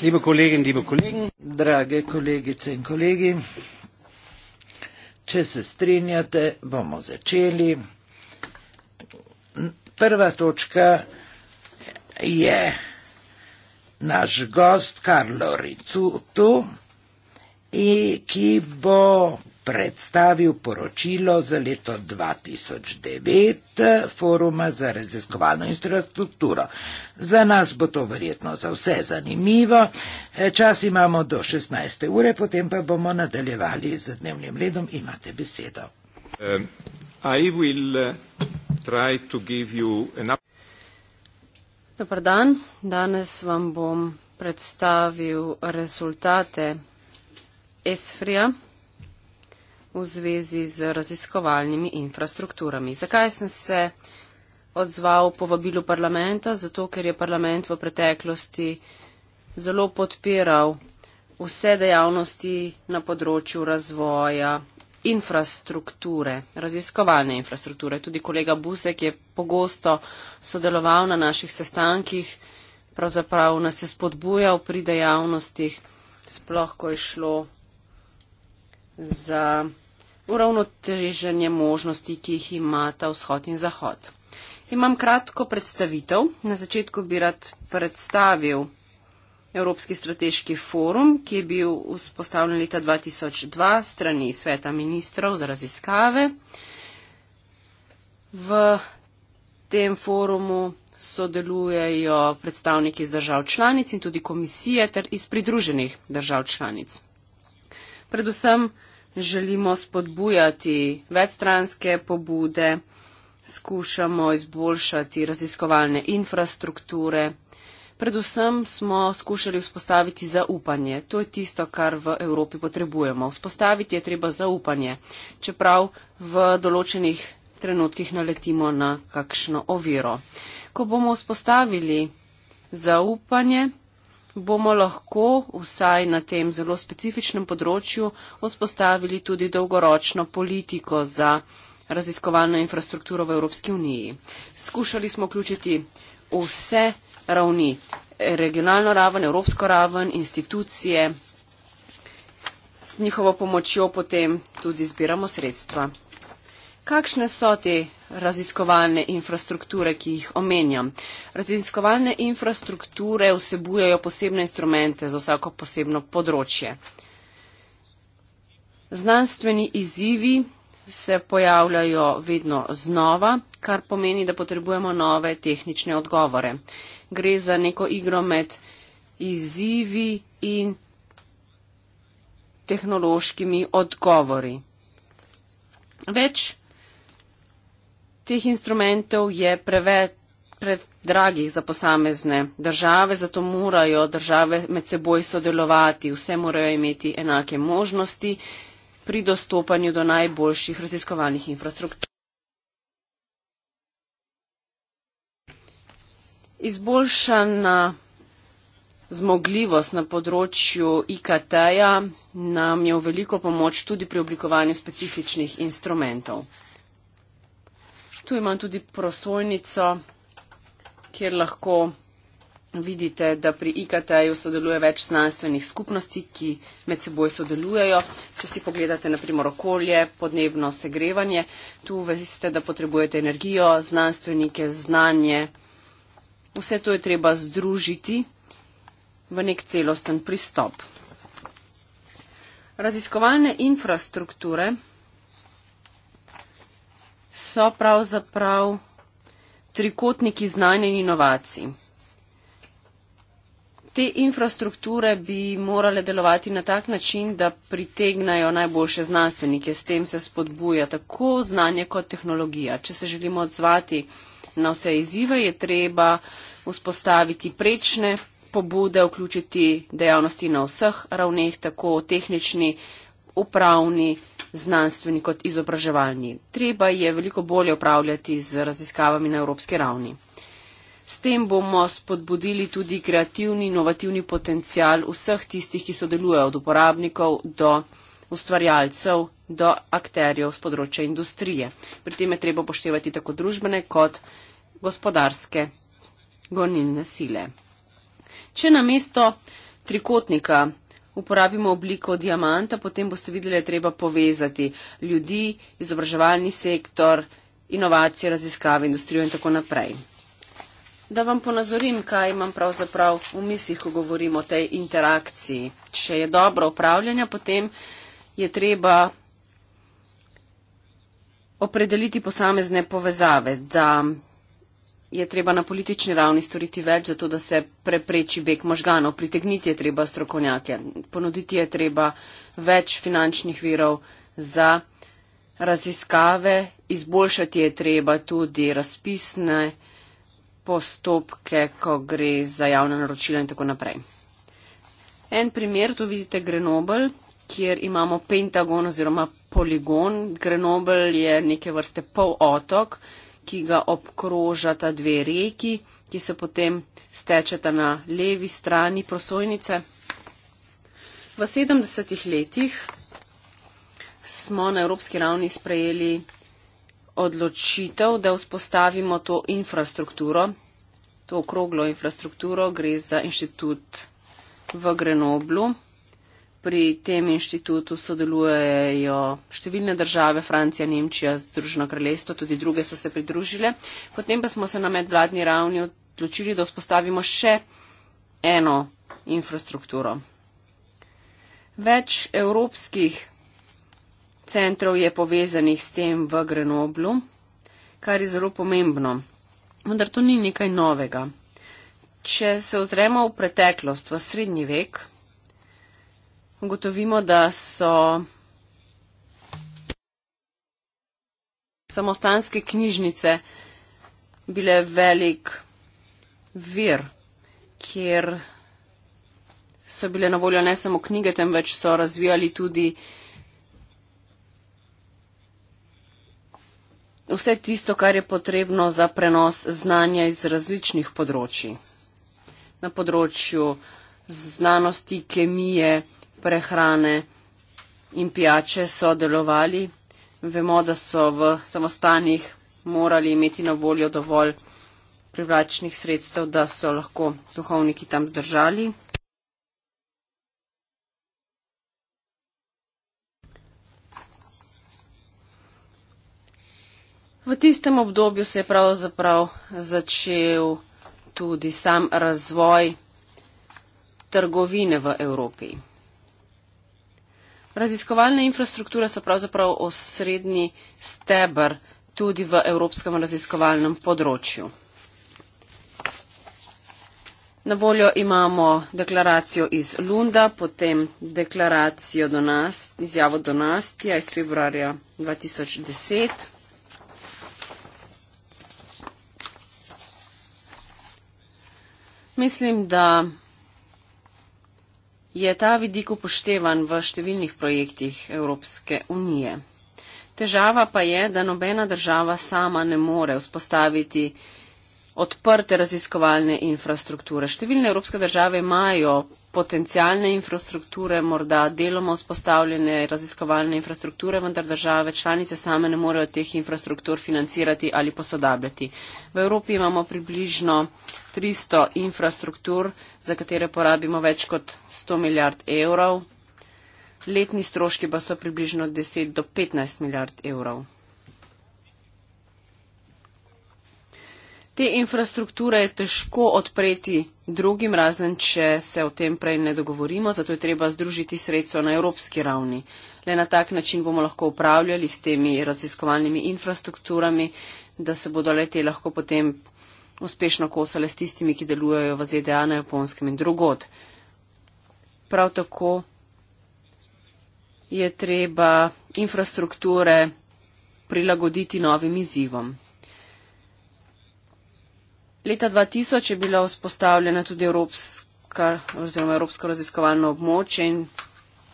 Liebe Kolleginnen, liebe Kollegen, drage kolegice in kolegi, če se strinjate, bomo začeli. Prva točka je naš gost Karlo Ricu tu, ki bo predstavil poročilo za leto 2009 Foruma za raziskovalno infrastrukturo. Za nas bo to verjetno za vse zanimivo. E, čas imamo do 16. ure, potem pa bomo nadaljevali z dnevnim redom. Imate besedo. Eh, um, Dobar dan. Danes vam bom predstavil rezultate ESFRIA v zvezi z raziskovalnimi infrastrukturami. Zakaj sem se odzval po vabilu parlamenta? Zato, ker je parlament v preteklosti zelo podpiral vse dejavnosti na področju razvoja infrastrukture, raziskovalne infrastrukture. Tudi kolega Busek je pogosto sodeloval na naših sestankih, pravzaprav nas je spodbujal pri dejavnostih, sploh ko je šlo za uravnoteženje možnosti, ki jih imata vzhod in zahod. Imam kratko predstavitev. Na začetku bi rad predstavil Evropski strateški forum, ki je bil vzpostavljen leta 2002 strani sveta ministrov za raziskave. V tem forumu sodelujejo predstavniki iz držav članic in tudi komisije ter iz pridruženih držav članic. Predvsem želimo spodbujati večstranske pobude, skušamo izboljšati raziskovalne infrastrukture. Predvsem smo skušali vzpostaviti zaupanje. To je tisto, kar v Evropi potrebujemo. Vzpostaviti je treba zaupanje, čeprav v določenih trenutkih naletimo na kakšno oviro. Ko bomo vzpostavili zaupanje, bomo lahko vsaj na tem zelo specifičnem področju vzpostavili tudi dolgoročno politiko za raziskovalno infrastrukturo v Evropski uniji. Skušali smo vključiti vse ravni, regionalno raven, evropsko raven, institucije, s njihovo pomočjo potem tudi zbiramo sredstva. Kakšne so te raziskovalne infrastrukture, ki jih omenjam? Raziskovalne infrastrukture vsebujejo posebne instrumente za vsako posebno področje. Znanstveni izzivi se pojavljajo vedno znova, kar pomeni, da potrebujemo nove tehnične odgovore. Gre za neko igro med izzivi in tehnološkimi odgovori. Več teh instrumentov je preveč predragih za posamezne države, zato morajo države med seboj sodelovati, vse morajo imeti enake možnosti pri dostopanju do najboljših raziskovalnih infrastruktur. Izboljšana zmogljivost na področju IKT-ja nam je v veliko pomoč tudi pri oblikovanju specifičnih instrumentov. Tu imam tudi prosojnico, kjer lahko vidite, da pri IKT-ju sodeluje več znanstvenih skupnosti, ki med seboj sodelujejo. Če si pogledate naprimer okolje, podnebno segrevanje, tu veste, da potrebujete energijo, znanstvenike, znanje. Vse to je treba združiti v nek celosten pristop. Raziskovalne infrastrukture so pravzaprav trikotniki znanja in inovacij. Te infrastrukture bi morale delovati na tak način, da pritegnajo najboljše znanstvenike, s tem se spodbuja tako znanje kot tehnologija. Če se želimo odzvati na vse izzive, je treba vzpostaviti prečne pobude, vključiti dejavnosti na vseh ravneh, tako tehnični, upravni, znanstveni kot izobraževalni. Treba je veliko bolje upravljati z raziskavami na evropski ravni. S tem bomo spodbudili tudi kreativni, inovativni potencial vseh tistih, ki sodelujejo od uporabnikov do ustvarjalcev, do akterjev z področja industrije. Pri tem je treba poštevati tako družbene kot gospodarske gonilne sile. Če na mesto trikotnika uporabimo obliko diamanta, potem boste videli, da je treba povezati ljudi, izobraževalni sektor, inovacije, raziskave, industrijo in tako naprej. Da vam ponazorim, kaj imam pravzaprav v mislih, ko govorim o tej interakciji. Če je dobro upravljanje, potem je treba opredeliti posamezne povezave, da je treba na politični ravni storiti več, zato da se prepreči beg možganov. Pritegniti je treba strokovnjake, ponuditi je treba več finančnih virov za raziskave, izboljšati je treba tudi razpisne postopke, ko gre za javna naročila in tako naprej. En primer, tu vidite Grenobel, kjer imamo Pentagon oziroma poligon. Grenobel je neke vrste polotok ki ga obkrožata dve reki, ki se potem stečeta na levi strani prosojnice. V 70 letih smo na evropski ravni sprejeli odločitev, da vzpostavimo to infrastrukturo, to okroglo infrastrukturo, gre za inštitut v Grenoblu. Pri tem inštitutu sodelujejo številne države, Francija, Nemčija, Združeno kraljestvo, tudi druge so se pridružile. Potem pa smo se na medvladni ravni odločili, da vzpostavimo še eno infrastrukturo. Več evropskih centrov je povezanih s tem v Grenoblu, kar je zelo pomembno. Vendar to ni nekaj novega. Če se ozremo v preteklost, v srednji vek, ugotovimo, da so samostanske knjižnice bile velik vir, kjer so bile na voljo ne samo knjige, temveč so razvijali tudi vse tisto, kar je potrebno za prenos znanja iz različnih področji. Na področju znanosti, kemije, prehrane in pijače so delovali. Vemo, da so v samostanjih morali imeti na voljo dovolj privlačnih sredstev, da so lahko duhovniki tam zdržali. V tistem obdobju se je pravzaprav začel tudi sam razvoj trgovine v Evropi. Raziskovalne infrastrukture so pravzaprav osrednji stebr tudi v evropskem raziskovalnem področju. Na voljo imamo deklaracijo iz Lunda, potem deklaracijo do nas, izjavo do nas, ja, iz februarja 2010. Mislim, da je ta vidik upoštevan v številnih projektih Evropske unije. Težava pa je, da nobena država sama ne more vzpostaviti odprte raziskovalne infrastrukture. Številne evropske države imajo potencijalne infrastrukture, morda deloma vzpostavljene raziskovalne infrastrukture, vendar države članice same ne morejo teh infrastruktur financirati ali posodabljati. V Evropi imamo približno 300 infrastruktur, za katere porabimo več kot 100 milijard evrov. Letni stroški pa so približno 10 do 15 milijard evrov. te infrastrukture je težko odpreti drugim, razen če se o tem prej ne dogovorimo, zato je treba združiti sredstva na evropski ravni. Le na tak način bomo lahko upravljali s temi raziskovalnimi infrastrukturami, da se bodo lete lahko potem uspešno kosale s tistimi, ki delujejo v ZDA na japonskem in drugod. Prav tako je treba infrastrukture prilagoditi novim izzivom. Leta 2000 je bila vzpostavljena tudi Evropska, oziroma Evropsko raziskovalno območje in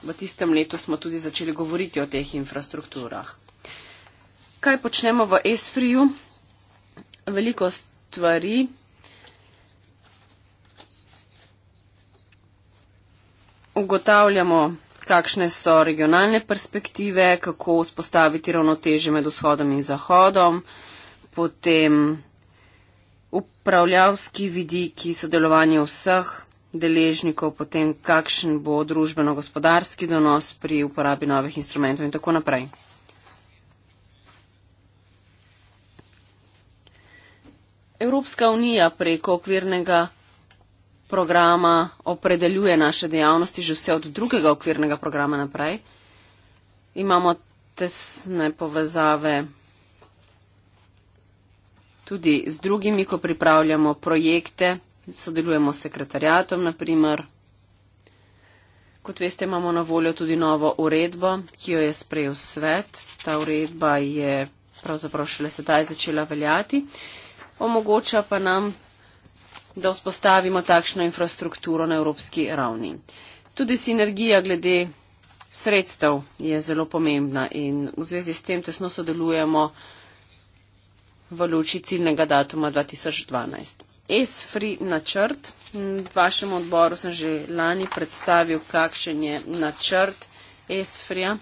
v tistem letu smo tudi začeli govoriti o teh infrastrukturah. Kaj počnemo v ESFRI-ju? Veliko stvari. Ugotavljamo, kakšne so regionalne perspektive, kako vzpostaviti ravnoteže med vzhodom in zahodom, potem upravljavski vidiki, sodelovanje vseh deležnikov, potem kakšen bo družbeno-gospodarski donos pri uporabi novih instrumentov in tako naprej. Evropska unija preko okvirnega programa opredeljuje naše dejavnosti že vse od drugega okvirnega programa naprej. Imamo tesne povezave tudi z drugimi, ko pripravljamo projekte, sodelujemo s sekretarjatom naprimer. Kot veste, imamo na voljo tudi novo uredbo, ki jo je sprejel svet. Ta uredba je pravzaprav šele sedaj začela veljati. Omogoča pa nam, da vzpostavimo takšno infrastrukturo na evropski ravni. Tudi sinergija glede sredstev je zelo pomembna in v zvezi s tem tesno sodelujemo v luči ciljnega datuma 2012. ESFRI načrt. Vašemu odboru sem že lani predstavil, kakšen je načrt ESFRI-ja.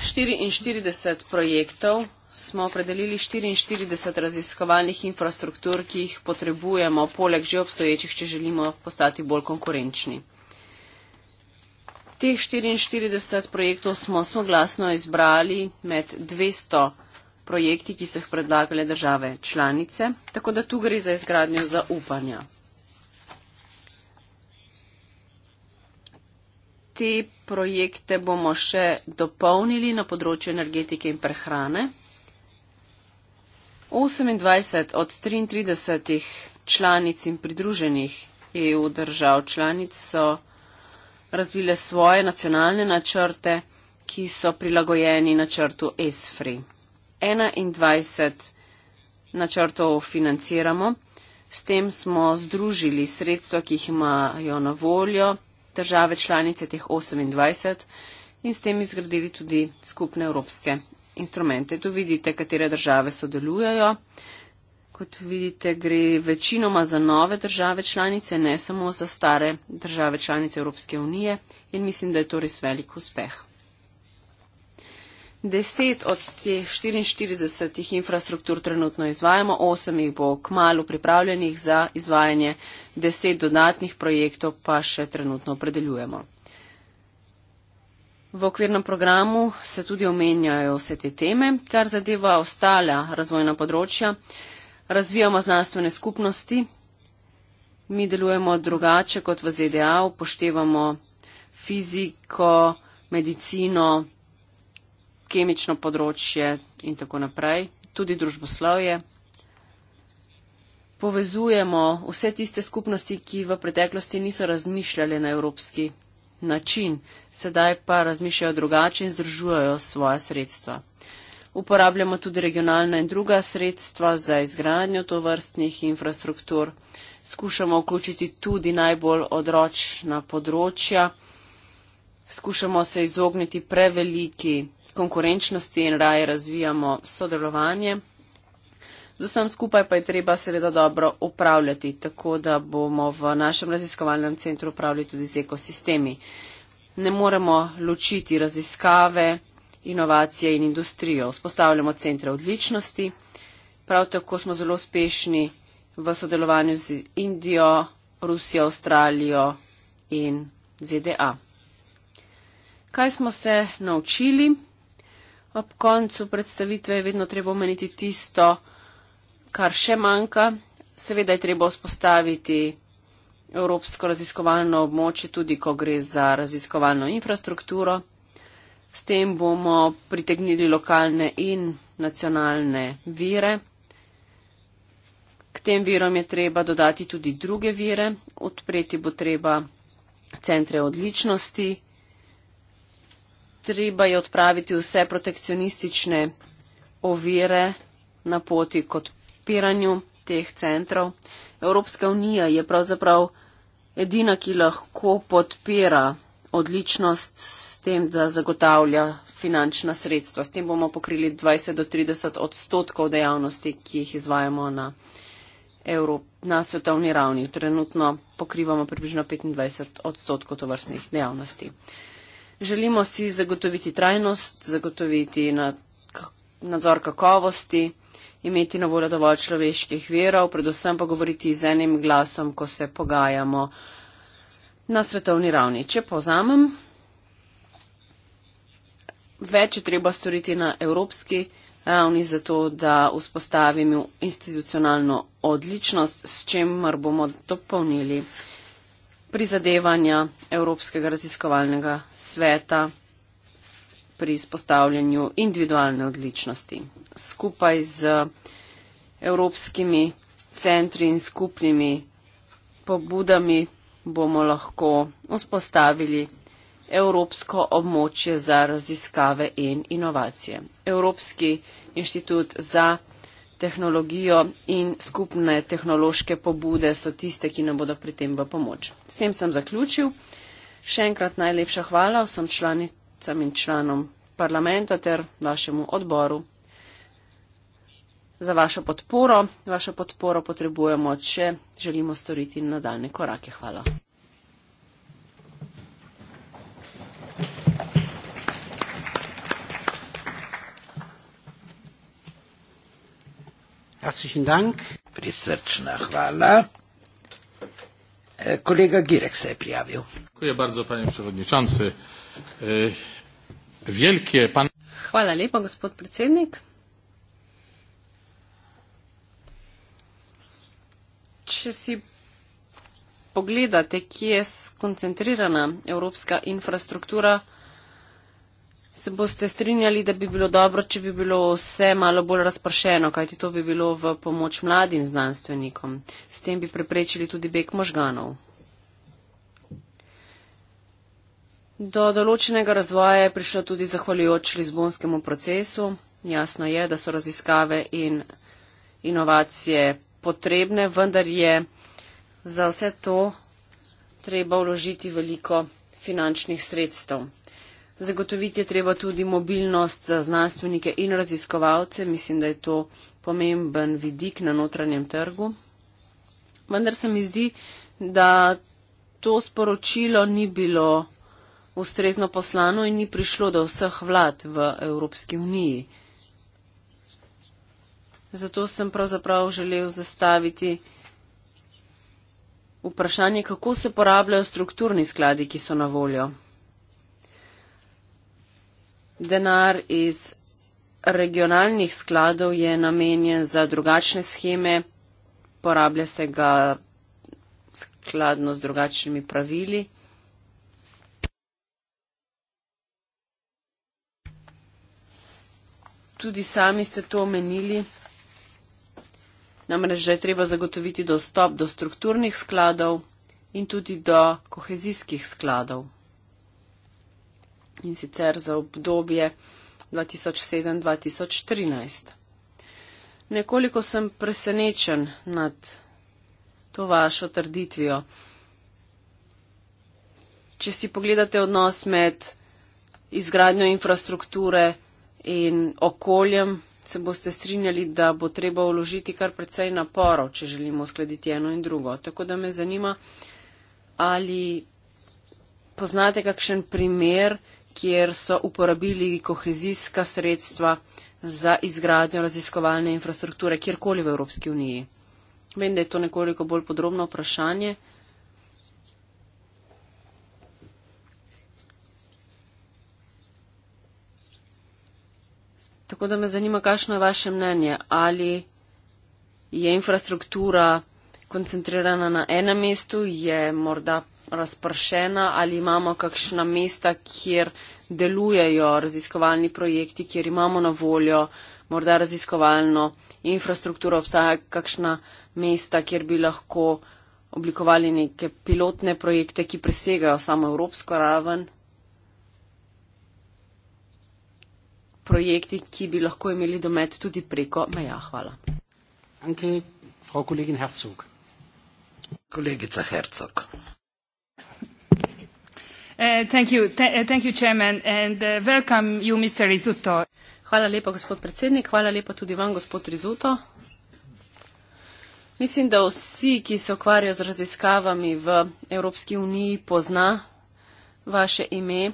44 projektov smo opredelili 44 raziskovalnih infrastruktur, ki jih potrebujemo, poleg že obstoječih, če želimo postati bolj konkurenčni. Teh 44 projektov smo soglasno izbrali med 200 projekti, ki so jih predlagale države članice, tako da tu gre za izgradnjo zaupanja. Te projekte bomo še dopolnili na področju energetike in prehrane. 28 od 33 članic in pridruženih EU držav članic so razvile svoje nacionalne načrte, ki so prilagojeni načrtu ESFRI. 21 načrtov financiramo, s tem smo združili sredstva, ki jih imajo na voljo države članice teh 28 in s tem izgradili tudi skupne evropske instrumente. Tu vidite, katere države sodelujajo kot vidite, gre večinoma za nove države članice, ne samo za stare države članice Evropske unije in mislim, da je to res velik uspeh. Deset od teh 44 infrastruktur trenutno izvajamo, osem jih bo k malu pripravljenih za izvajanje, deset dodatnih projektov pa še trenutno opredeljujemo. V okvirnem programu se tudi omenjajo vse te teme, kar zadeva ostala razvojna področja. Uh, razvijamo znanstvene skupnosti, mi delujemo drugače kot v ZDA, upoštevamo fiziko, medicino, kemično področje in tako naprej, tudi družboslovje. Povezujemo vse tiste skupnosti, ki v preteklosti niso razmišljali na evropski način, sedaj pa razmišljajo drugače in združujejo svoje sredstva uporabljamo tudi regionalna in druga sredstva za izgradnjo tovrstnih infrastruktur. Skušamo vključiti tudi najbolj odročna področja. Skušamo se izogniti preveliki konkurenčnosti in raje razvijamo sodelovanje. Z vsem skupaj pa je treba seveda dobro upravljati, tako da bomo v našem raziskovalnem centru upravljali tudi z ekosistemi. Ne moremo ločiti raziskave inovacije in industrijo. Vzpostavljamo centre odličnosti. Prav tako smo zelo uspešni v sodelovanju z Indijo, Rusijo, Avstralijo in ZDA. Kaj smo se naučili? Ob koncu predstavitve je vedno treba omeniti tisto, kar še manjka. Seveda je treba vzpostaviti Evropsko raziskovalno območje, tudi ko gre za raziskovalno infrastrukturo. S tem bomo pritegnili lokalne in nacionalne vire. K tem virom je treba dodati tudi druge vire. Odpreti bo treba centre odličnosti. Treba je odpraviti vse protekcionistične ovire na poti k odpiranju teh centrov. Evropska unija je pravzaprav edina, ki lahko podpira odličnost s tem, da zagotavlja finančna sredstva. S tem bomo pokrili 20 do 30 odstotkov dejavnosti, ki jih izvajamo na, Evrop, na svetovni ravni. Trenutno pokrivamo približno 25 odstotkov tovrstnih dejavnosti. Želimo si zagotoviti trajnost, zagotoviti nadzor kakovosti, imeti na voljo dovolj človeških verov, predvsem pa govoriti z enim glasom, ko se pogajamo na svetovni ravni. Če povzamem, več je treba storiti na evropski ravni za to, da vzpostavimo institucionalno odličnost, s čemer bomo dopolnili prizadevanja Evropskega raziskovalnega sveta pri izpostavljanju individualne odličnosti. Skupaj z evropskimi centri in skupnimi pobudami bomo lahko vzpostavili Evropsko območje za raziskave in inovacije. Evropski inštitut za tehnologijo in skupne tehnološke pobude so tiste, ki nam bodo pri tem v pomoč. S tem sem zaključil. Še enkrat najlepša hvala vsem članicam in članom parlamenta ter vašemu odboru za vašo podporo. Vašo podporo potrebujemo, če želimo storiti nadaljne korake. Hvala. Hrvatski dank. Prisrčna hvala. Eh, kolega Girek se je prijavil. Hvala bardzo, panie przewodniczący. Eh, wielkie pan... Hvala lepa, gospod predsednik. če si pogledate, kje je skoncentrirana evropska infrastruktura, se boste strinjali, da bi bilo dobro, če bi bilo vse malo bolj razpršeno, kajti to bi bilo v pomoč mladim znanstvenikom. S tem bi preprečili tudi beg možganov. Do določenega razvoja je prišlo tudi zahvaljujoč Lizbonskemu procesu. Jasno je, da so raziskave in inovacije potrebne, vendar je za vse to treba vložiti veliko finančnih sredstev. Zagotoviti je treba tudi mobilnost za znanstvenike in raziskovalce, mislim, da je to pomemben vidik na notranjem trgu. Vendar se mi zdi, da to sporočilo ni bilo ustrezno poslano in ni prišlo do vseh vlad v Evropski uniji. Zato sem pravzaprav želel zastaviti vprašanje, kako se porabljajo strukturni skladi, ki so na voljo. Denar iz regionalnih skladov je namenjen za drugačne scheme, porablja se ga skladno z drugačnimi pravili. Tudi sami ste to omenili namreč že je treba zagotoviti dostop do strukturnih skladov in tudi do kohezijskih skladov. In sicer za obdobje 2007-2013. Nekoliko sem presenečen nad to vašo trditvijo. Če si pogledate odnos med izgradnjo infrastrukture in okoljem, se boste strinjali, da bo treba vložiti kar precej naporov, če želimo uskladiti eno in drugo. Tako da me zanima, ali poznate kakšen primer, kjer so uporabili kohezijska sredstva za izgradnjo raziskovalne infrastrukture kjerkoli v Evropski uniji. Vem, da je to nekoliko bolj podrobno vprašanje. Tako da me zanima, kakšno je vaše mnenje, ali je infrastruktura koncentrirana na enem mestu, je morda razpršena ali imamo kakšna mesta, kjer delujejo raziskovalni projekti, kjer imamo na voljo morda raziskovalno infrastrukturo, obstaja kakšna mesta, kjer bi lahko oblikovali neke pilotne projekte, ki presegajo samo evropsko raven. projekti, ki bi lahko imeli domet tudi preko meja. Hvala. Danke, Frau Kollegin Herzog. Kolegica Herzog. Eh, eh, eh, Hvala lepa, gospod predsednik. Hvala lepa tudi vam, gospod Rizuto. Mislim, da vsi, ki se ukvarjajo z raziskavami v Evropski uniji, pozna vaše ime.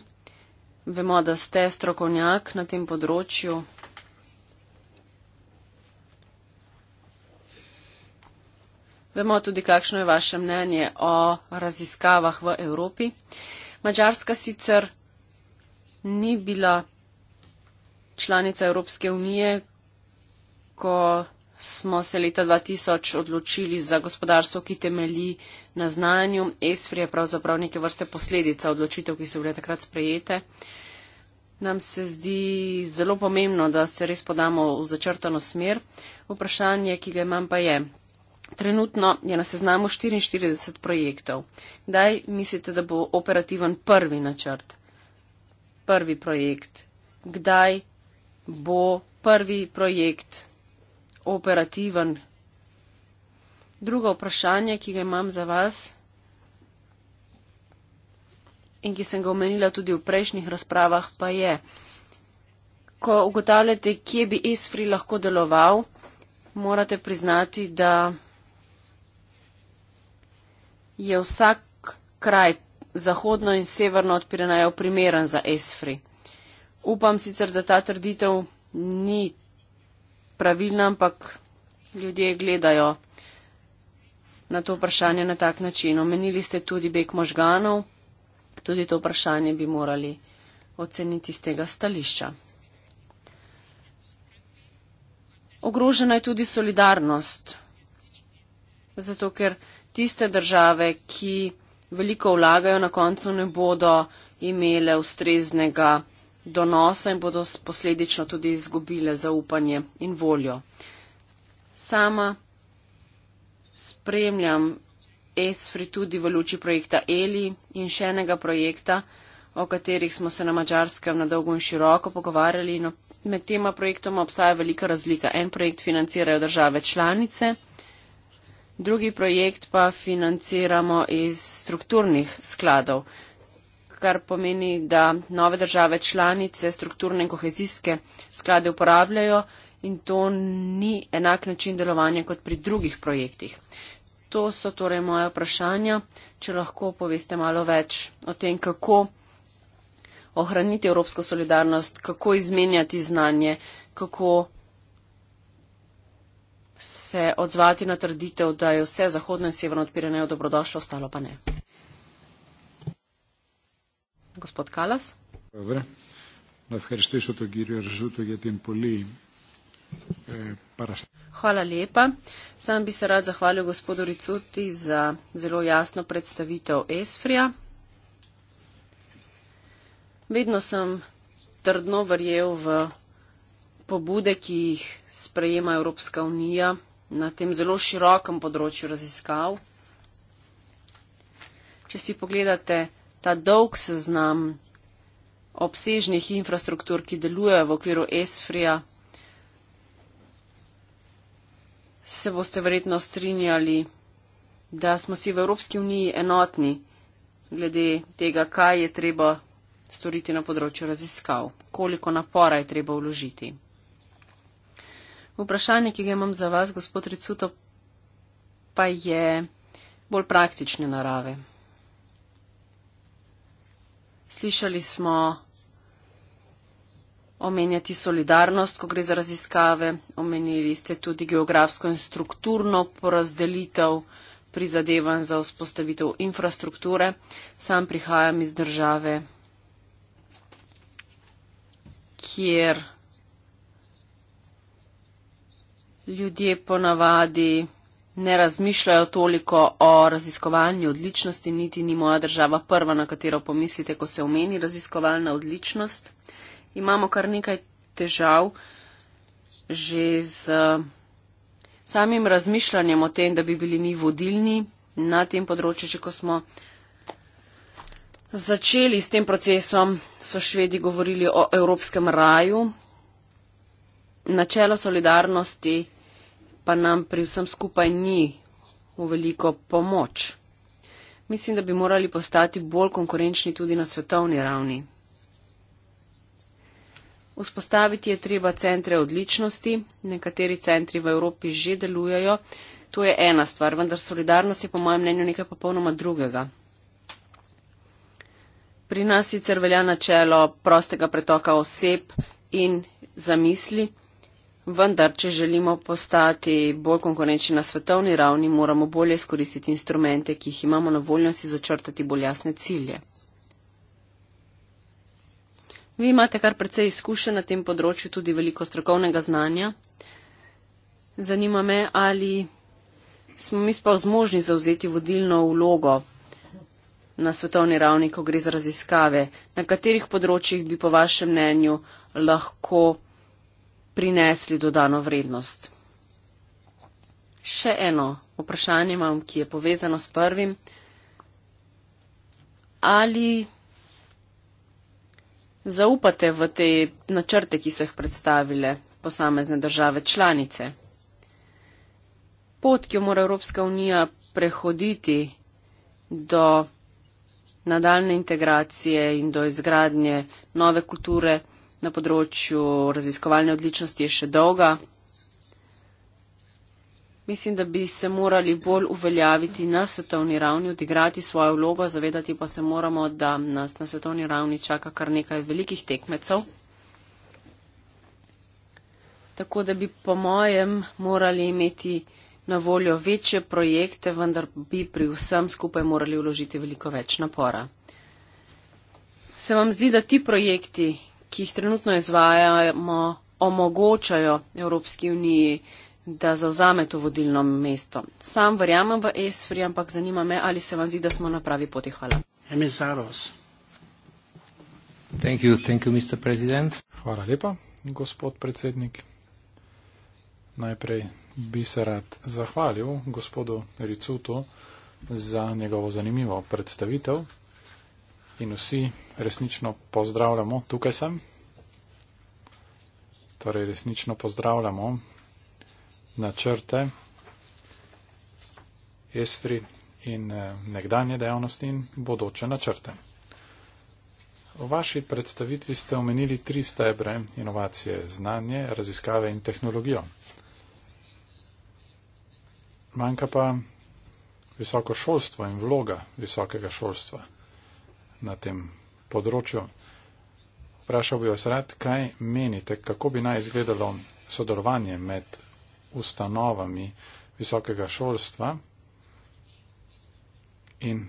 Vemo, da ste strokovnjak na tem področju. Vemo tudi, kakšno je vaše mnenje o raziskavah v Evropi. Mačarska sicer ni bila članica Evropske unije, ko smo se leta 2000 odločili za gospodarstvo, ki temelji na znanju. ESFRI je pravzaprav neke vrste posledica odločitev, ki so bile takrat sprejete. Nam se zdi zelo pomembno, da se res podamo v začrtano smer. Vprašanje, ki ga imam, pa je. Trenutno je na seznamu 44 projektov. Kdaj mislite, da bo operativen prvi načrt? Prvi projekt. Kdaj bo prvi projekt operativen. Drugo vprašanje, ki ga imam za vas in ki sem ga omenila tudi v prejšnjih razpravah, pa je, ko ugotavljate, kje bi ISFRI lahko deloval, morate priznati, da je vsak kraj zahodno in severno od Pirenajev primeren za ISFRI. Upam sicer, da ta trditev ni pravilna, ampak ljudje gledajo na to vprašanje na tak način. Omenili ste tudi beg možganov, tudi to vprašanje bi morali oceniti z tega stališča. Ogrožena je tudi solidarnost, zato ker tiste države, ki veliko vlagajo, na koncu ne bodo imele ustreznega donosa in bodo posledično tudi izgubile zaupanje in voljo. Sama spremljam ESFRI tudi v luči projekta ELI in še enega projekta, o katerih smo se na Mačarskem na dolgo in široko pogovarjali. In med tema projektoma obstaja velika razlika. En projekt financirajo države članice, drugi projekt pa financiramo iz strukturnih skladov kar pomeni, da nove države članice strukturne in kohezijske sklade uporabljajo in to ni enak način delovanja kot pri drugih projektih. To so torej moje vprašanja, če lahko poveste malo več o tem, kako ohraniti evropsko solidarnost, kako izmenjati znanje, kako se odzvati na trditev, da je vse zahodno in severno odpiranje dobrodošlo, ostalo pa ne. Gospod Kalas. Dobre. Eh, Hvala lepa. Sam bi se rad zahvalil gospodu Ricuti za zelo jasno predstavitev Esfrija. Vedno sem trdno verjel v pobude, ki jih sprejema Evropska unija na tem zelo širokem področju raziskav. Če si pogledate ta dolg seznam obsežnih infrastruktur, ki delujejo v okviru ESFRI-ja, se boste verjetno strinjali, da smo si v Evropski uniji enotni glede tega, kaj je treba storiti na področju raziskav, koliko napora je treba vložiti. Vprašanje, ki ga imam za vas, gospod Ricuto, pa je bolj praktične narave. Slišali smo omenjati solidarnost, ko gre za raziskave, omenili ste tudi geografsko in strukturno porazdelitev prizadevanj za vzpostavitev infrastrukture. Sam prihajam iz države, kjer ljudje ponavadi ne razmišljajo toliko o raziskovalni odličnosti, niti ni moja država prva, na katero pomislite, ko se omeni raziskovalna odličnost. Imamo kar nekaj težav že z eh, samim razmišljanjem o tem, da bi bili mi vodilni na tem področju, že ko smo začeli s tem procesom, so švedi govorili o evropskem raju. Načelo solidarnosti pa nam pri vsem skupaj ni v veliko pomoč. Mislim, da bi morali postati bolj konkurenčni tudi na svetovni ravni. Vzpostaviti je treba centre odličnosti, nekateri centri v Evropi že delujejo, to je ena stvar, vendar solidarnost je po mojem mnenju nekaj popolnoma drugega. Pri nas sicer velja načelo prostega pretoka oseb in zamisli. Vendar, če želimo postati bolj konkurenčni na svetovni ravni, moramo bolje skoristiti instrumente, ki jih imamo na voljo in si začrtati bolj jasne cilje. Vi imate kar precej izkušen na tem področju, tudi veliko strokovnega znanja. Zanima me, ali smo mi sploh zmožni zauzeti vodilno vlogo na svetovni ravni, ko gre za raziskave, na katerih področjih bi po vašem mnenju lahko prinesli dodano vrednost. Še eno vprašanje imam, ki je povezano s prvim. Ali zaupate v te načrte, ki so jih predstavile posamezne države članice? Pot, ki jo mora Evropska unija prehoditi do nadaljne integracije in do izgradnje nove kulture, na področju raziskovalne odličnosti je še dolga. Mislim, da bi se morali bolj uveljaviti na svetovni ravni, odigrati svojo vlogo, zavedati pa se moramo, da nas na svetovni ravni čaka kar nekaj velikih tekmecev. Tako da bi po mojem morali imeti na voljo večje projekte, vendar bi pri vsem skupaj morali vložiti veliko več napora. Se vam zdi, da ti projekti ki jih trenutno izvajamo, omogočajo Evropski uniji, da zauzame to vodilno mesto. Sam verjamem v ESFRI, ampak zanima me, ali se vam zdi, da smo na pravi poti. Hvala. Thank you, thank you, Hvala lepa, gospod predsednik. Najprej bi se rad zahvalil gospodu Ricutu za njegovo zanimivo predstavitev in vsi resnično pozdravljamo, tukaj sem. Torej resnično pozdravljamo načrte ESFRI in eh, nekdanje dejavnosti in bodoče načrte. V vaši predstavitvi ste omenili tri stebre inovacije – znanje, raziskave in tehnologijo. Manjka pa visoko šolstvo in vloga visokega šolstva – na tem področju. Vprašal bi vas rad, kaj menite, kako bi naj izgledalo sodelovanje med ustanovami visokega šolstva in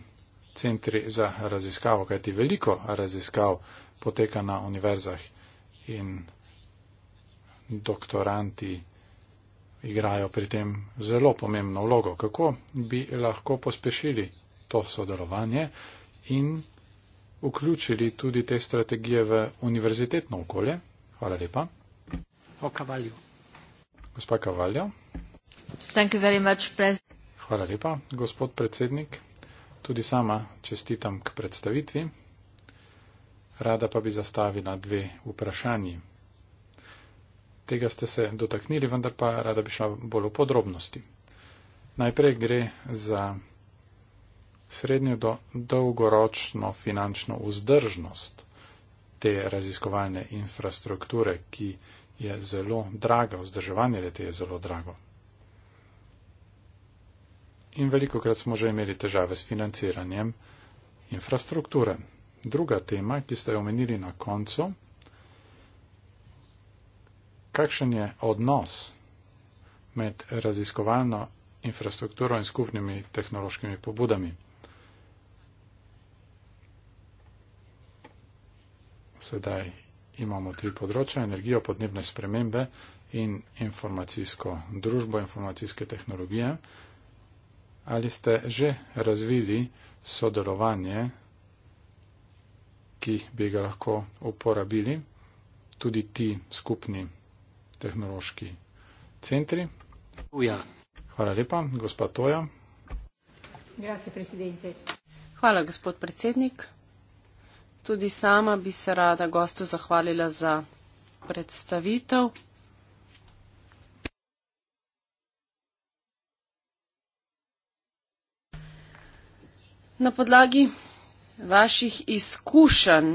centri za raziskavo, kajti veliko raziskav poteka na univerzah in doktoranti igrajo pri tem zelo pomembno vlogo. Kako bi lahko pospešili to sodelovanje in vključili tudi te strategije v univerzitetno okolje. Hvala lepa. O Kavalju. Gospa Kavaljo. Thank you very much, Hvala lepa, gospod predsednik. Tudi sama čestitam k predstavitvi. Rada pa bi zastavila dve vprašanji. Tega ste se dotaknili, vendar pa rada bi šla bolj v podrobnosti. Najprej gre za srednjo do dolgoročno finančno vzdržnost te raziskovalne infrastrukture, ki je zelo draga, vzdrževanje le te je zelo drago. In veliko krat smo že imeli težave s financiranjem infrastrukture. Druga tema, ki ste jo omenili na koncu, kakšen je odnos med raziskovalno infrastrukturo in skupnimi tehnološkimi pobudami. sedaj imamo tri področja, energijo, podnebne spremembe in informacijsko družbo, informacijske tehnologije. Ali ste že razvili sodelovanje, ki bi ga lahko uporabili tudi ti skupni tehnološki centri? Uja. Hvala lepa, gospod Toja. Hvala, gospod predsednik. Tudi sama bi se rada gostu zahvalila za predstavitev. Na podlagi vaših izkušenj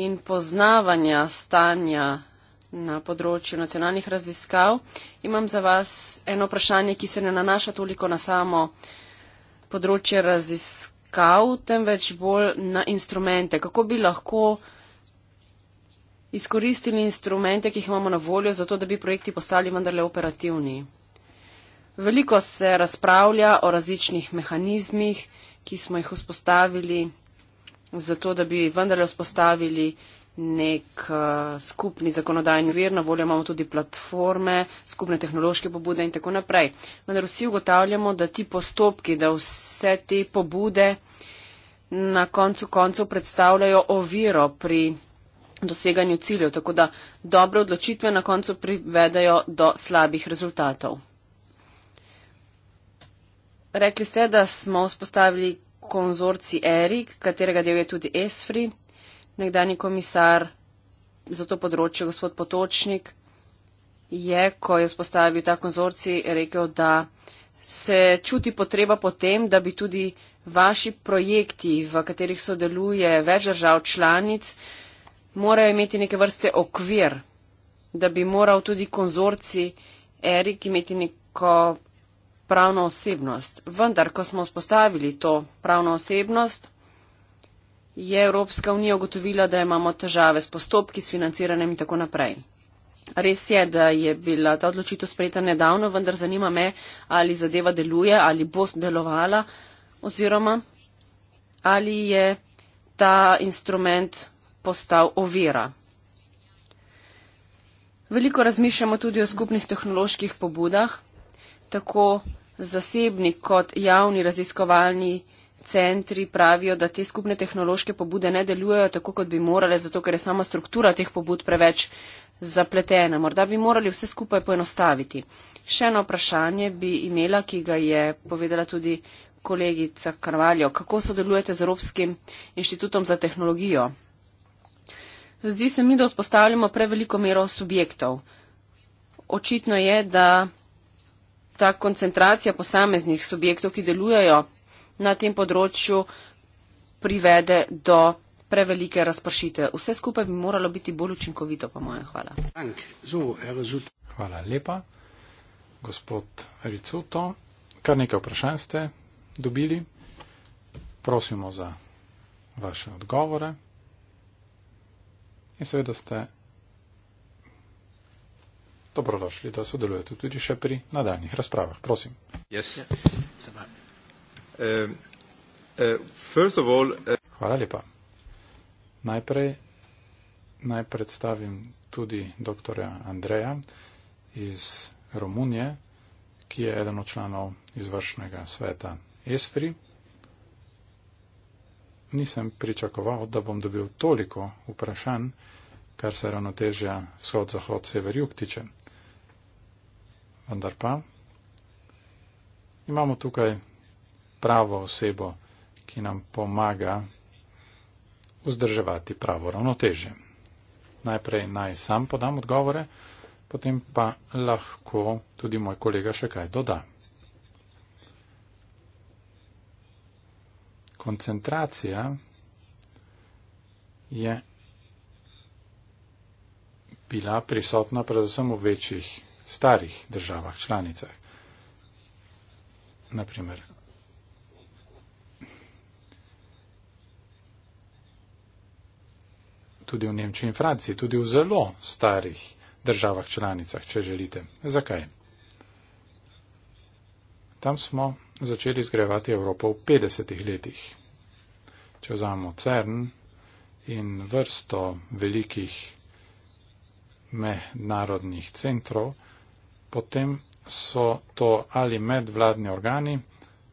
in poznavanja stanja na področju nacionalnih raziskav imam za vas eno vprašanje, ki se ne nanaša toliko na samo področje raziskav kav, temveč bolj na instrumente. Kako bi lahko izkoristili instrumente, ki jih imamo na voljo, zato da bi projekti postali vendarle operativni. Veliko se razpravlja o različnih mehanizmih, ki smo jih vzpostavili, zato da bi vendarle vzpostavili nek uh, skupni zakonodajni vir, na voljo imamo tudi platforme, skupne tehnološke pobude in tako naprej. Vendar vsi ugotavljamo, da ti postopki, da vse te pobude na koncu koncev predstavljajo oviro pri doseganju ciljev, tako da dobre odločitve na koncu privedajo do slabih rezultatov. Rekli ste, da smo vzpostavili konzorci ERIC, katerega del je tudi ESFRI, nekdani komisar za to področje, gospod Potočnik, je, ko je spostavil ta konzorci, rekel, da se čuti potreba potem, da bi tudi vaši projekti, v katerih sodeluje več držav članic, morajo imeti neke vrste okvir, da bi moral tudi konzorci Erik imeti neko pravno osebnost. Vendar, ko smo spostavili to pravno osebnost, je Evropska unija ugotovila, da imamo težave s postopki, s financiranjem in tako naprej. Res je, da je bila ta odločitev sprejeta nedavno, vendar zanima me, ali zadeva deluje, ali bo delovala oziroma ali je ta instrument postal ovira. Veliko razmišljamo tudi o skupnih tehnoloških pobudah, tako zasebni kot javni raziskovalni centri pravijo, da te skupne tehnološke pobude ne delujejo tako, kot bi morale, zato ker je sama struktura teh pobud preveč zapletena. Morda bi morali vse skupaj poenostaviti. Še eno vprašanje bi imela, ki ga je povedala tudi kolegica Karvaljo. Kako sodelujete z Evropskim inštitutom za tehnologijo? Zdi se mi, da vzpostavljamo preveliko mero subjektov. Očitno je, da ta koncentracija posameznih subjektov, ki delujejo na tem področju privede do prevelike razpršitve. Vse skupaj bi moralo biti bolj učinkovito, pa moja hvala. Hvala lepa. Gospod Ricuto, kar nekaj vprašanj ste dobili. Prosimo za vaše odgovore. In seveda ste dobrodošli, da sodelujete tudi še pri nadaljnih razpravah. Prosim. Yes. Yeah. Ja. Eh, eh, eh, Hvala lepa. Najprej naj predstavim tudi dr. Andreja iz Romunije, ki je eden od članov izvršnega sveta ESFRI. Nisem pričakoval, da bom dobil toliko vprašanj, kar se ravnotežja vzhod-zahod-sever-jug tiče. Vendar pa imamo tukaj pravo osebo, ki nam pomaga vzdrževati pravo ravnotežje. Najprej naj sam podam odgovore, potem pa lahko tudi moj kolega še kaj doda. Koncentracija je bila prisotna predvsem v večjih starih državah članicah. Naprimer, tudi v Nemčiji in Franciji, tudi v zelo starih državah članicah, če želite. Zakaj? Tam smo začeli zgrevati Evropo v 50-ih letih. Če vzamemo CERN in vrsto velikih mednarodnih centrov, potem so to ali medvladni organi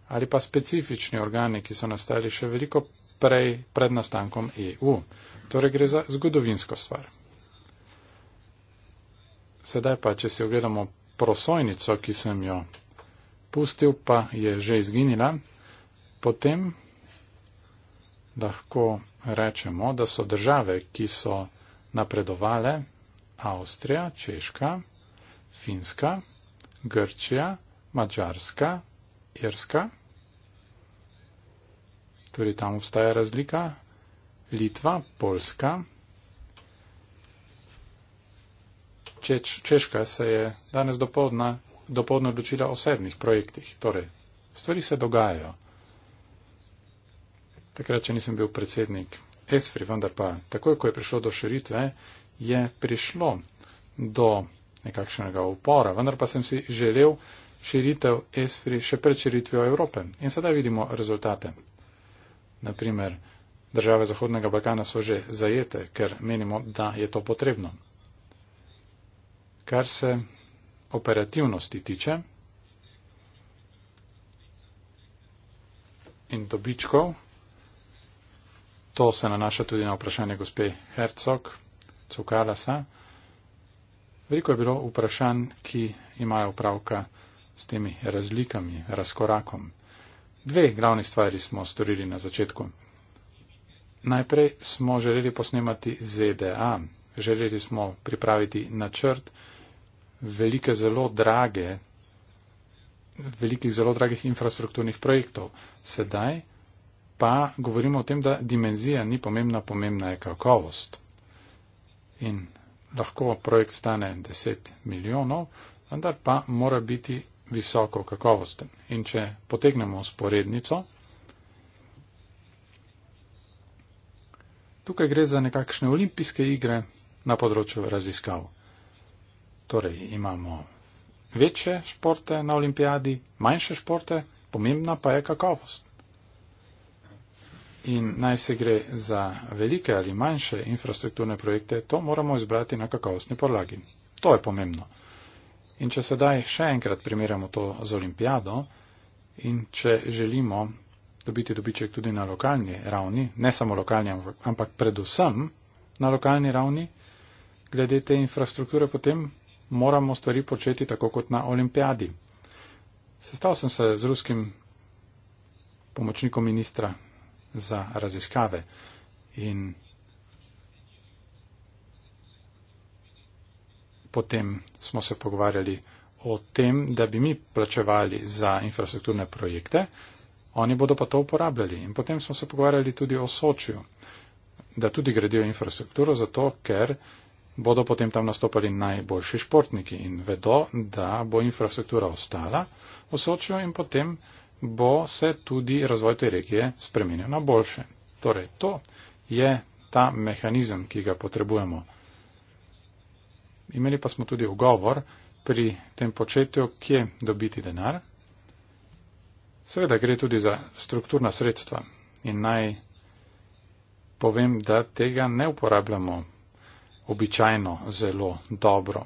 ali pa specifični organi, ki so nastali še veliko prej pred nastankom EU. Torej gre za zgodovinsko stvar. Sedaj pa, če si ogledamo prosojnico, ki sem jo pustil, pa je že izginila, potem lahko rečemo, da so države, ki so napredovale, Avstrija, Češka, Finska, Grčija, Mačarska, Irska. Torej tam obstaja razlika Litva, Polska. Češ, češka se je danes dopolno odločila o sedmih projektih. Torej, stvari se dogajajo. Takrat, če nisem bil predsednik ESFRI, vendar pa takoj, ko je prišlo do širitve, je prišlo do nekakšnega upora, vendar pa sem si želel širitev ESFRI še pred širitvijo Evrope. In sedaj vidimo rezultate. Naprimer, Države Zahodnega Balkana so že zajete, ker menimo, da je to potrebno. Kar se operativnosti tiče in dobičkov, to se nanaša tudi na vprašanje gospe Hercog Cukalasa. Veliko je bilo vprašanj, ki imajo upravka s temi razlikami, razkorakom. Dve glavni stvari smo storili na začetku. Najprej smo želeli posnemati ZDA, želeli smo pripraviti načrt velike, zelo drage, velikih, zelo dragih infrastrukturnih projektov. Sedaj pa govorimo o tem, da dimenzija ni pomembna, pomembna je kakovost. In lahko projekt stane 10 milijonov, vendar pa mora biti visoko kakovosten. In če potegnemo sporednico, Tukaj gre za nekakšne olimpijske igre na področju raziskav. Torej imamo večje športe na olimpijadi, manjše športe, pomembna pa je kakovost. In naj se gre za velike ali manjše infrastrukturne projekte, to moramo izbrati na kakovostni podlagi. To je pomembno. In če sedaj še enkrat primerjamo to z olimpijado in če želimo dobiti dobiček tudi na lokalni ravni, ne samo lokalni, ampak predvsem na lokalni ravni, glede te infrastrukture, potem moramo stvari početi tako kot na olimpijadi. Sestal sem se z ruskim pomočnikom ministra za raziskave in potem smo se pogovarjali o tem, da bi mi plačevali za infrastrukturne projekte, oni bodo pa to uporabljali. In potem smo se pogovarjali tudi o Sočiju, da tudi gradijo infrastrukturo zato, ker bodo potem tam nastopali najboljši športniki in vedo, da bo infrastruktura ostala v Sočiju in potem bo se tudi razvoj te regije spremenil na boljše. Torej, to je ta mehanizem, ki ga potrebujemo. Imeli pa smo tudi ugovor pri tem početju, kje dobiti denar. Seveda gre tudi za strukturna sredstva in naj povem, da tega ne uporabljamo običajno zelo dobro.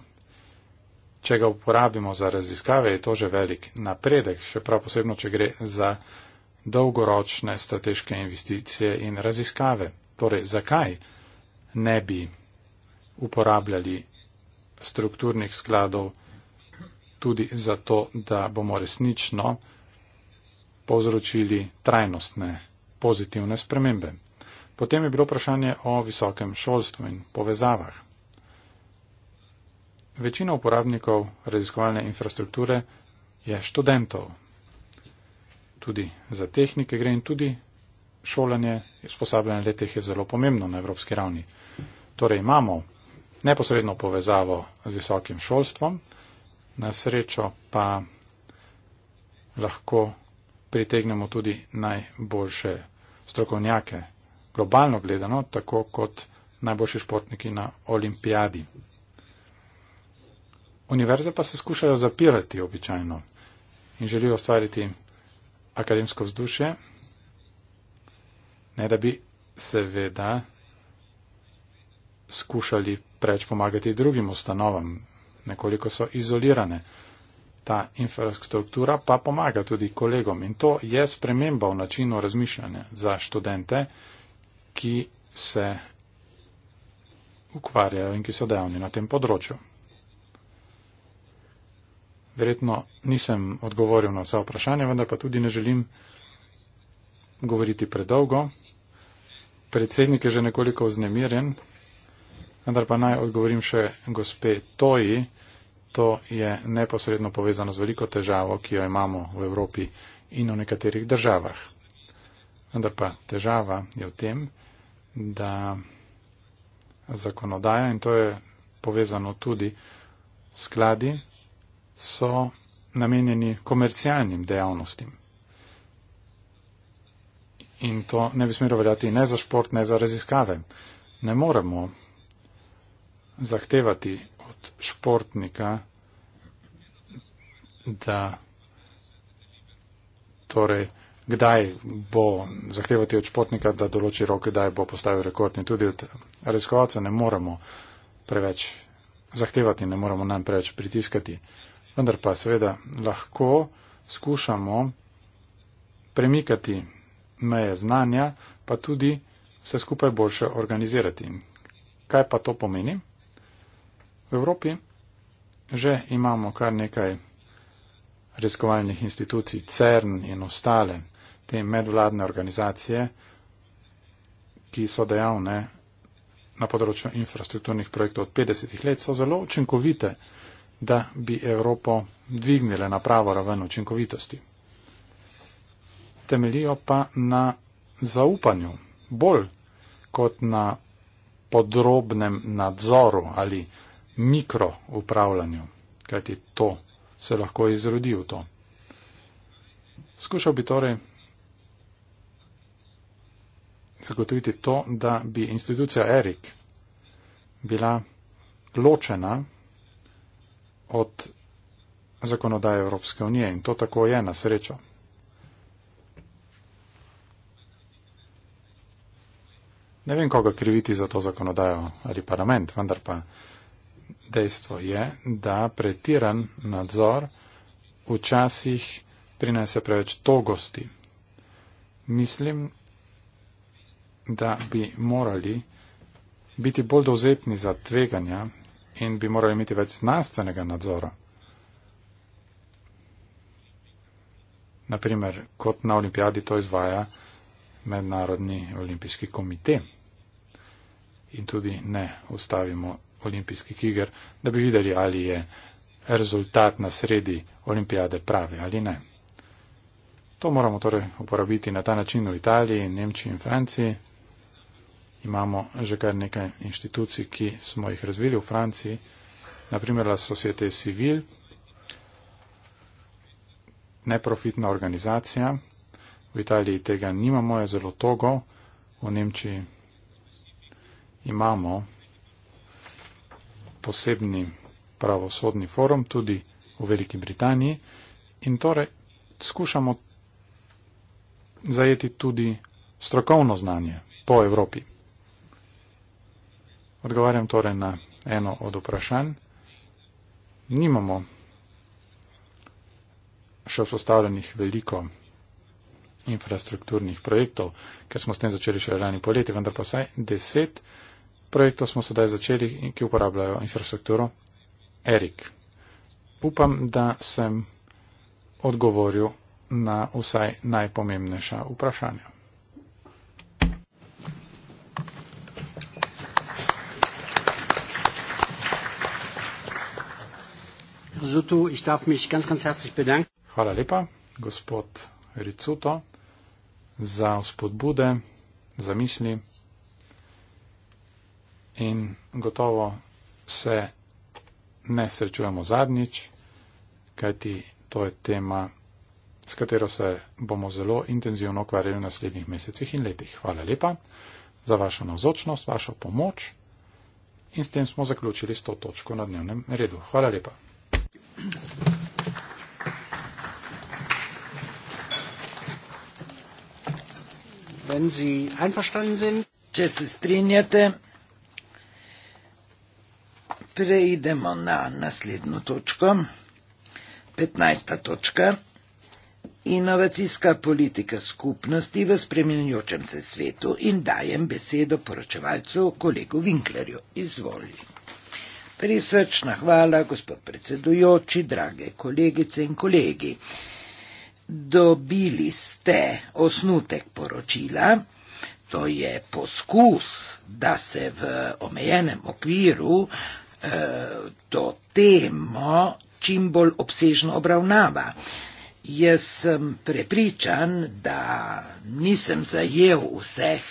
Če ga uporabimo za raziskave, je to že velik napredek, še prav posebno, če gre za dolgoročne strateške investicije in raziskave. Torej, zakaj ne bi uporabljali strukturnih skladov tudi zato, da bomo resnično povzročili trajnostne pozitivne spremembe. Potem je bilo vprašanje o visokem šolstvu in povezavah. Večina uporabnikov raziskovalne infrastrukture je študentov. Tudi za tehnike gre in tudi šolanje, usposabljanje letih je zelo pomembno na evropski ravni. Torej imamo neposredno povezavo z visokim šolstvom, na srečo pa lahko pritegnemo tudi najboljše strokovnjake, globalno gledano, tako kot najboljši športniki na olimpijadi. Univerze pa se skušajo zapirati običajno in želijo ustvariti akademsko vzdušje, ne da bi seveda skušali preč pomagati drugim ustanovam, nekoliko so izolirane. Ta infrastruktura pa pomaga tudi kolegom in to je sprememba v načinu razmišljanja za študente, ki se ukvarjajo in ki so dejavni na tem področju. Verjetno nisem odgovoril na vsa vprašanja, vendar pa tudi ne želim govoriti predolgo. Predsednik je že nekoliko vznemirjen, vendar pa naj odgovorim še gospe Toji to je neposredno povezano z veliko težavo, ki jo imamo v Evropi in v nekaterih državah. Vendar pa težava je v tem, da zakonodaja in to je povezano tudi skladi, so namenjeni komercialnim dejavnostim. In to ne bi smelo veljati ne za šport, ne za raziskave. Ne moremo zahtevati športnika, da torej, kdaj bo zahtevati od športnika, da določi rok, kdaj bo postavil rekord. In tudi od raziskovalca ne moramo preveč zahtevati, ne moramo nam preveč pritiskati. Vendar pa seveda lahko skušamo premikati meje znanja, pa tudi vse skupaj boljše organizirati. Kaj pa to pomeni? V Evropi že imamo kar nekaj raziskovalnih institucij, CERN in ostale te medvladne organizacije, ki so dejavne na področju infrastrukturnih projektov od 50 let, so zelo učinkovite, da bi Evropo dvignile na pravo raven učinkovitosti. Temelijo pa na zaupanju, bolj kot na podrobnem nadzoru ali mikro upravljanju, kajti to se lahko izrodi v to. Skušal bi torej zagotoviti to, da bi institucija Erik bila ločena od zakonodaje Evropske unije in to tako je na srečo. Ne vem, koga kriviti za to zakonodajo ali parlament, vendar pa dejstvo je, da pretiran nadzor včasih prinese preveč togosti. Mislim, da bi morali biti bolj dovzetni za tveganja in bi morali imeti več znanstvenega nadzora. Naprimer, kot na olimpijadi to izvaja Mednarodni olimpijski komite. In tudi ne ustavimo olimpijskih iger, da bi videli, ali je rezultat na sredi olimpijade pravi ali ne. To moramo torej uporabiti na ta način v Italiji, Nemčiji in Franciji. Imamo že kar nekaj inštitucij, ki smo jih razvili v Franciji, naprimer La Société Civile, neprofitna organizacija. V Italiji tega nimamo, je zelo togo, v Nemčiji imamo posebni pravosodni forum tudi v Veliki Britaniji in torej skušamo zajeti tudi strokovno znanje po Evropi. Odgovarjam torej na eno od vprašanj. Nimamo še vzpostavljenih veliko infrastrukturnih projektov, ker smo s tem začeli še lani poleti, vendar pa vsaj deset projektov projektov smo sedaj začeli in ki uporabljajo infrastrukturo. Erik, upam, da sem odgovoril na vsaj najpomembnejša vprašanja. Hvala lepa, gospod Ricuto, za spodbude, za misli in gotovo se ne srečujemo zadnjič, kajti to je tema, s katero se bomo zelo intenzivno ukvarjali v naslednjih mesecih in letih. Hvala lepa za vašo navzočnost, vašo pomoč in s tem smo zaključili s to točko na dnevnem redu. Hvala lepa. Če se strinjate, Preidemo na naslednjo točko, 15. točka. Inovacijska politika skupnosti v spremenjujočem se svetu in dajem besedo poročevalcu kolegu Winklerju. Izvoli. Prisrčna hvala, gospod predsedujoči, drage kolegice in kolegi. Dobili ste osnutek poročila, to je poskus, da se v omejenem okviru to temo čim bolj obsežno obravnava. Jaz sem prepričan, da nisem zajel vseh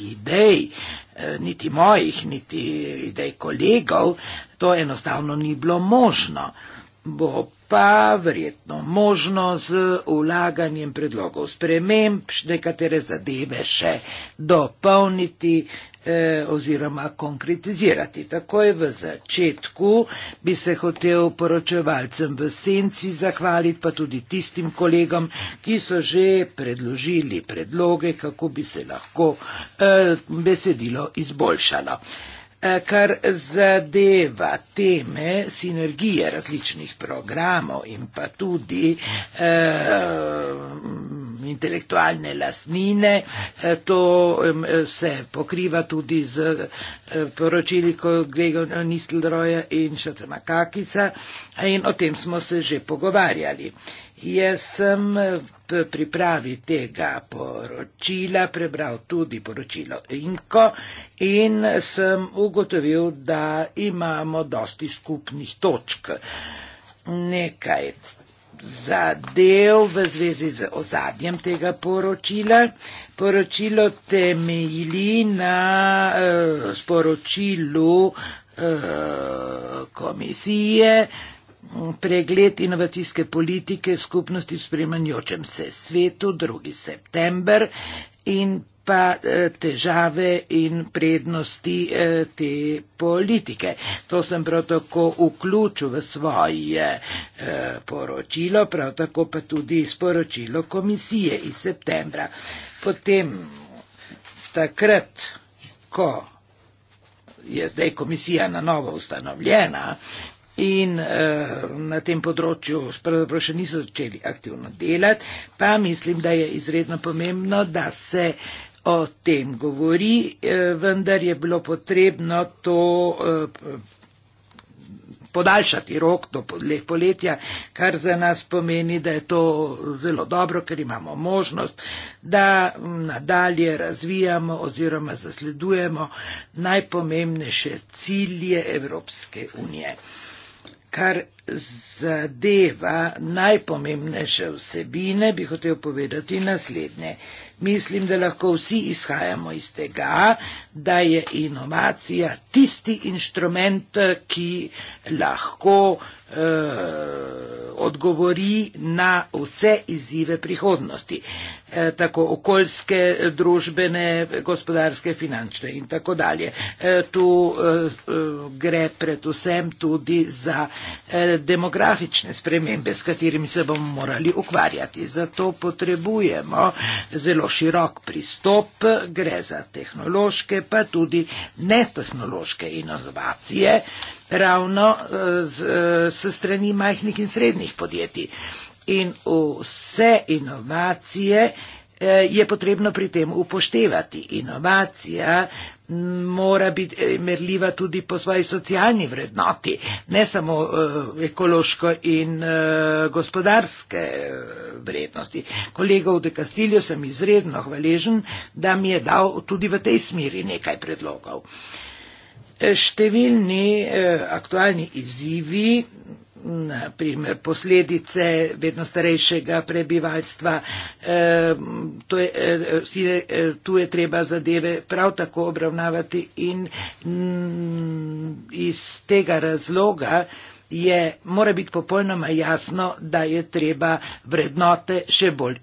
idej, eh, niti mojih, niti idej kolegov, to enostavno ni bilo možno. Bo pa verjetno možno z vlaganjem predlogov sprememb nekatere zadeve še dopolniti, Eh, oziroma konkretizirati. Takoj v začetku bi se hotel poročevalcem v senci zahvaliti, pa tudi tistim kolegom, ki so že predložili predloge, kako bi se lahko eh, besedilo izboljšalo. Eh, kar zadeva teme sinergije različnih programov in pa tudi eh, intelektualne lastnine, eh, to se pokriva tudi z eh, poročili Grega Nistelroja in Šatrama Kakisa in o tem smo se že pogovarjali. Eh, Jaz sem v pripravi tega poročila prebral tudi poročilo Inko in sem ugotovil, da imamo dosti skupnih točk. Nekaj zadev v zvezi z ozadjem tega poročila. Poročilo temeljili na eh, sporočilu eh, komisije pregled inovacijske politike skupnosti v spremenjočem se svetu, 2. september in pa eh, težave in prednosti eh, te politike. To sem prav tako vključil v svoje eh, poročilo, prav tako pa tudi sporočilo komisije iz septembra. Potem takrat, ko je zdaj komisija na novo ustanovljena, in uh, na tem področju pravzaprav še niso začeli aktivno delati, pa mislim, da je izredno pomembno, da se o tem govori, uh, vendar je bilo potrebno to. Uh, podaljšati rok do poletja, kar za nas pomeni, da je to zelo dobro, ker imamo možnost, da nadalje razvijamo oziroma zasledujemo najpomembnejše cilje Evropske unije kar zadeva najpomembnejše vsebine, bi hotel povedati naslednje. Mislim, da lahko vsi izhajamo iz tega, da je inovacija tisti inštrument, ki lahko eh, odgovori na vse izzive prihodnosti, eh, tako okoljske, družbene, gospodarske, finančne in tako dalje. Eh, tu eh, eh gre predvsem tudi za eh, demografične spremembe, s katerimi se bomo morali ukvarjati. Zato potrebujemo zelo širok pristop, gre za tehnološke pa tudi netehnološke inovacije, ravno eh, z, eh, s strani majhnih in srednjih podjetij. In vse inovacije, Eh, je potrebno pri tem upoštevati. Inovacija mora biti eh, merljiva tudi po svoji socialni vrednoti, ne samo eh, ekološko in gospodarske vrednosti. Kolegov de Castillo sem izredno hvaležen, da mi je dal tudi v tej smeri nekaj predlogov. Številni aktualni izzivi naprimer posledice vedno starejšega prebivalstva. Eh, to je, eh, eh, tu je treba zadeve prav tako obravnavati in mm, iz tega razloga je, mora biti popolnoma jasno, da je treba vrednote še bolj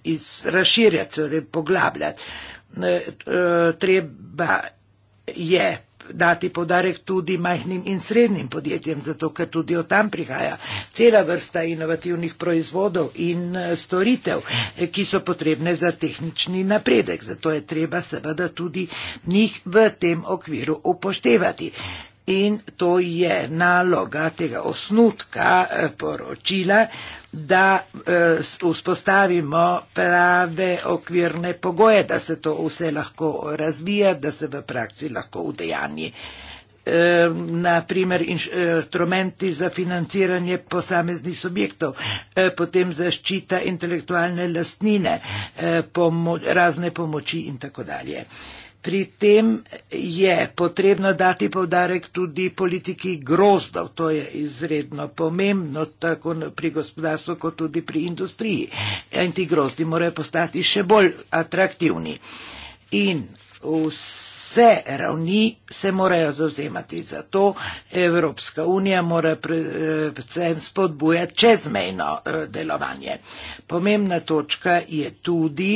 razširjati, torej poglabljati. Treba je dati podarek tudi majhnim in srednjim podjetjem, zato ker tudi od tam prihaja cela vrsta inovativnih proizvodov in eh, storitev, eh, ki so potrebne za tehnični napredek. Zato je treba seveda tudi njih v tem okviru upoštevati. In to je naloga tega osnutka eh, poročila, da eh, vzpostavimo prave okvirne pogoje, da se to vse lahko razvija, da se v praksi lahko udejanji. Naprimer, instrumenti eh, za financiranje posameznih subjektov, potem zaščita intelektualne lastnine, pomo razne pomoči in tako dalje. Pri tem je potrebno dati povdarek tudi politiki grozdov, to je izredno pomembno, tako pri gospodarstvu kot tudi pri industriji. In ti grozdi morajo postati še bolj atraktivni. In vse ravni se morajo zavzemati za to. Evropska unija mora predvsem spodbujati čezmejno eh, delovanje. Pomembna točka je tudi,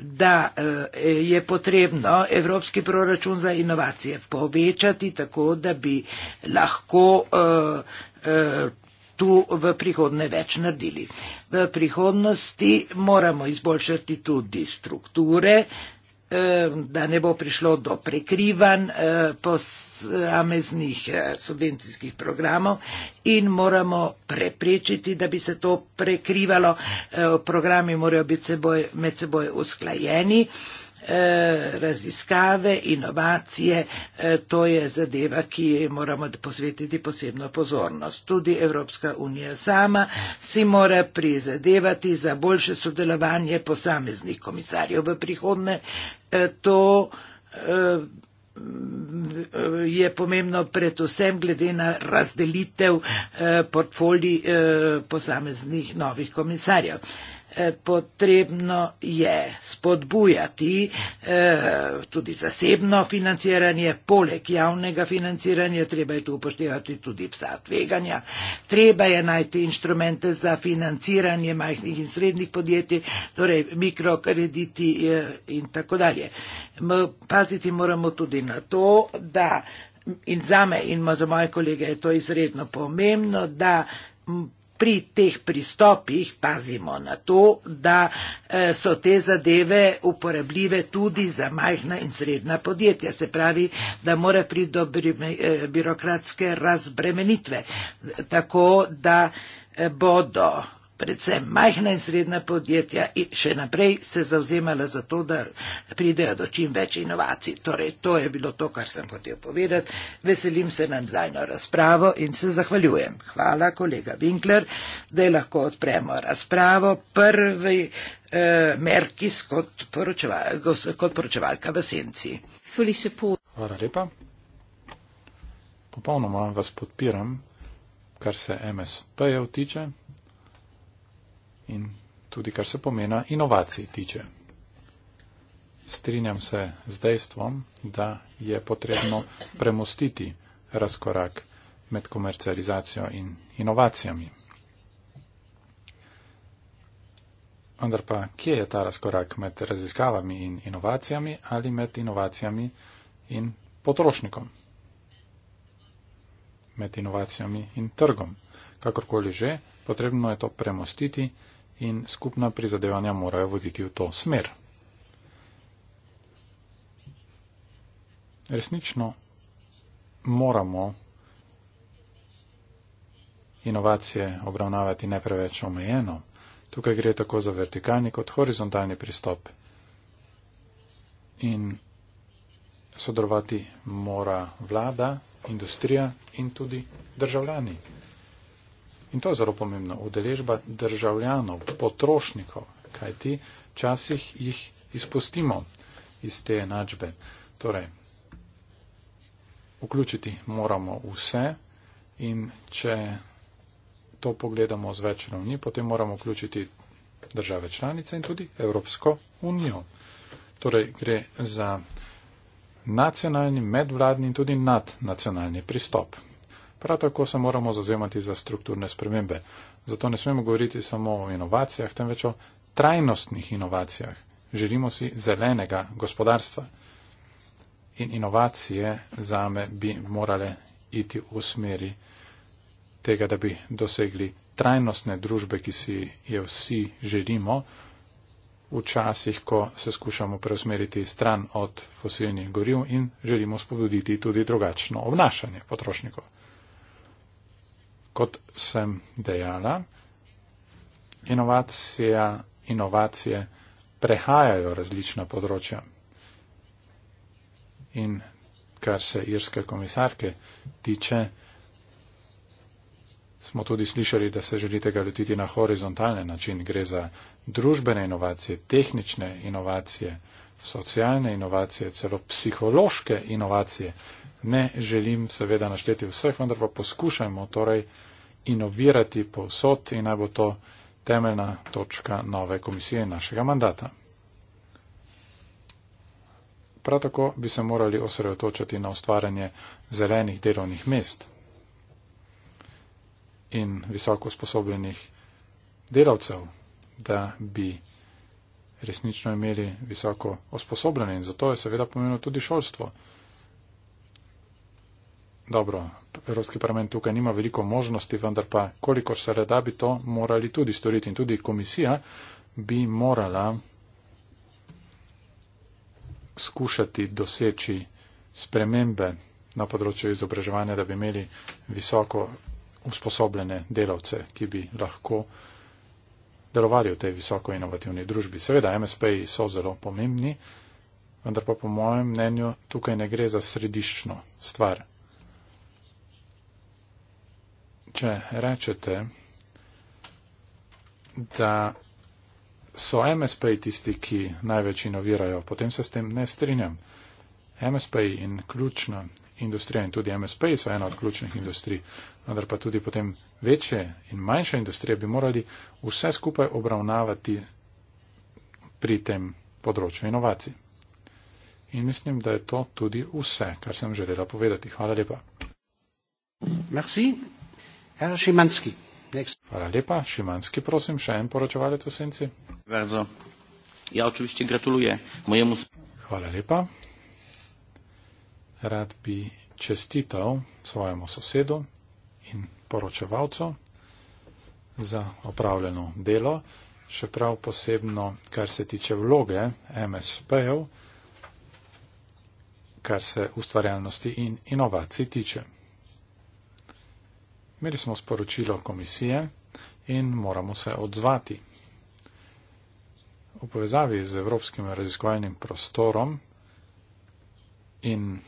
da eh, je potrebno evropski proračun za inovacije povečati tako, da bi lahko eh, eh, tu v prihodne več naredili. V prihodnosti moramo izboljšati tudi strukture, da ne bo prišlo do prekrivanj eh, posameznih eh, subvencijskih programov in moramo preprečiti, da bi se to prekrivalo. Eh, programi morajo biti seboj, med seboj usklajeni. Eh, raziskave, inovacije, eh, to je zadeva, ki je moramo posvetiti posebno pozornost. Tudi Evropska unija sama si mora prizadevati za boljše sodelovanje posameznih komisarjev v prihodne. Eh, to je pomembno predvsem glede na razdelitev portfolij posameznih novih komisarjev. Eh, potrebno je spodbujati eh, tudi zasebno financiranje, poleg javnega financiranja, treba je tu upoštevati tudi psa tveganja, treba je najti inštrumente za financiranje majhnih in srednjih podjetij, torej mikrokrediti eh, in tako dalje. Paziti moramo tudi na to, da in za me in za moje kolege je to izredno pomembno, da pri teh pristopih pazimo na to, da eh, so te zadeve uporabljive tudi za majhna in srednja podjetja. Se pravi, da mora pri dobri eh, birokratske razbremenitve. Tako da eh, bodo predvsem majhna in srednja podjetja in še naprej se zauzemala za to, da pridejo do čim več inovacij. Torej, to je bilo to, kar sem hotel povedati. Veselim se na dajno razpravo in se zahvaljujem. Hvala, kolega Winkler, da je lahko odpremo razpravo. Prvi eh, Merkis kot, poročeval, kot poročevalka v senci. Hvala lepa. Popolnoma vas podpiram, kar se MSP-jev tiče in tudi kar se pomena inovacij tiče. Strinjam se z dejstvom, da je potrebno premostiti razkorak med komercializacijo in inovacijami. Vendar pa, kje je ta razkorak med raziskavami in inovacijami ali med inovacijami in potrošnikom? Med inovacijami in trgom. Kakorkoli že, potrebno je to premostiti in skupna prizadevanja morajo voditi v to smer. Resnično moramo inovacije obravnavati ne preveč omejeno. Tukaj gre tako za vertikalni kot horizontalni pristop. In sodelovati mora vlada, industrija in tudi državljani. In to je zelo pomembno, udeležba državljanov, potrošnikov, kajti časih jih izpustimo iz te enačbe. Torej, vključiti moramo vse in če to pogledamo z več ravni, potem moramo vključiti države članice in tudi Evropsko unijo. Torej, gre za nacionalni, medvladni in tudi nadnacionalni pristop. Prav tako se moramo zauzemati za strukturne spremembe. Zato ne smemo govoriti samo o inovacijah, temveč o trajnostnih inovacijah. Želimo si zelenega gospodarstva. In inovacije za me bi morale iti v smeri tega, da bi dosegli trajnostne družbe, ki si jo vsi želimo, včasih, ko se skušamo preusmeriti stran od fosilnih goriv in želimo spodbuditi tudi drugačno obnašanje potrošnikov kot sem dejala, inovacija, inovacije prehajajo različna področja. In kar se irske komisarke tiče, smo tudi slišali, da se želite ga lotiti na horizontalne način. Gre za družbene inovacije, tehnične inovacije, socialne inovacije, celo psihološke inovacije. Ne želim seveda našteti vseh, vendar pa poskušajmo torej inovirati povsod in naj bo to temeljna točka nove komisije našega mandata. Prav tako bi se morali osredotočiti na ustvarjanje zelenih delovnih mest in visoko sposobljenih delavcev, da bi resnično imeli visoko osposobljene. In zato je seveda pomenilo tudi šolstvo dobro, Evropski parlament tukaj nima veliko možnosti, vendar pa kolikor se reda bi to morali tudi storiti in tudi komisija bi morala skušati doseči spremembe na področju izobraževanja, da bi imeli visoko usposobljene delavce, ki bi lahko delovali v tej visoko inovativni družbi. Seveda, MSP-ji so zelo pomembni, vendar pa po mojem mnenju tukaj ne gre za središčno stvar. če rečete, da so MSP tisti, ki največ inovirajo, potem se s tem ne strinjam. MSP in ključna industrija in tudi MSP so ena od ključnih industrij, vendar pa tudi potem večje in manjše industrije bi morali vse skupaj obravnavati pri tem področju inovacij. In mislim, da je to tudi vse, kar sem želela povedati. Hvala lepa. Merci. Herr Šimanski. Hvala lepa. Šimanski, prosim, še en poročevalec v senci. Verzo. Ja, očivišče gratuluje mojemu. Hvala lepa. Rad bi čestital svojemu sosedu in poročevalcu za opravljeno delo, še prav posebno, kar se tiče vloge MSP-jev, kar se ustvarjalnosti in inovacij tiče. Imeli smo sporočilo komisije in moramo se odzvati. V povezavi z evropskim raziskovalnim prostorom in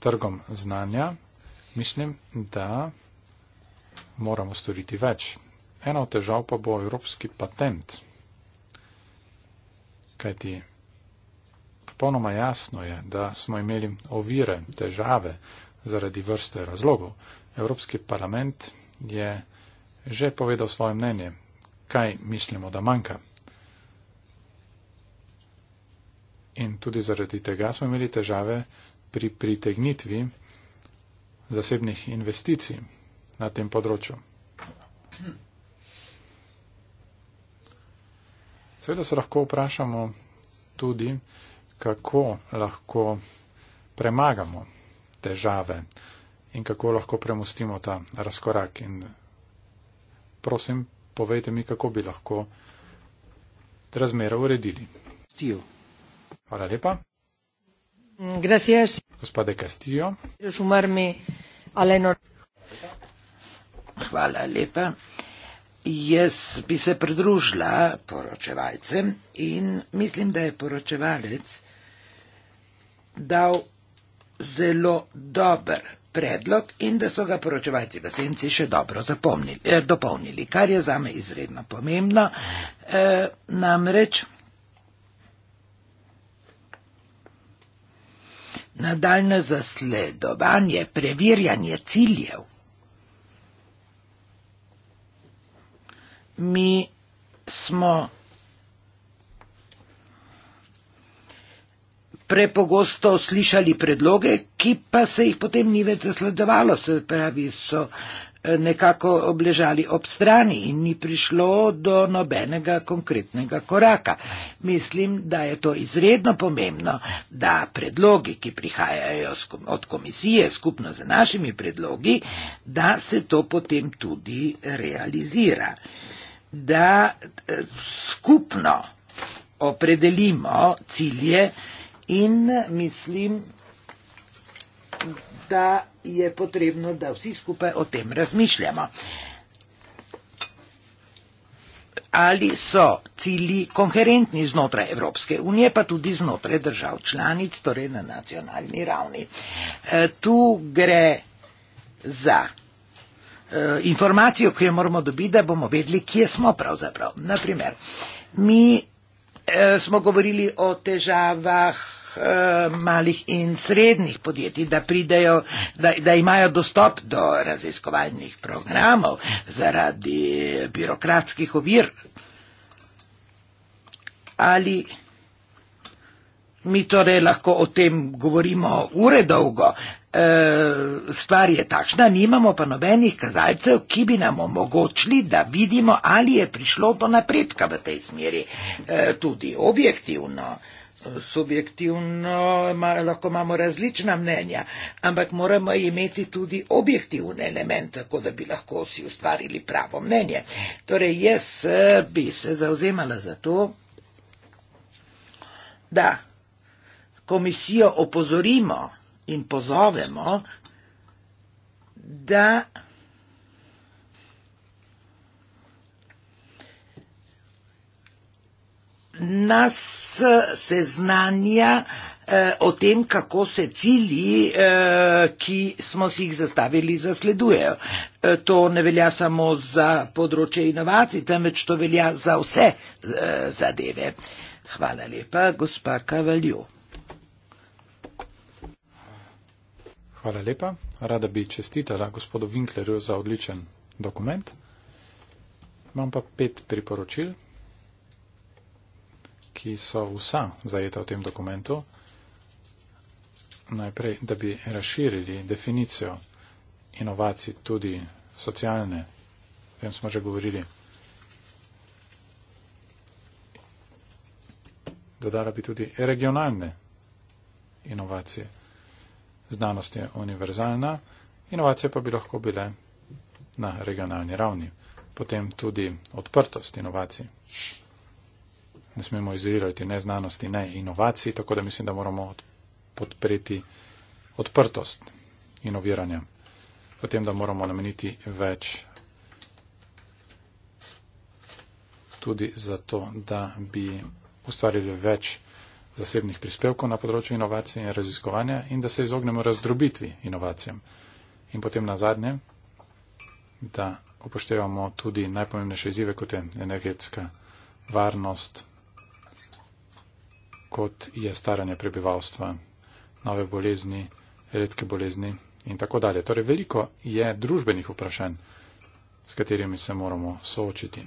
trgom znanja mislim, da moramo storiti več. Ena od težav pa bo evropski patent. Kajti popolnoma jasno je, da smo imeli ovire, težave zaradi vrste razlogov. Evropski parlament je že povedal svoje mnenje, kaj mislimo, da manjka. In tudi zaradi tega smo imeli težave pri pritegnitvi zasebnih investicij na tem področju. Seveda se lahko vprašamo tudi, kako lahko premagamo težave in kako lahko premustimo ta razkorak. In prosim, povejte mi, kako bi lahko razmere uredili. Stil. Hvala lepa. Gracias. Gospode Castillo. Hvala lepa. Jaz bi se pridružila poročevalcem in mislim, da je poročevalec dal zelo dober predlog in da so ga poročevalci v senci še dobro zapomnili, eh, dopolnili, kar je zame izredno pomembno. Eh, namreč nadaljne zasledovanje, preverjanje ciljev mi smo prepogosto slišali predloge, ki pa se jih potem ni več zasledovalo, se pravi, so eh, nekako obležali ob strani in ni prišlo do nobenega konkretnega koraka. Mislim, da je to izredno pomembno, da predlogi, ki prihajajo od komisije skupno z našimi predlogi, da se to potem tudi realizira. Da eh, skupno opredelimo cilje, In mislim, da je potrebno, da vsi skupaj o tem razmišljamo. Ali so cilji konkurentni znotraj Evropske unije, pa tudi znotraj držav članic, torej na nacionalni ravni. E, tu gre za e, informacijo, ki jo moramo dobiti, da bomo vedeli, kje smo pravzaprav. Naprimer, mi Eh, smo govorili o težavah eh, malih in srednjih podjetij, da pridejo, da, da imajo dostop do raziskovalnih programov zaradi birokratskih ovir. Ali mi torej lahko o tem govorimo ure dolgo, E, stvar je takšna, nimamo pa nobenih kazalcev, ki bi nam omogočili, da vidimo, ali je prišlo do napredka v tej smeri. E, tudi objektivno, subjektivno ma, lahko imamo različna mnenja, ampak moramo imeti tudi objektivne elemente, tako da bi lahko si ustvarili pravo mnenje. Torej, jaz e, bi se zauzemala za to, da komisijo opozorimo, in pozovemo, da nas seznanja eh, o tem, kako se cilji, eh, ki smo si jih zastavili, zasledujejo. Eh, to ne velja samo za področje inovacij, temveč to velja za vse zadeve. Hvala lepa, gospa Kavaljo. Hvala lepa. Rada bi čestitala gospodu Winklerju za odličen dokument. Imam pa pet priporočil, ki so vsa zajeta v tem dokumentu. Najprej, da bi razširili definicijo inovacij tudi socialne. O tem smo že govorili. Dodala bi tudi regionalne inovacije znanost je univerzalna, inovacije pa bi lahko bile na regionalni ravni. Potem tudi odprtost inovacij. Ne smemo izirati ne znanosti, ne inovacij, tako da mislim, da moramo podpreti odprtost inoviranja. Potem, da moramo nameniti več tudi za to, da bi ustvarili več zasebnih prispevkov na področju inovacij in raziskovanja in da se izognemo razdrobitvi inovacijam. In potem na zadnje, da upoštevamo tudi najpomembnejše izzive, kot je energetska varnost, kot je staranje prebivalstva, nove bolezni, redke bolezni in tako dalje. Torej veliko je družbenih vprašanj, s katerimi se moramo soočiti.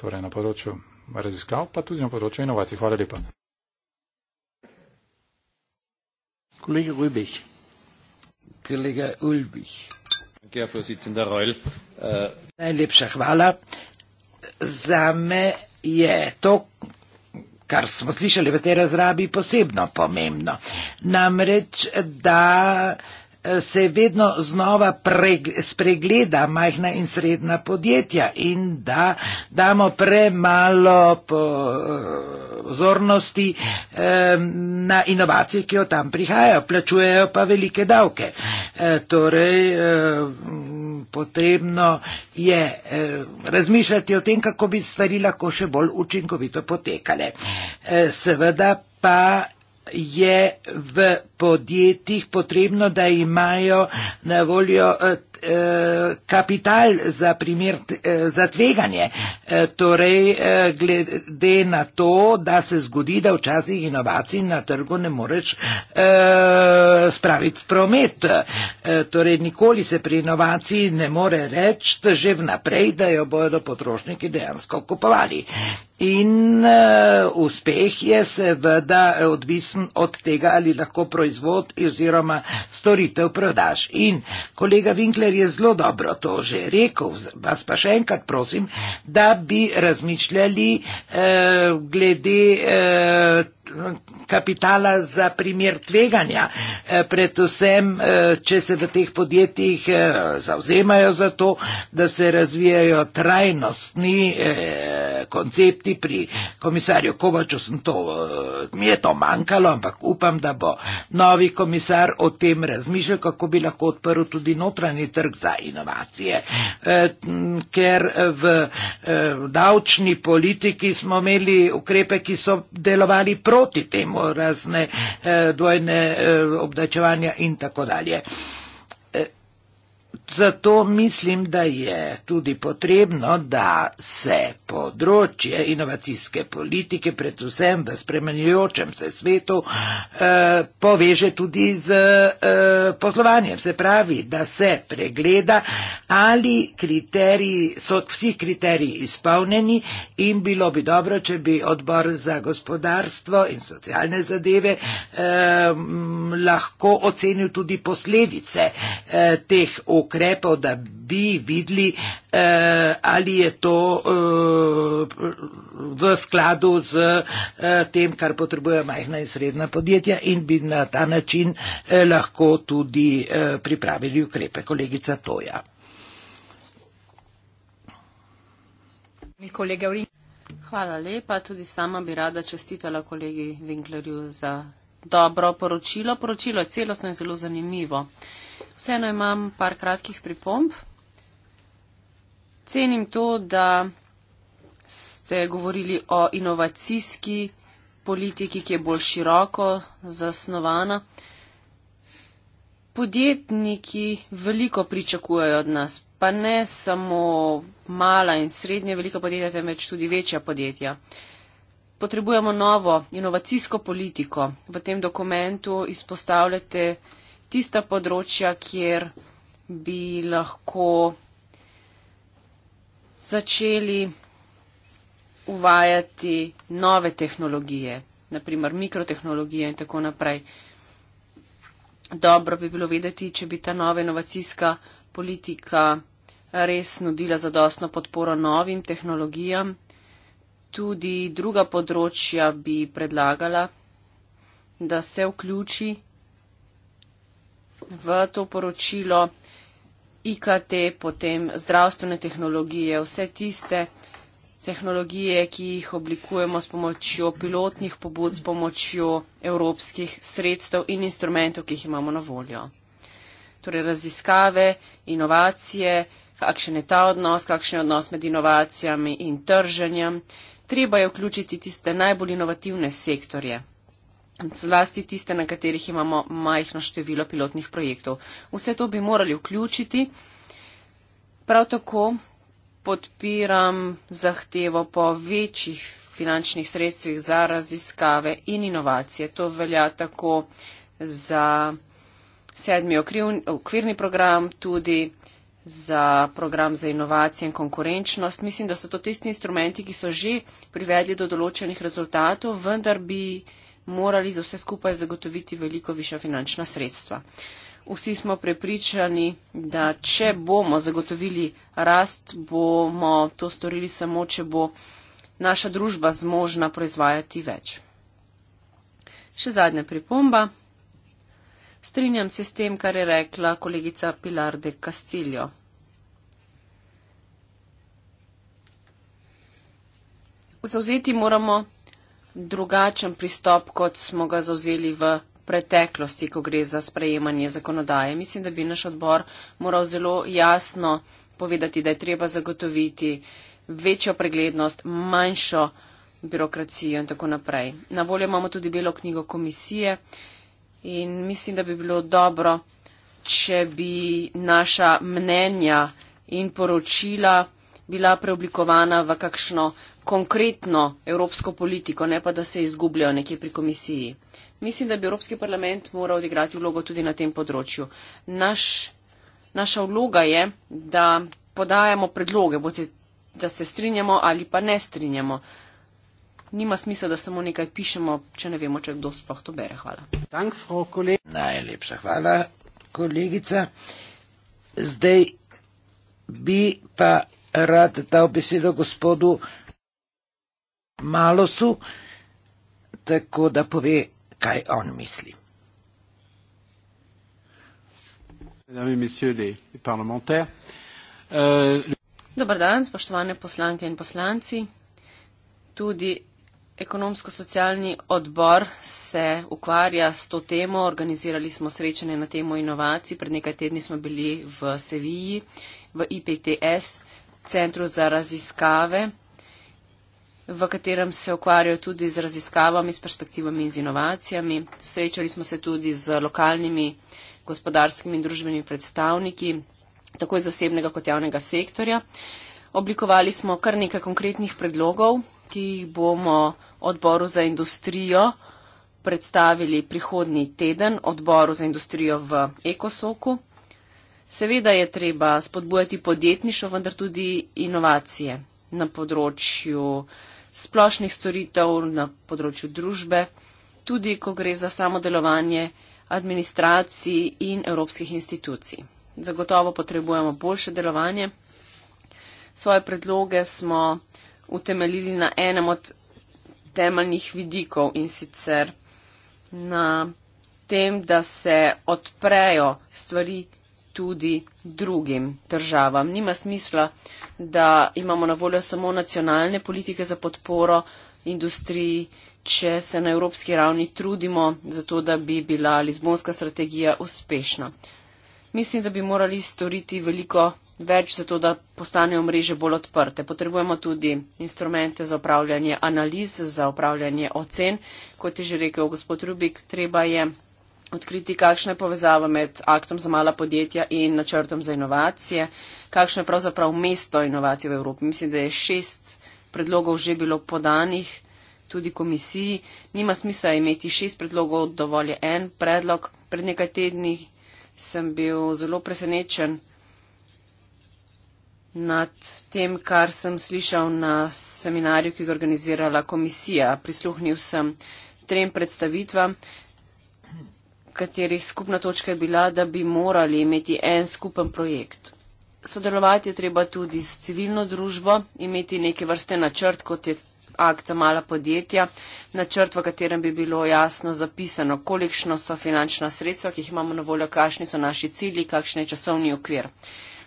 Torej na področju raziskav, pa tudi na področju inovacij. Hvala lepa. Kollege Rübig. Kollege Ulbich. Danke, Herr Vorsitzender Reul. Äh, Najlepša hvala. Za me je to, kar smo slišali v tej razrabi, posebno pomembno. Namreč, da se vedno znova spregleda majhna in srednja podjetja in da damo premalo pozornosti na inovacije, ki jo tam prihajajo, plačujejo pa velike davke. E, torej, e, potrebno je e, razmišljati o tem, kako bi stvari lahko še bolj učinkovito potekale. Seveda pa je v podjetjih potrebno, da imajo na voljo eh, eh, kapital za primer eh, za tveganje. Torej, glede na to, da se zgodi, da včasih inovacij na trgu ne moreš spraviti v promet. Torej, nikoli se pri inovaciji ne more reči že vnaprej, da jo bodo potrošniki dejansko kupovali. In uh, uspeh je seveda odvisen od tega, ali lahko proizvod oziroma storitev prodaš. In kolega Winkler je zelo dobro to že rekel, vas pa še enkrat prosim, da bi razmišljali uh, glede. Uh, kapitala za primer tveganja. E, predvsem, e, če se v teh podjetjih e, zauzemajo za to, da se razvijajo trajnostni koncepti pri komisarju Kovaču, to, mi je to manjkalo, ampak upam, da bo novi komisar o tem razmišljal, kako bi lahko odprl tudi notranji trg za inovacije. Ker v davčni politiki smo imeli ukrepe, ki so delovali proti proti temu razne eh, dvojne eh, obdačevanja in tako dalje. Eh, Zato mislim, da je tudi potrebno, da se področje inovacijske politike, predvsem v spremenjujočem se svetu, eh, poveže tudi z eh, poslovanjem. Se pravi, da se pregleda, ali kriteriji, so vsi kriteriji izpolnjeni in bilo bi dobro, če bi odbor za gospodarstvo in socialne zadeve eh, lahko ocenil tudi posledice teh ukrepov ukrepov, da bi videli, eh, ali je to eh, v skladu z eh, tem, kar potrebujejo majhna in srednja podjetja in bi na ta način eh, lahko tudi eh, pripravili ukrepe. Kolegica Toja. Hvala lepa. Tudi sama bi rada čestitala kolegi Winklerju za dobro poročilo. Poročilo je celostno in zelo zanimivo. Uh, Vseeno imam par kratkih pripomb. Cenim to, da ste govorili o inovacijski politiki, ki je bolj široko zasnovana. Podjetniki veliko pričakujejo od nas, pa ne samo mala in srednje velika podjetja, temveč tudi večja podjetja. Potrebujemo novo inovacijsko politiko. V tem dokumentu izpostavljate tista področja, kjer bi lahko začeli uvajati nove tehnologije, naprimer mikrotehnologije in tako naprej. Dobro bi bilo vedeti, če bi ta nova inovacijska politika res nudila zadostno podporo novim tehnologijam. Tudi druga področja bi predlagala, da se vključi v to poročilo IKT, potem zdravstvene tehnologije, vse tiste tehnologije, ki jih oblikujemo s pomočjo pilotnih pobud, s pomočjo evropskih sredstev in instrumentov, ki jih imamo na voljo. Torej raziskave, inovacije, kakšen je ta odnos, kakšen je odnos med inovacijami in trženjem. Treba je vključiti tiste najbolj inovativne sektorje, zlasti tiste, na katerih imamo majhno število pilotnih projektov. Vse to bi morali vključiti. Prav tako podpiram zahtevo po večjih finančnih sredstvih za raziskave in inovacije. To velja tako za sedmi okvirni program, tudi za program za inovacije in konkurenčnost. Mislim, da so to tisti instrumenti, ki so že privedli do določenih rezultatov, vendar bi morali za vse skupaj zagotoviti veliko više finančna sredstva. Vsi smo prepričani, da če bomo zagotovili rast, bomo to storili samo, če bo naša družba zmožna proizvajati več. Še zadnja pripomba. Strinjam se s tem, kar je rekla kolegica Pilar de Castillo. Zauzeti moramo drugačen pristop, kot smo ga zauzeli v preteklosti, ko gre za sprejemanje zakonodaje. Mislim, da bi naš odbor moral zelo jasno povedati, da je treba zagotoviti večjo preglednost, manjšo birokracijo in tako naprej. Na voljo imamo tudi belo knjigo komisije in mislim, da bi bilo dobro, če bi naša mnenja in poročila bila preoblikovana v kakšno konkretno evropsko politiko, ne pa da se izgubljajo nekje pri komisiji. Mislim, da bi Evropski parlament moral odigrati vlogo tudi na tem področju. Naš, naša vloga je, da podajamo predloge, bote, da se strinjamo ali pa ne strinjamo. Nima smisla, da samo nekaj pišemo, če ne vemo, če kdo sploh to bere. Hvala. Dank, frau, Najlepša hvala, kolegica. Zdaj bi pa rad dal besedo gospodu malo su, tako da pove, kaj on misli. Euh, Dobar dan, spoštovane poslanke in poslanci. Tudi ekonomsko-socialni odbor se ukvarja s to temo. Organizirali smo srečanje na temo inovacij. Pred nekaj tedni smo bili v Seviji, v IPTS, Centru za raziskave v katerem se okvarjajo tudi z raziskavami, s perspektivami in z inovacijami. Srečali smo se tudi z lokalnimi gospodarskimi in družbenimi predstavniki, tako iz zasebnega kot javnega sektorja. Oblikovali smo kar nekaj konkretnih predlogov, ki jih bomo odboru za industrijo predstavili prihodnji teden, odboru za industrijo v Ekosoku. Seveda je treba spodbujati podjetništvo, vendar tudi inovacije na področju splošnih storitev, na področju družbe, tudi ko gre za samo delovanje administracij in evropskih institucij. Zagotovo potrebujemo boljše delovanje. Svoje predloge smo utemeljili na enem od temeljnih vidikov in sicer na tem, da se odprejo stvari tudi drugim državam. Nima smisla, da da imamo na voljo samo nacionalne politike za podporo industriji, če se na evropski ravni trudimo za to, da bi bila Lizbonska strategija uspešna. Mislim, da bi morali storiti veliko več za to, da postanejo mreže bolj odprte. Potrebujemo tudi instrumente za upravljanje analiz, za upravljanje ocen, kot je že rekel gospod Rubik, treba je odkriti, kakšna je povezava med aktom za mala podjetja in načrtom za inovacije, kakšno je pravzaprav mesto inovacij v Evropi. Mislim, da je šest predlogov že bilo podanih tudi komisiji. Nima smisla imeti šest predlogov, dovolj je en predlog. Pred nekaj tednih sem bil zelo presenečen nad tem, kar sem slišal na seminarju, ki ga organizirala komisija. Prisluhnil sem trem predstavitvam katerih skupna točka je bila, da bi morali imeti en skupen projekt. Sodelovati je treba tudi s civilno družbo, imeti neke vrste načrt, kot je akt za mala podjetja, načrt, v katerem bi bilo jasno zapisano, kolikšno so finančna sredstva, ki jih imamo na voljo, kakšni so naši cilji, kakšen je časovni okvir.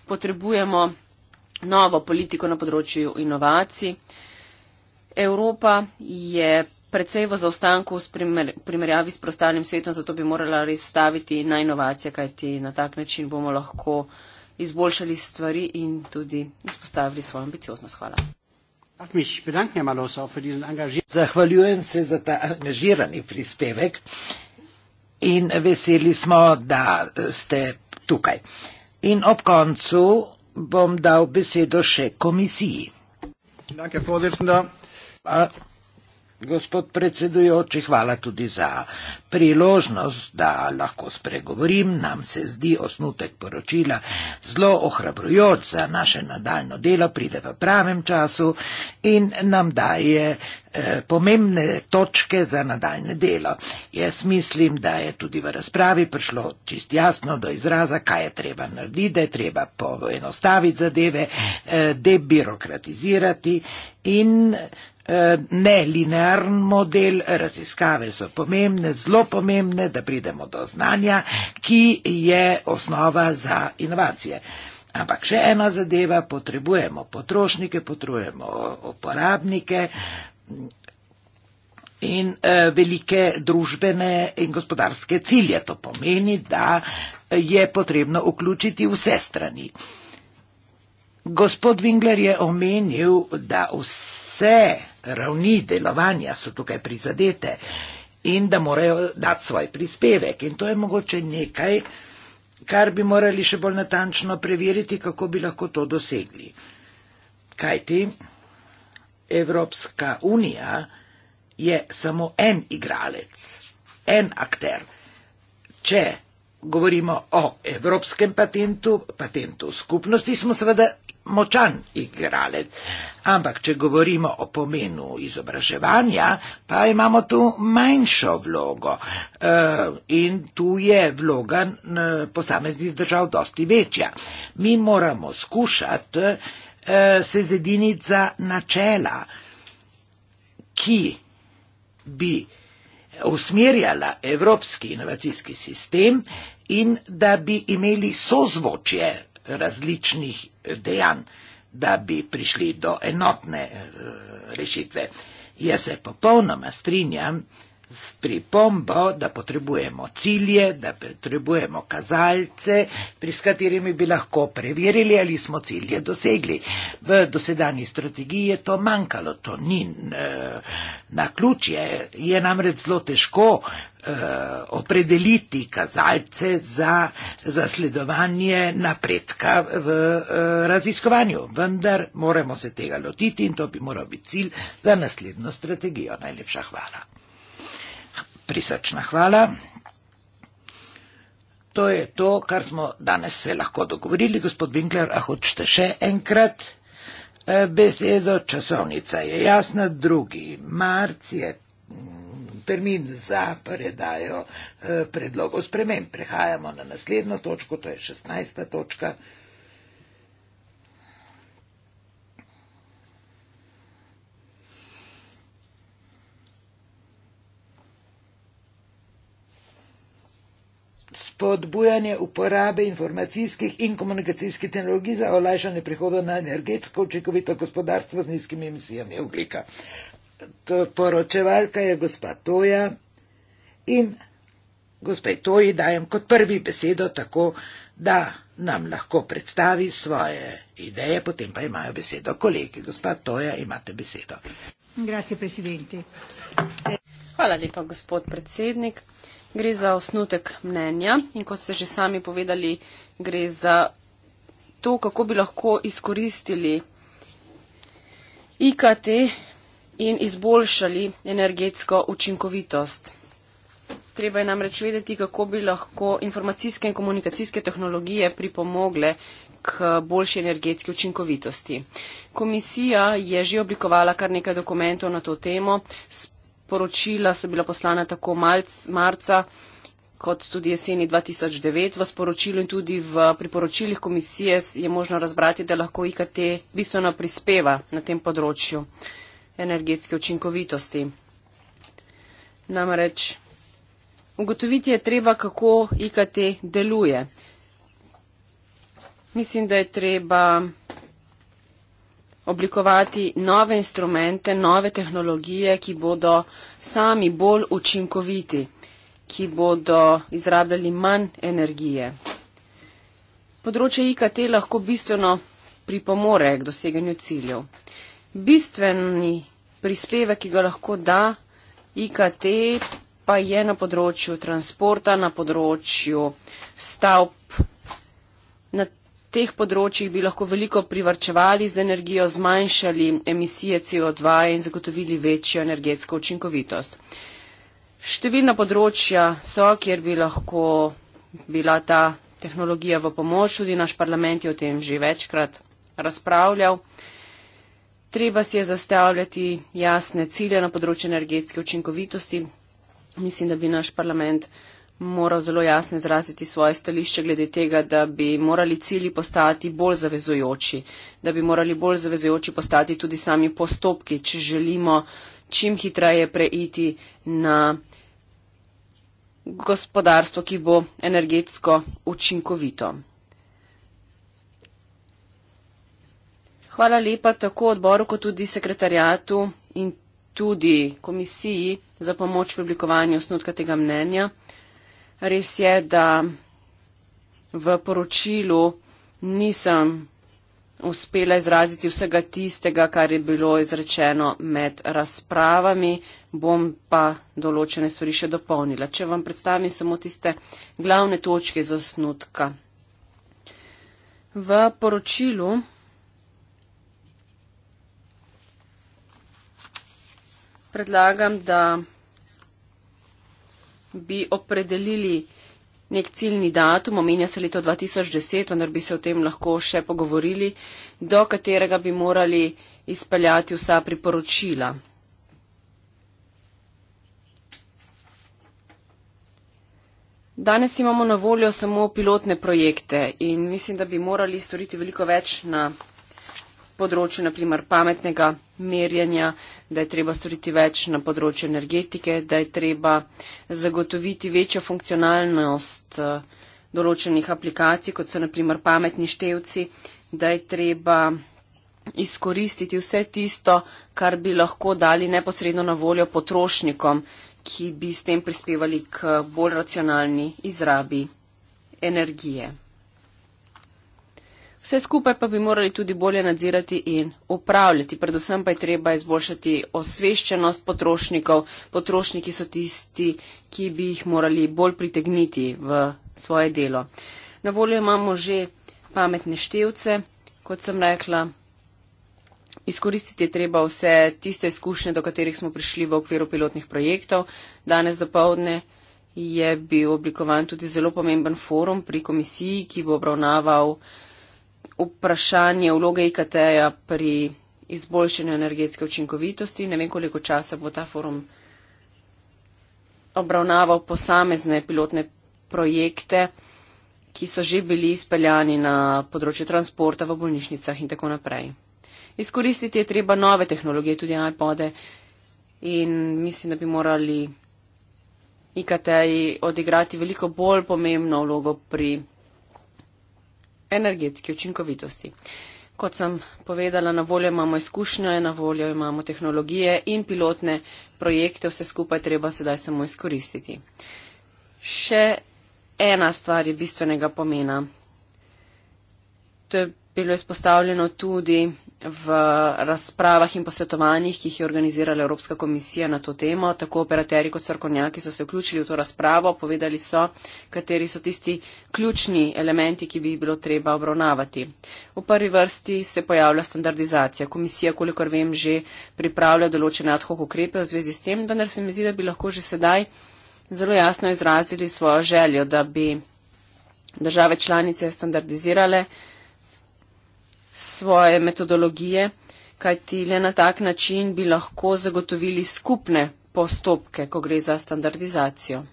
Potrebujemo novo politiko na področju inovacij. Evropa je precej v zaostanku v primer, primerjavi s prostalnim svetom, zato bi morala res staviti na inovacije, kajti na tak način bomo lahko izboljšali stvari in tudi izpostavili svojo ambicioznost. Hvala. Zahvaljujem se za ta angažirani prispevek in veseli smo, da ste tukaj. In ob koncu bom dal besedo še komisiji. Danke, Gospod predsedujoči, hvala tudi za priložnost, da lahko spregovorim. Nam se zdi osnutek poročila zelo ohrabrujoč za naše nadaljno delo, pride v pravem času in nam daje eh, pomembne točke za nadaljne delo. Jaz mislim, da je tudi v razpravi prišlo čist jasno do izraza, kaj je treba narediti, da je treba poenostaviti zadeve, eh, debirokratizirati in nelinearen model raziskave so pomembne, zelo pomembne, da pridemo do znanja, ki je osnova za inovacije. Ampak še ena zadeva, potrebujemo potrošnike, potrebujemo uporabnike in eh, velike družbene in gospodarske cilje. To pomeni, da je potrebno vključiti vse strani. Gospod Vingler je omenil, da vse ravni delovanja so tukaj prizadete in da morajo dati svoj prispevek. In to je mogoče nekaj, kar bi morali še bolj natančno preveriti, kako bi lahko to dosegli. Kajti Evropska unija je samo en igralec, en akter. Če govorimo o evropskem patentu, patentu skupnosti, smo seveda močan igralec. Ampak, če govorimo o pomenu izobraževanja, pa imamo tu manjšo vlogo e, in tu je vloga posameznih držav dosti večja. Mi moramo skušati e, se zediniti za načela, ki bi usmerjala evropski inovacijski sistem in da bi imeli sozvočje različnih dejanj da bi prišli do enotne eh, rešitve. Jaz se popolnoma strinjam s pripombo, da potrebujemo cilje, da potrebujemo kazalce, pri katerimi bi lahko preverili, ali smo cilje dosegli. V dosedani strategiji je to manjkalo, to ni eh, na ključje, je namreč zelo težko Eh, opredeliti kazalce za zasledovanje napredka v eh, raziskovanju. Vendar moramo se tega lotiti in to bi moral biti cilj za naslednjo strategijo. Najlepša hvala. Prisrčna hvala. To je to, kar smo danes se lahko dogovorili. Gospod Winkler, a hočete še enkrat eh, besedo? Časovnica je jasna. 2. marc je termin za predajo eh, predlogov spremem. Prehajamo na naslednjo točko, to je 16. točka. Spodbujanje uporabe informacijskih in komunikacijskih tehnologij za olajšanje prihoda na energetsko učinkovito gospodarstvo z nizkimi emisijami ugljika to poročevalka je gospa Toja in gospe Toji dajem kot prvi besedo tako, da nam lahko predstavi svoje ideje, potem pa imajo besedo kolegi. Gospa Toja, imate besedo. Grazie, presidenti. Hvala lepa, gospod predsednik. Gre za osnutek mnenja in kot ste že sami povedali, gre za to, kako bi lahko izkoristili IKT in izboljšali energetsko učinkovitost. Treba je namreč vedeti, kako bi lahko informacijske in komunikacijske tehnologije pripomogle k boljši energetski učinkovitosti. Komisija je že oblikovala kar nekaj dokumentov na to temo, sporočila so bila poslana tako marca kot tudi jeseni 2009. V sporočilu in tudi v priporočilih komisije je možno razbrati, da lahko IKT bistveno prispeva na tem področju energetske učinkovitosti. Namreč ugotoviti je treba, kako IKT deluje. Mislim, da je treba oblikovati nove instrumente, nove tehnologije, ki bodo sami bolj učinkoviti, ki bodo izrabljali manj energije. Področje IKT lahko bistveno pripomore k doseganju ciljev bistveni prispevek, ki ga lahko da IKT, pa je na področju transporta, na področju stavb. Na teh področjih bi lahko veliko privrčevali z energijo, zmanjšali emisije CO2 in zagotovili večjo energetsko učinkovitost. Številna področja so, kjer bi lahko bila ta tehnologija v pomoč, tudi naš parlament je o tem že večkrat razpravljal treba si je zastavljati jasne cilje na področju energetske učinkovitosti. Mislim, da bi naš parlament moral zelo jasno izraziti svoje stališče glede tega, da bi morali cilji postati bolj zavezojoči, da bi morali bolj zavezojoči postati tudi sami postopki, če želimo čim hitreje preiti na gospodarstvo, ki bo energetsko učinkovito. Hvala lepa tako odboru, kot tudi sekretarijatu in tudi komisiji za pomoč pri oblikovanju osnutka tega mnenja. Res je, da v poročilu nisem uspela izraziti vsega tistega, kar je bilo izrečeno med razpravami, bom pa določene stvari še dopolnila. Če vam predstavim samo tiste glavne točke z osnutka. V poročilu predlagam, da bi opredelili nek ciljni datum, omenja se leto 2010, vendar bi se o tem lahko še pogovorili, do katerega bi morali izpeljati vsa priporočila. Danes imamo na voljo samo pilotne projekte in mislim, da bi morali storiti veliko več na področju naprimer pametnega merjenja, da je treba storiti več na področju energetike, da je treba zagotoviti večjo funkcionalnost eh, določenih aplikacij, kot so naprimer pametni števci, da je treba izkoristiti vse tisto, kar bi lahko dali neposredno na voljo potrošnikom, ki bi s tem prispevali k bolj racionalni izrabi energije. Vse skupaj pa bi morali tudi bolje nadzirati in upravljati. Predvsem pa je treba izboljšati osveščenost potrošnikov. Potrošniki so tisti, ki bi jih morali bolj pritegniti v svoje delo. Na voljo imamo že pametne števce, kot sem rekla. Izkoristiti je treba vse tiste izkušnje, do katerih smo prišli v okviru pilotnih projektov. Danes do povdne je bil oblikovan tudi zelo pomemben forum pri komisiji, ki bo obravnaval vprašanje vloge IKT-ja pri izboljšanju energetske učinkovitosti. Ne vem, koliko časa bo ta forum obravnaval posamezne pilotne projekte, ki so že bili izpeljani na področju transporta v bolnišnicah in tako naprej. Izkoristiti je treba nove tehnologije, tudi iPode in mislim, da bi morali IKT-ji odigrati veliko bolj pomembno vlogo pri energetski učinkovitosti. Kot sem povedala, na voljo imamo izkušnje, na voljo imamo tehnologije in pilotne projekte, vse skupaj treba sedaj samo izkoristiti. Še ena stvar je bistvenega pomena. To je bilo izpostavljeno tudi v razpravah in posvetovanjih, ki jih je organizirala Evropska komisija na to temo. Tako operateri kot srkonjaki so se vključili v to razpravo, povedali so, kateri so tisti ključni elementi, ki bi jih bilo treba obravnavati. V prvi vrsti se pojavlja standardizacija. Komisija, kolikor vem, že pripravlja določene ad hoc ukrepe v zvezi s tem, vendar se mi zdi, da bi lahko že sedaj zelo jasno izrazili svojo željo, da bi države članice standardizirale svoje metodologije, kajti le na tak način bi lahko zagotovili skupne postopke, ko gre za standardizacijo.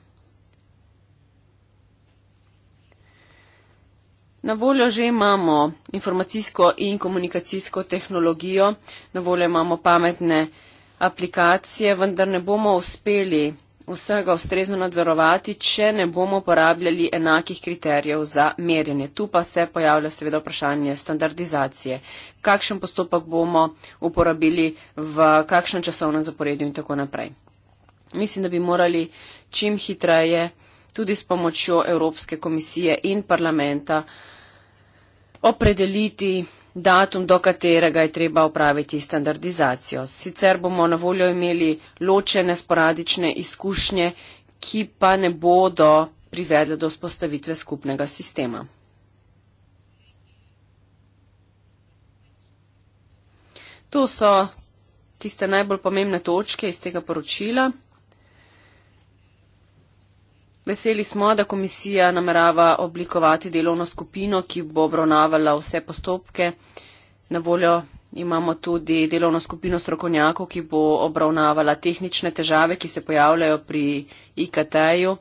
Na voljo že imamo informacijsko in komunikacijsko tehnologijo, na voljo imamo pametne aplikacije, vendar ne bomo uspeli vsega ustrezno nadzorovati, če ne bomo uporabljali enakih kriterijev za merjenje. Tu pa se pojavlja seveda vprašanje standardizacije. Kakšen postopek bomo uporabili, v kakšnem časovnem zaporedju in tako naprej. Mislim, da bi morali čim hitreje tudi s pomočjo Evropske komisije in parlamenta opredeliti datum, do katerega je treba upraviti standardizacijo. Sicer bomo na voljo imeli ločene sporadične izkušnje, ki pa ne bodo privedle do spostavitve skupnega sistema. To so tiste najbolj pomembne točke iz tega poročila. Veseli smo, da komisija namerava oblikovati delovno skupino, ki bo obravnavala vse postopke. Na voljo imamo tudi delovno skupino strokovnjakov, ki bo obravnavala tehnične težave, ki se pojavljajo pri IKT-ju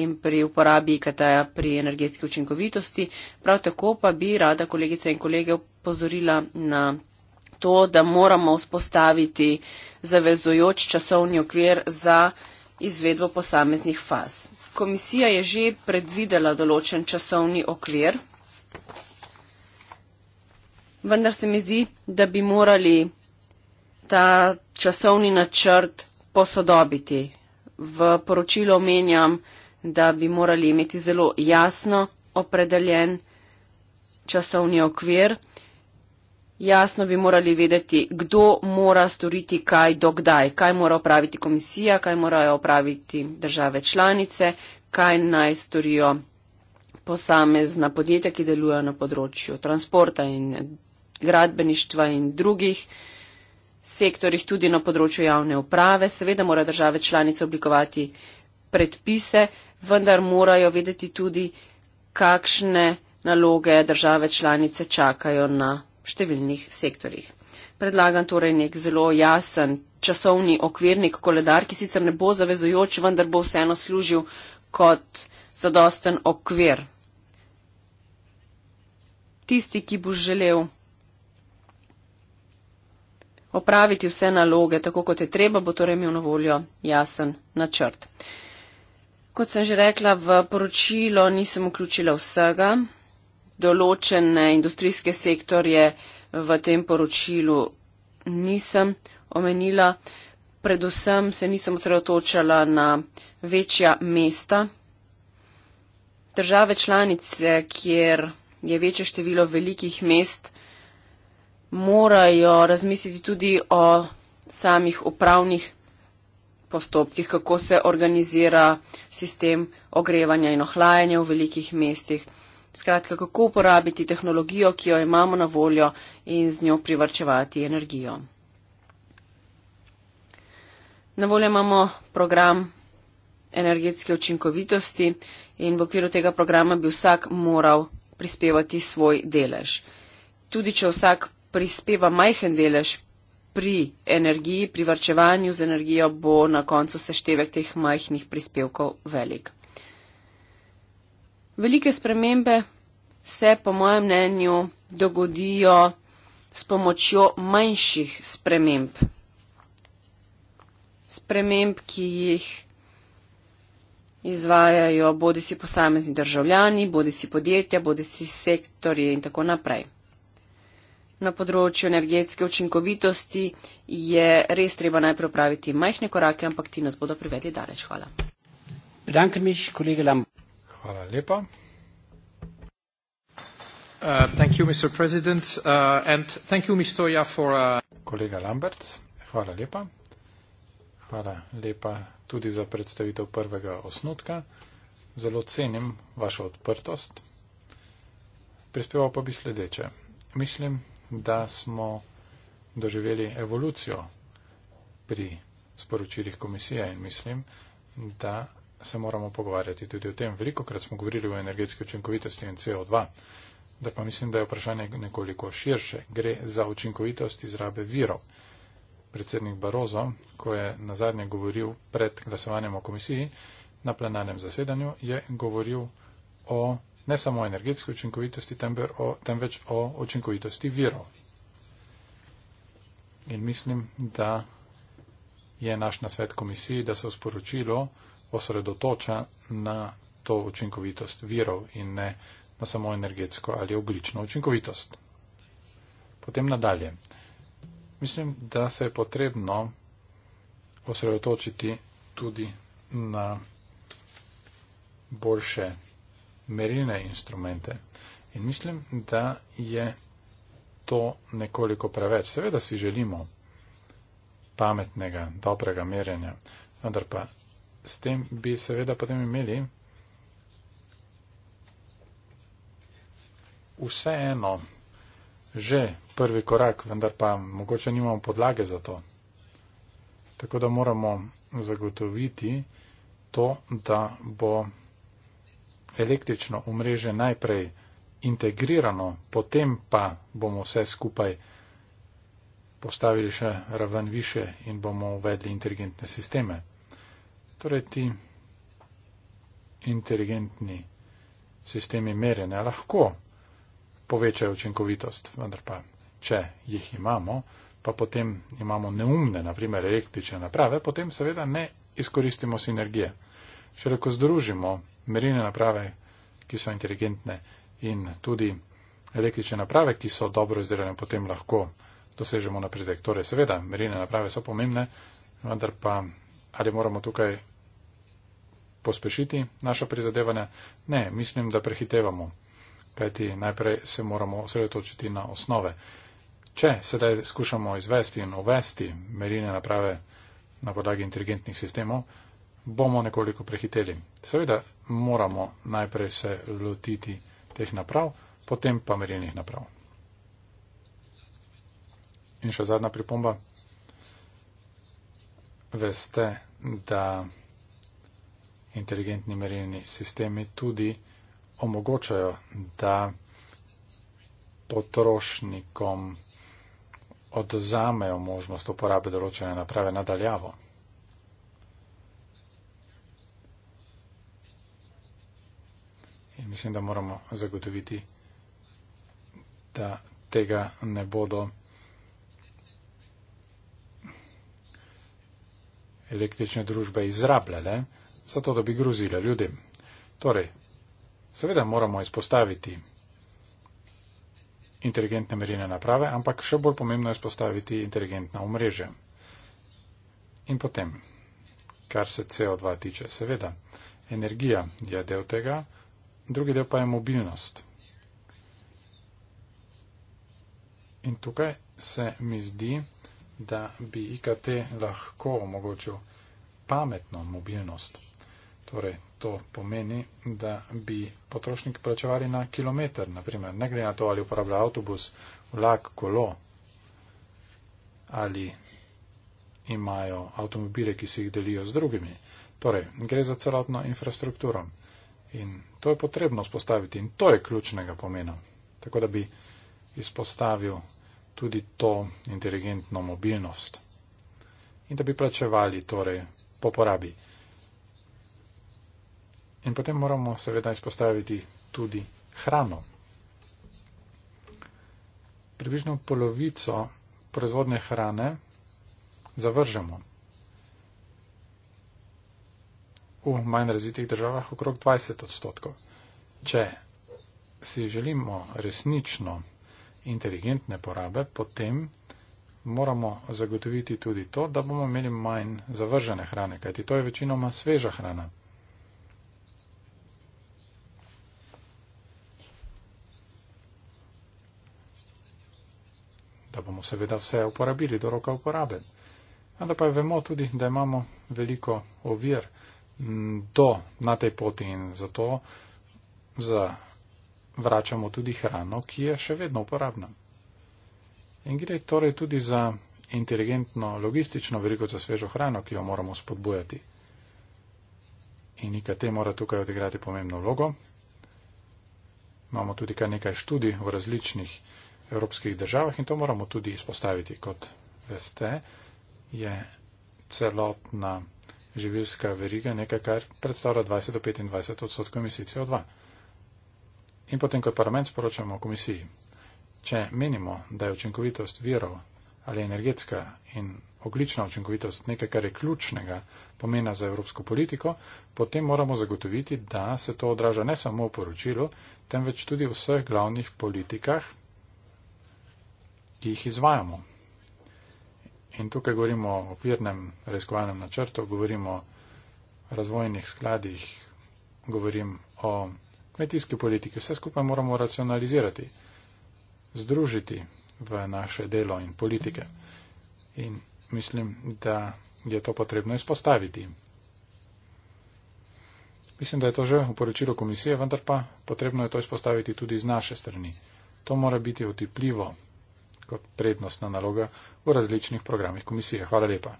in pri uporabi IKT-ja pri energetski učinkovitosti. Prav tako pa bi rada kolegice in kolege upozorila na to, da moramo vzpostaviti zavezojoč časovni okvir za izvedbo posameznih faz komisija je že predvidela določen časovni okvir, vendar se mi zdi, da bi morali ta časovni načrt posodobiti. V poročilu omenjam, da bi morali imeti zelo jasno opredeljen časovni okvir, jasno bi morali vedeti, kdo mora storiti kaj, dokdaj, kaj mora opraviti komisija, kaj morajo opraviti države članice, kaj naj storijo posamezna podjetja, ki delujejo na področju transporta in gradbeništva in drugih sektorjih, tudi na področju javne uprave. Seveda mora države članice oblikovati predpise, vendar morajo vedeti tudi, kakšne naloge države članice čakajo na številnih sektorjih. Predlagam torej nek zelo jasen časovni okvirnik, koledar, ki sicer ne bo zavezujoč, vendar bo vseeno služil kot zadosten okvir. Tisti, ki bo želel opraviti vse naloge tako, kot je treba, bo torej imel na voljo jasen načrt. Kot sem že rekla, v poročilo nisem vključila vsega določene industrijske sektorje v tem poročilu nisem omenila. Predvsem se nisem osredotočala na večja mesta. Države članice, kjer je večje število velikih mest, morajo razmisliti tudi o samih upravnih postopkih, kako se organizira sistem ogrevanja in ohlajanja v velikih mestih. Skratka, kako uporabiti tehnologijo, ki jo imamo na voljo in z njo privrčevati energijo. Na voljo imamo program energetske učinkovitosti in v okviru tega programa bi vsak moral prispevati svoj delež. Tudi če vsak prispeva majhen delež pri energiji, pri vrčevanju z energijo, bo na koncu seštevek teh majhnih prispevkov velik. Velike spremembe se, po mojem mnenju, dogodijo s pomočjo manjših sprememb. Sprememb, ki jih izvajajo bodi si posamezni državljani, bodi si podjetja, bodi si sektorje in tako naprej. Na področju energetske učinkovitosti je res treba najprej upraviti majhne korake, ampak ti nas bodo privedli daleč. Hvala. Danke mich, Kollege Lamb. Hvala lepa. Uh, uh, uh, Kolega Lambert, hvala lepa. Hvala lepa tudi za predstavitev prvega osnutka. Zelo cenim vašo odprtost. Prispeval pa bi sledeče. Mislim, da smo doživeli evolucijo pri sporočilih komisije in mislim, da se moramo pogovarjati tudi o tem. Veliko krat smo govorili o energetski učinkovitosti in CO2, da pa mislim, da je vprašanje nekoliko širše. Gre za učinkovitost izrabe virov. Predsednik Barozo, ko je nazadnje govoril pred glasovanjem o komisiji na plenarnem zasedanju, je govoril o ne samo o energetski učinkovitosti, temveč o učinkovitosti virov. In mislim, da je naš nasvet komisiji, da se v sporočilu osredotoča na to učinkovitost virov in ne na samo energetsko ali oglično učinkovitost. Potem nadalje. Mislim, da se je potrebno osredotočiti tudi na boljše merilne instrumente. In mislim, da je to nekoliko preveč. Seveda si želimo pametnega, dobrega merjenja, vendar pa s tem bi seveda potem imeli vseeno že prvi korak, vendar pa mogoče nimamo podlage za to. Tako da moramo zagotoviti to, da bo električno umreže najprej integrirano, potem pa bomo vse skupaj postavili še raven više in bomo uvedli inteligentne sisteme. Torej, ti inteligentni sistemi merjenja lahko povečajo učinkovitost, vendar pa, če jih imamo, pa potem imamo neumne, naprimer električne naprave, potem seveda ne izkoristimo sinergije. Šele ko združimo merjene naprave, ki so inteligentne in tudi električne naprave, ki so dobro izdelane, potem lahko dosežemo napredek. Torej, seveda, merjene naprave so pomembne, vendar pa, ali moramo tukaj pospešiti naša prizadevanja? Ne, mislim, da prehitevamo. Kajti najprej se moramo osredotočiti na osnove. Če sedaj skušamo izvesti in uvesti merilne naprave na podlagi inteligentnih sistemov, bomo nekoliko prehiteli. Seveda moramo najprej se lotiti teh naprav, potem pa merilnih naprav. In še zadnja pripomba. Veste, da inteligentni merilni sistemi tudi omogočajo, da potrošnikom odzamejo možnost uporabe določene naprave nadaljavo. In mislim, da moramo zagotoviti, da tega ne bodo električne družbe izrabljale zato da bi grozile ljudem. Torej, seveda moramo izpostaviti inteligentne merilne naprave, ampak še bolj pomembno je izpostaviti inteligentna omrežja. In potem, kar se CO2 tiče, seveda, energija je del tega, drugi del pa je mobilnost. In tukaj se mi zdi, da bi IKT lahko omogočil pametno mobilnost. Torej, to pomeni, da bi potrošniki plačevali na kilometr, naprimer, ne glede na to, ali uporablja avtobus, vlak, kolo, ali imajo avtomobile, ki si jih delijo z drugimi. Torej, gre za celotno infrastrukturo in to je potrebno spostaviti in to je ključnega pomena. Tako da bi izpostavil tudi to inteligentno mobilnost in da bi plačevali torej po porabi. In potem moramo seveda izpostaviti tudi hrano. Približno polovico proizvodne hrane zavržemo. V manj razvitih državah okrog 20 odstotkov. Če si želimo resnično inteligentne porabe, potem moramo zagotoviti tudi to, da bomo imeli manj zavržene hrane, kajti to je večinoma sveža hrana. da bomo seveda vse uporabili do roka uporaben. Ampak pa vemo tudi, da imamo veliko ovir do, na tej poti in zato za, vračamo tudi hrano, ki je še vedno uporabna. In gre torej tudi za inteligentno logistično veliko za svežo hrano, ki jo moramo spodbujati. In IKT mora tukaj odigrati pomembno vlogo. Imamo tudi kar nekaj študij v različnih evropskih državah in to moramo tudi izpostaviti, kot veste, je celotna živilska veriga nekaj, kar predstavlja 20 do 25 odstotkov emisij CO2. In potem, ko je parlament, sporočamo komisiji, če menimo, da je učinkovitost virov ali energetska in oglična učinkovitost nekaj, kar je ključnega pomena za evropsko politiko, potem moramo zagotoviti, da se to odraža ne samo v poročilu, temveč tudi v vseh glavnih politikah, ki jih izvajamo. In tukaj govorimo o okvirnem raziskovalnem načrtu, govorimo o razvojnih skladih, govorim o kmetijski politiki. Vse skupaj moramo racionalizirati, združiti v naše delo in politike. In mislim, da je to potrebno izpostaviti. Mislim, da je to že v poročilu komisije, vendar pa potrebno je to izpostaviti tudi z naše strani. To mora biti otipljivo kot prednostna naloga v različnih programih komisije. Hvala lepa.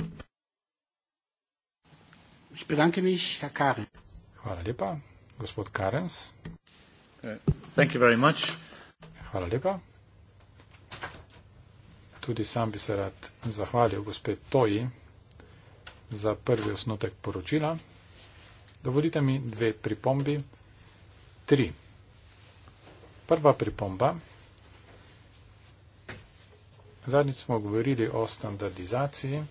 Hvala lepa. Gospod Karens. Hvala lepa. Tudi sam bi se rad zahvalil gospod Toji za prvi osnutek poročila. Dovolite mi dve pripombi. Tri. Prva pripomba. Zadnjič smo govorili o standardizaciji.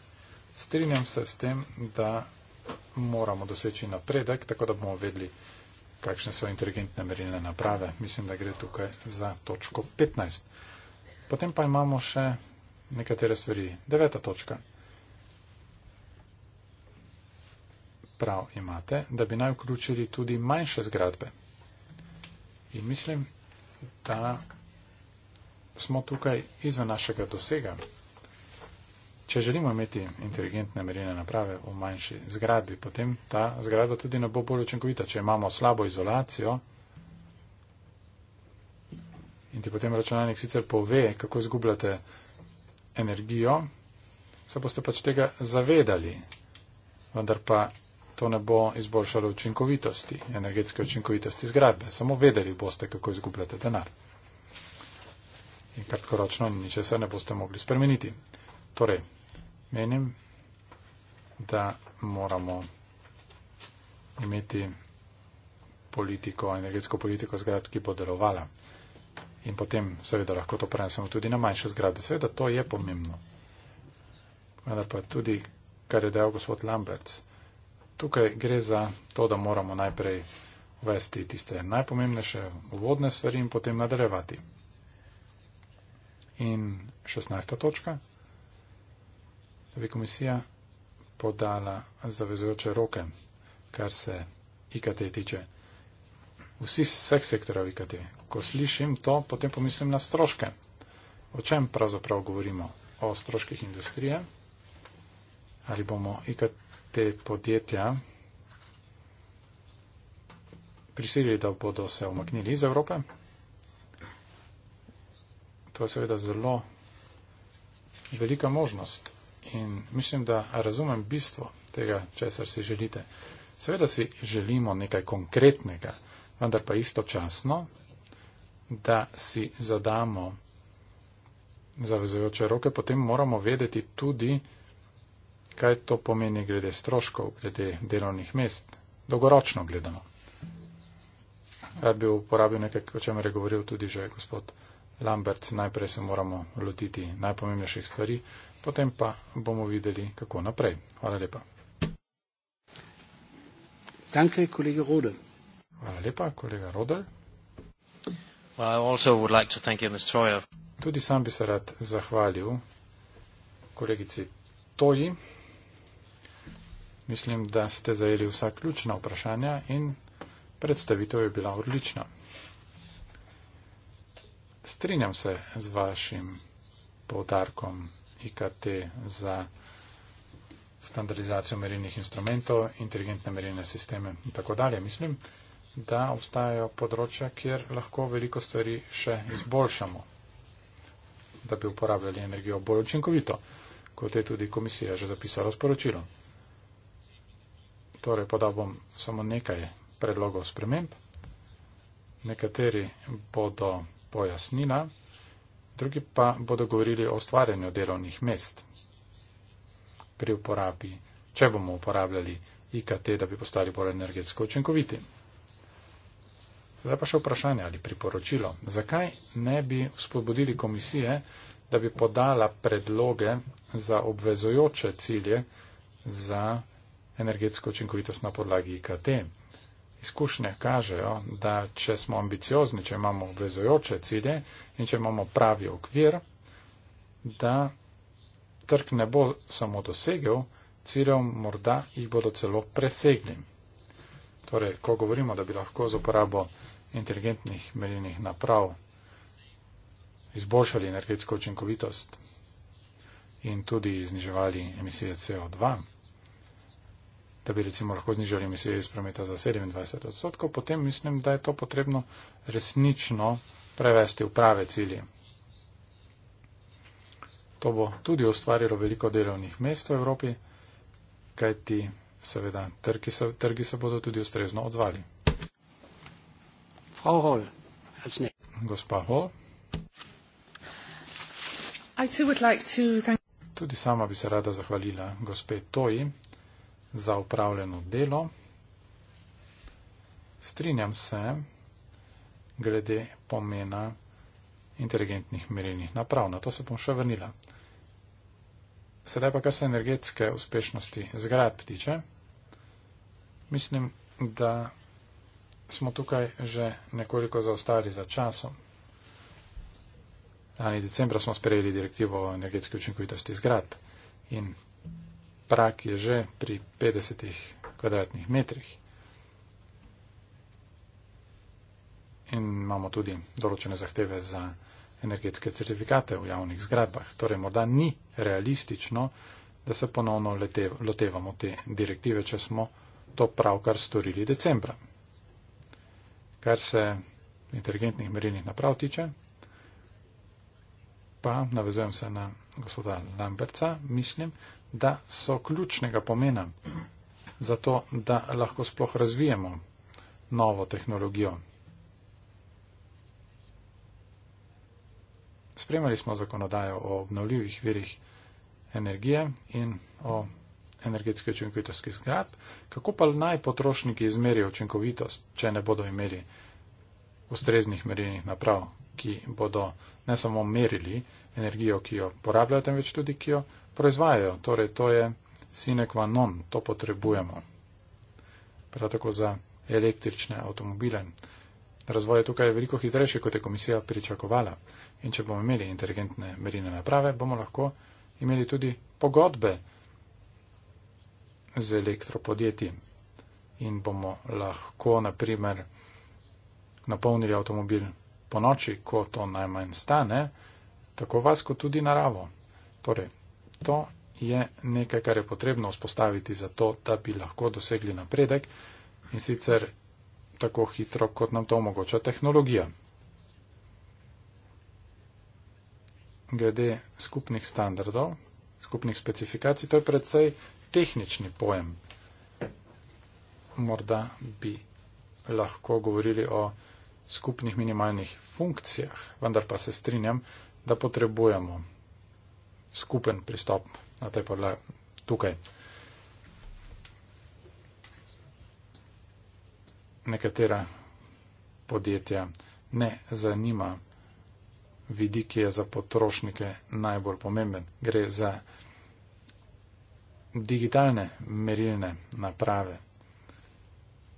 Strinjam se s tem, da moramo doseči napredek, tako da bomo vedeli, kakšne so inteligentne merilne naprave. Mislim, da gre tukaj za točko 15. Potem pa imamo še nekatere stvari. Deveta točka. Prav imate, da bi naj vključili tudi manjše zgradbe. In mislim, da smo tukaj izven našega dosega. Če želimo imeti inteligentne merilne naprave v manjši zgradbi, potem ta zgradba tudi ne bo bolj učinkovita. Če imamo slabo izolacijo in ti potem računalnik sicer pove, kako izgubljate energijo, se boste pač tega zavedali, vendar pa to ne bo izboljšalo učinkovitosti, energetske učinkovitosti zgradbe. Samo vedeli boste, kako izgubljate denar in kratkoročno niče se ne boste mogli spremeniti. Torej, menim, da moramo imeti politiko, energetsko politiko zgrad, ki bo delovala. In potem seveda lahko to prenesemo tudi na manjše zgrade. Seveda to je pomembno. Vendar pa tudi, kar je dejal gospod Lamberts, tukaj gre za to, da moramo najprej uvesti tiste najpomembnejše uvodne stvari in potem nadaljevati. In 16. točka, da bi komisija podala zavezujoče roke, kar se IKT tiče. Vsi vseh sektorov IKT. Ko slišim to, potem pomislim na stroške. O čem pravzaprav govorimo? O stroških industrije? Ali bomo IKT podjetja prisilili, da bodo se omaknili iz Evrope? To je seveda zelo velika možnost in mislim, da razumem bistvo tega, česar si želite. Seveda si želimo nekaj konkretnega, vendar pa istočasno, da si zadamo zavezujoče roke, potem moramo vedeti tudi, kaj to pomeni glede stroškov, glede delovnih mest, dolgoročno gledano. Rad bi uporabil nekaj, o čem je govoril tudi že gospod uh, Lambert, najprej se moramo lotiti najpomembnejših stvari, potem pa bomo videli, kako naprej. Hvala lepa. Danke, kolega Rodel. Hvala lepa, kolega Rodel. Well, I also would like to thank you, Tudi sam bi se rad zahvalil kolegici Toji. Mislim, da ste zajeli vsa ključna vprašanja in predstavitev je bila odlična. Strinjam se z vašim povdarkom IKT za standardizacijo merilnih instrumentov, inteligentne merilne sisteme in tako dalje. Mislim, da obstajajo področja, kjer lahko veliko stvari še izboljšamo, da bi uporabljali energijo bolj učinkovito, kot je tudi komisija že zapisala sporočilo. Torej, podal bom samo nekaj predlogov sprememb. Nekateri bodo pojasnila, drugi pa bodo govorili o ustvarjanju delovnih mest pri uporabi, če bomo uporabljali IKT, da bi postali bolj energetsko učinkoviti. Zdaj pa še vprašanje ali priporočilo. Zakaj ne bi spodbudili komisije, da bi podala predloge za obvezojoče cilje za energetsko učinkovitost na podlagi IKT? izkušnje kažejo, da če smo ambiciozni, če imamo obvezojoče cilje in če imamo pravi okvir, da trg ne bo samo dosegel ciljev, morda jih bodo celo presegli. Torej, ko govorimo, da bi lahko z uporabo inteligentnih merilnih naprav izboljšali energetsko učinkovitost in tudi zniževali emisije CO2, da bi recimo lahko znižali emisije iz prometa za 27 odstotkov, potem mislim, da je to potrebno resnično prevesti v prave cilje. To bo tudi ustvarilo veliko delovnih mest v Evropi, kajti seveda trgi se, trgi se bodo tudi ustrezno odzvali. Frau Hol, gospa Hol. Like to... Tudi sama bi se rada zahvalila gospe Toji za upravljeno delo. Strinjam se glede pomena inteligentnih merilnih naprav. Na to se bom še vrnila. Sedaj pa kar se energetske uspešnosti zgradb tiče. Mislim, da smo tukaj že nekoliko zaostali za časom. Lani decembra smo sprejeli direktivo o energetski učinkovitosti zgradb in prak je že pri 50 kvadratnih metrih. In imamo tudi določene zahteve za energetske certifikate v javnih zgradbah. Torej, morda ni realistično, da se ponovno letev, lotevamo te direktive, če smo to pravkar storili decembra. Kar se inteligentnih merilnih naprav tiče, pa navezujem se na gospoda Lamberca, mislim, da so ključnega pomena za to, da lahko sploh razvijemo novo tehnologijo. Spremali smo zakonodajo o obnovljivih virih energije in o energetske učinkovitosti zgrad. Kako pa naj potrošniki izmerijo učinkovitost, če ne bodo imeli ustreznih merilnih naprav, ki bodo ne samo merili energijo, ki jo porabljajo, temveč tudi, ki jo proizvajajo. Torej, to je sine qua non, to potrebujemo. Prav tako za električne avtomobile. Razvoj je tukaj veliko hitrejši, kot je komisija pričakovala. In če bomo imeli inteligentne merilne naprave, bomo lahko imeli tudi pogodbe z elektropodjetji. In bomo lahko, na primer, napolnili avtomobil po noči, ko to najmanj stane, tako vas, kot tudi naravo. Torej, To je nekaj, kar je potrebno vzpostaviti za to, da bi lahko dosegli napredek in sicer tako hitro, kot nam to omogoča tehnologija. Glede skupnih standardov, skupnih specifikacij, to je predvsej tehnični pojem. Morda bi lahko govorili o skupnih minimalnih funkcijah, vendar pa se strinjam, da potrebujemo skupen pristop na tej podlagi tukaj. Nekatera podjetja ne zanima vidik, ki je za potrošnike najbolj pomemben. Gre za digitalne merilne naprave.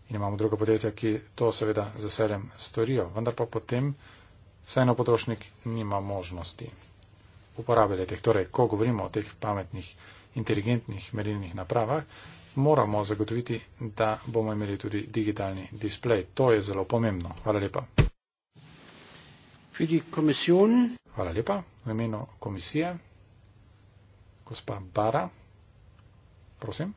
In imamo druga podjetja, ki to seveda z veseljem storijo, vendar pa potem vseeno potrošnik nima možnosti uporabljate. Torej, ko govorimo o teh pametnih, inteligentnih merilnih napravah, moramo zagotoviti, da bomo imeli tudi digitalni displej. To je zelo pomembno. Hvala lepa. Hvala lepa. V imenu komisije, gospa Bara, prosim.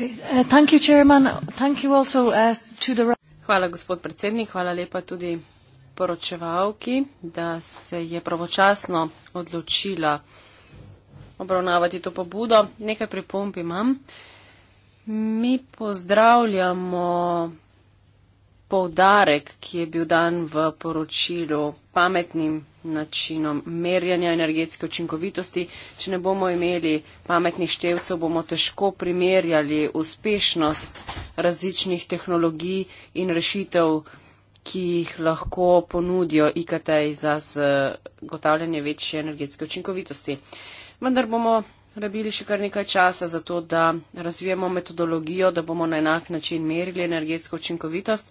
Uh, thank you, Chairman. Thank you also uh, to the Hvala, gospod predsednik. Hvala lepa tudi poročevalki, da se je pravočasno odločila obravnavati to pobudo. Nekaj pripomb imam. Mi pozdravljamo poudarek, ki je bil dan v poročilu pametnim načinom merjanja energetske učinkovitosti. Če ne bomo imeli pametnih števcev, bomo težko primerjali uspešnost različnih tehnologij in rešitev, ki jih lahko ponudijo IKT za zagotavljanje večje energetske učinkovitosti. Vendar bomo rabili še kar nekaj časa za to, da razvijemo metodologijo, da bomo na enak način merili energetsko učinkovitost.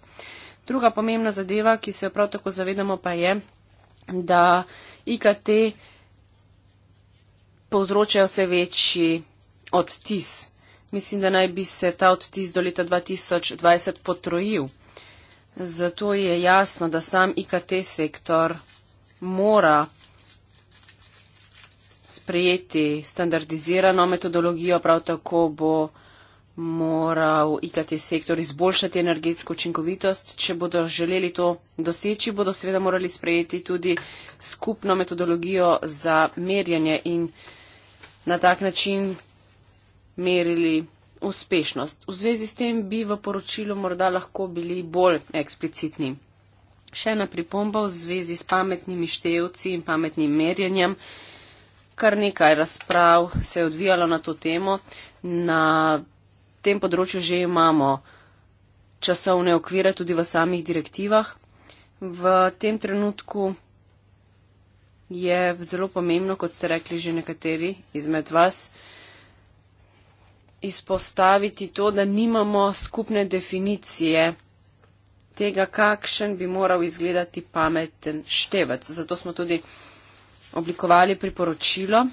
Druga pomembna zadeva, ki se jo prav tako zavedamo, pa je, da IKT povzročajo vse večji odtis. Mislim, da naj bi se ta odtis do leta 2020 potrojil. Zato je jasno, da sam IKT sektor mora sprejeti standardizirano metodologijo, prav tako bo moral IKT sektor izboljšati energetsko učinkovitost. Če bodo želeli to doseči, bodo seveda morali sprejeti tudi skupno metodologijo za merjanje in na tak način merili uspešnost. V zvezi s tem bi v poročilu morda lahko bili bolj eksplicitni. Še ena pripomba v zvezi s pametnimi števci in pametnim merjanjem kar nekaj razprav se je odvijalo na to temo. Na tem področju že imamo časovne okvire tudi v samih direktivah. V tem trenutku je zelo pomembno, kot ste rekli že nekateri izmed vas, izpostaviti to, da nimamo skupne definicije tega, kakšen bi moral izgledati pameten števec. Zato smo tudi oblikovali priporočilo.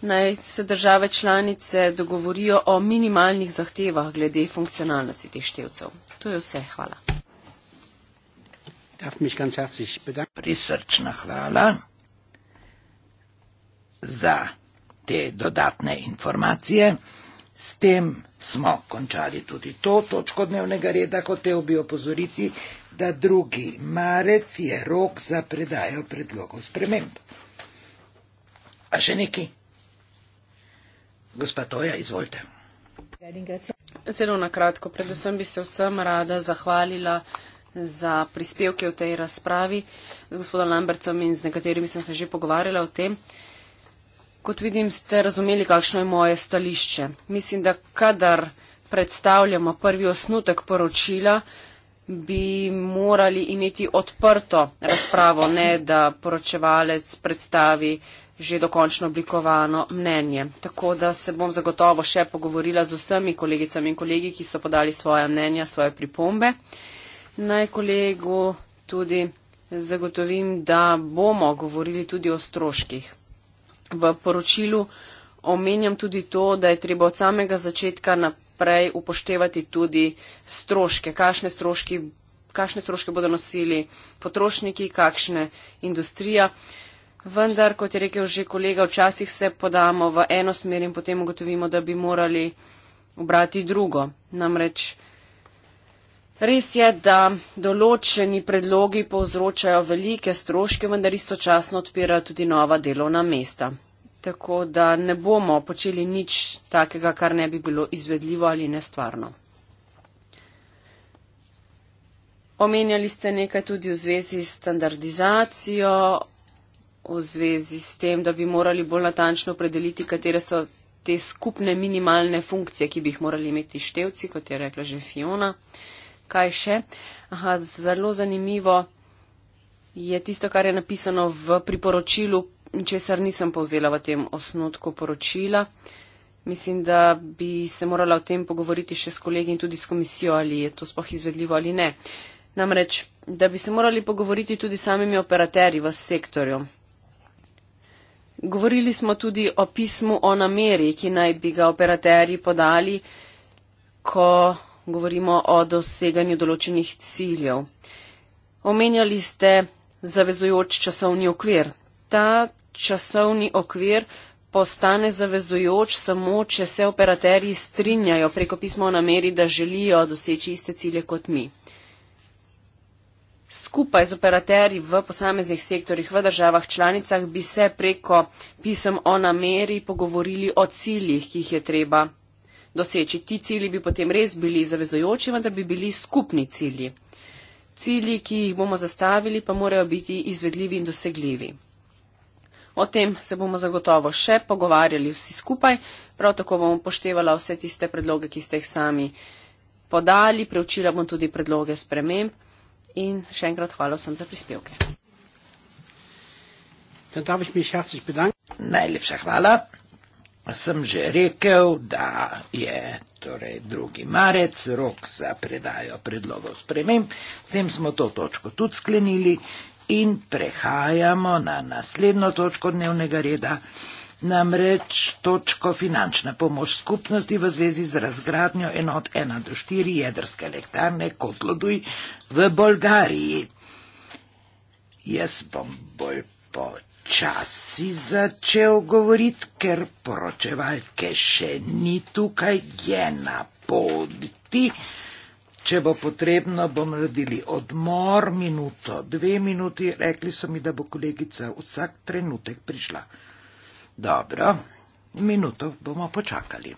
Naj se države članice dogovorijo o minimalnih zahtevah glede funkcionalnosti teh števcev. To je vse. Hvala. Prisrčna hvala za te dodatne informacije. S tem smo končali tudi to točko dnevnega reda, hotel bi opozoriti, da 2. marec je rok za predajo predlogov sprememb. A še neki? Gospa Toja, izvolite. Zelo na kratko. Predvsem bi se vsem rada zahvalila za prispevke v tej razpravi z gospodom Lambercom in z nekaterimi sem se že pogovarjala o tem. Kot vidim, ste razumeli, kakšno je moje stališče. Mislim, da kadar predstavljamo prvi osnutek poročila, bi morali imeti odprto razpravo, ne da poročevalec predstavi že dokončno oblikovano mnenje. Tako da se bom zagotovo še pogovorila z vsemi kolegicami in kolegi, ki so podali svoje mnenja, svoje pripombe. Naj kolegu tudi zagotovim, da bomo govorili tudi o stroških. V poročilu omenjam tudi to, da je treba od samega začetka naprej upoštevati tudi stroške, kakšne stroški, kakšne stroške bodo nosili potrošniki, kakšne industrija. Vendar, kot je rekel že kolega, včasih se podamo v eno smer in potem ugotovimo, da bi morali obrati drugo. Namreč res je, da določeni predlogi povzročajo velike stroške, vendar istočasno odpirajo tudi nova delovna mesta tako da ne bomo počeli nič takega, kar ne bi bilo izvedljivo ali nestvarno. Omenjali ste nekaj tudi v zvezi s standardizacijo, v zvezi s tem, da bi morali bolj natančno predeliti, katere so te skupne minimalne funkcije, ki bi jih morali imeti števci, kot je rekla že Fiona. Kaj še? Aha, zelo zanimivo je tisto, kar je napisano v priporočilu česar nisem povzela v tem osnotku poročila. Mislim, da bi se morala o tem pogovoriti še s kolegi in tudi s komisijo, ali je to spoh izvedljivo ali ne. Namreč, da bi se morali pogovoriti tudi s samimi operaterji v sektorju. Govorili smo tudi o pismu o nameri, ki naj bi ga operaterji podali, ko govorimo o doseganju določenih ciljev. Omenjali ste zavezujoč časovni okvir, ta časovni okvir postane zavezujoč samo, če se operaterji strinjajo preko pismo o nameri, da želijo doseči iste cilje kot mi. Skupaj z operaterji v posameznih sektorjih v državah članicah bi se preko pisem o nameri pogovorili o ciljih, ki jih je treba doseči. Ti cilji bi potem res bili zavezujoči, vendar bi bili skupni cilji. Cilji, ki jih bomo zastavili, pa morajo biti izvedljivi in dosegljivi. O tem se bomo zagotovo še pogovarjali vsi skupaj, prav tako bomo poštevala vse tiste predloge, ki ste jih sami podali, preučila bom tudi predloge sprememb in še enkrat hvala vsem za prispevke. Najlepša hvala. Sem že rekel, da je torej drugi marec rok za predajo predlogov sprememb. S tem smo to točko tudi sklenili in prehajamo na naslednjo točko dnevnega reda, namreč točko finančna pomoč skupnosti v zvezi z razgradnjo enot 1 do 4 jedrske elektrarne Kozloduj v Bolgariji. Jaz bom bolj počasi začel govoriti, ker poročevalke še ni tukaj, je na poti če bo potrebno, bomo naredili odmor minuto, dve minuti, rekli so mi, da bo kolegica vsak trenutek prišla. Dobro, minuto bomo počakali.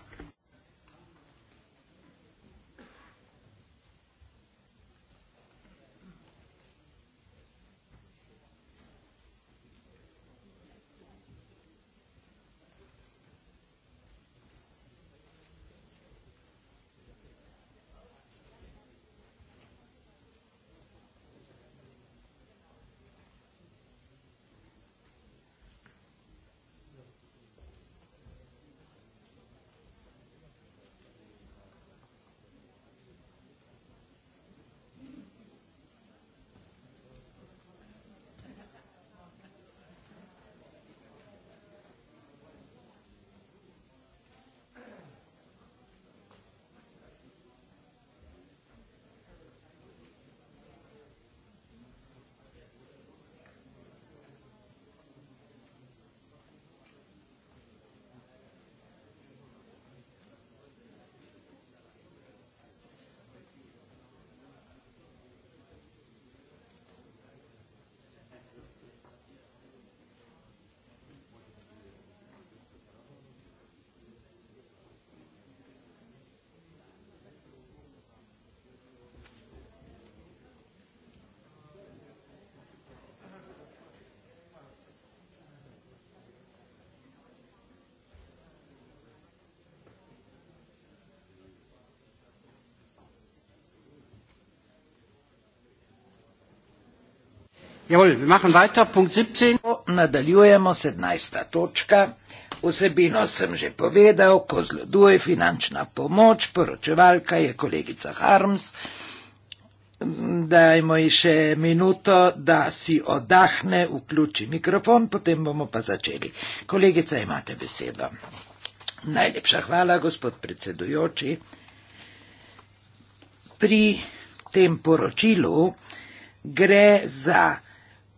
Nadaljujemo sedemnajsta točka. Vsebino sem že povedal, ko zloduje finančna pomoč, poročevalka je kolegica Harms. Dajmo ji še minuto, da si odahne, vključi mikrofon, potem bomo pa začeli. Kolegica, imate besedo. Najlepša hvala, gospod predsedujoči. Pri tem poročilu gre za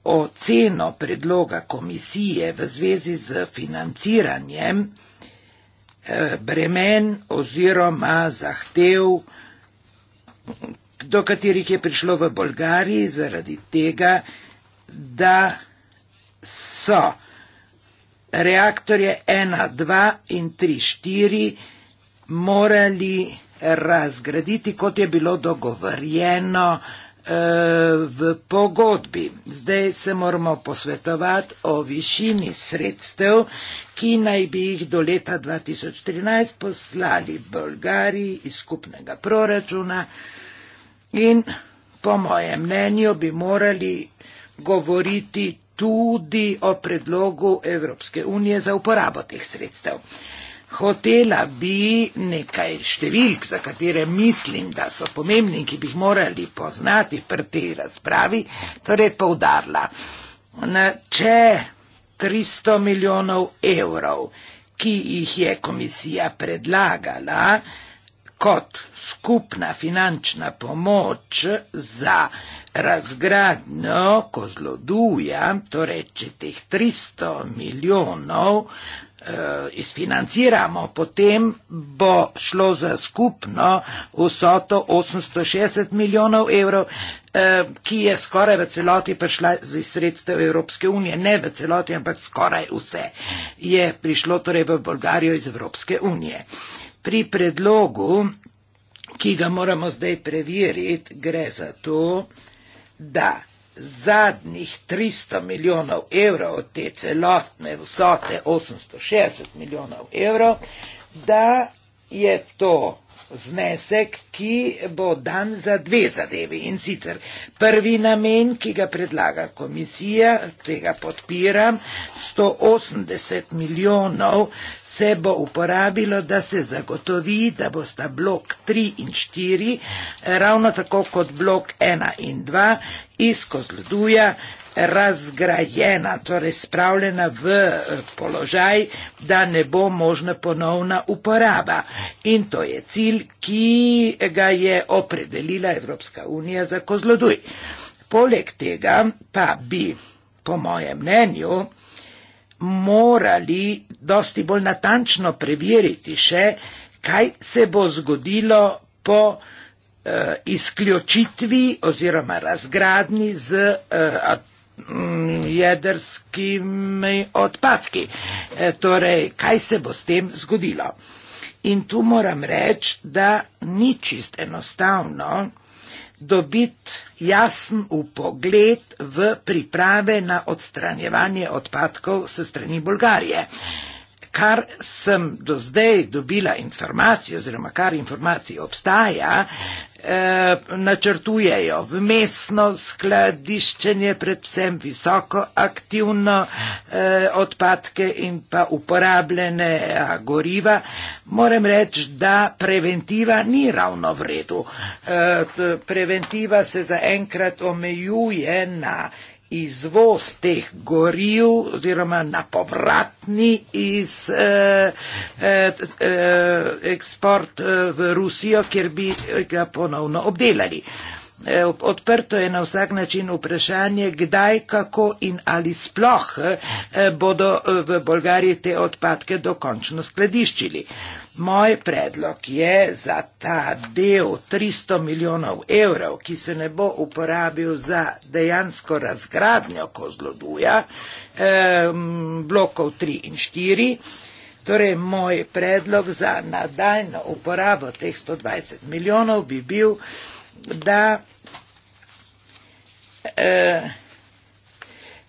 oceno predloga komisije v zvezi z financiranjem eh, bremen oziroma zahtev, do katerih je prišlo v Bolgariji zaradi tega, da so reaktorje 1, 2 in 3, 4 morali razgraditi, kot je bilo dogovorjeno Eh, v pogodbi. Zdaj se moramo posvetovati o višini sredstev, ki naj bi jih do leta 2013 poslali Bolgariji iz skupnega proračuna in po mojem mnenju bi morali govoriti tudi o predlogu Evropske unije za uporabo teh sredstev. Uh, Hotela bi nekaj številk, za katere mislim, da so pomembni in ki bi jih morali poznati pri tej razpravi, torej poudarila. Če 300 milijonov evrov, ki jih je komisija predlagala kot skupna finančna pomoč za razgradnjo kozloduja, torej če teh 300 milijonov uh, izfinanciramo, potem bo šlo za skupno vsoto 860 milijonov evrov, uh, ki je skoraj v celoti prišla iz sredstev Evropske unije. Ne v celoti, ampak skoraj vse je prišlo torej v Bolgarijo iz Evropske unije. Pri predlogu, ki ga moramo zdaj preveriti, gre za to, da zadnjih 300 milijonov evrov od te celotne vsote 860 milijonov evrov, da je to znesek, ki bo dan za dve zadeve. In sicer prvi namen, ki ga predlaga komisija, tega podpiram, 180 milijonov se bo uporabilo, da se zagotovi, da bosta blok 3 in 4, eh, ravno tako kot blok 1 in 2, iz kozleduja razgrajena, torej spravljena v eh, položaj, da ne bo možna ponovna uporaba. In to je cilj, ki ga je opredelila Evropska unija za kozloduj. Poleg tega pa bi, po mojem mnenju, morali dosti bolj natančno preveriti še, kaj se bo zgodilo po eh, izključitvi oziroma razgradni z eh, mm, jedrskimi odpadki. E, torej, kaj se bo s tem zgodilo? In tu moram reči, da ni čist enostavno, dobiti jasen upogled v priprave na odstranjevanje odpadkov s strani Bolgarije kar sem do zdaj dobila informacije oziroma kar informacije obstaja, eh, načrtujejo vmesno skladiščenje, predvsem visoko aktivno eh, odpadke in pa uporabljene eh, goriva. Moram reči, da preventiva ni ravno v redu. Preventiva se zaenkrat omejuje na izvoz teh goril oziroma napovratni iz, eh, eh, eh eksport eh, v Rusijo, kjer bi ga ponovno obdelali. Eh, odprto je na vsak način vprašanje, kdaj, kako in ali sploh bodo v Bolgariji te odpadke dokončno skladiščili. Eh, Moj predlog je za ta del 300 milijonov evrov, ki se ne bo uporabil za dejansko razgradnjo kozloduja, eh, blokov 3 in 4, torej moj predlog za nadaljno uporabo teh 120 milijonov bi bil, da eh,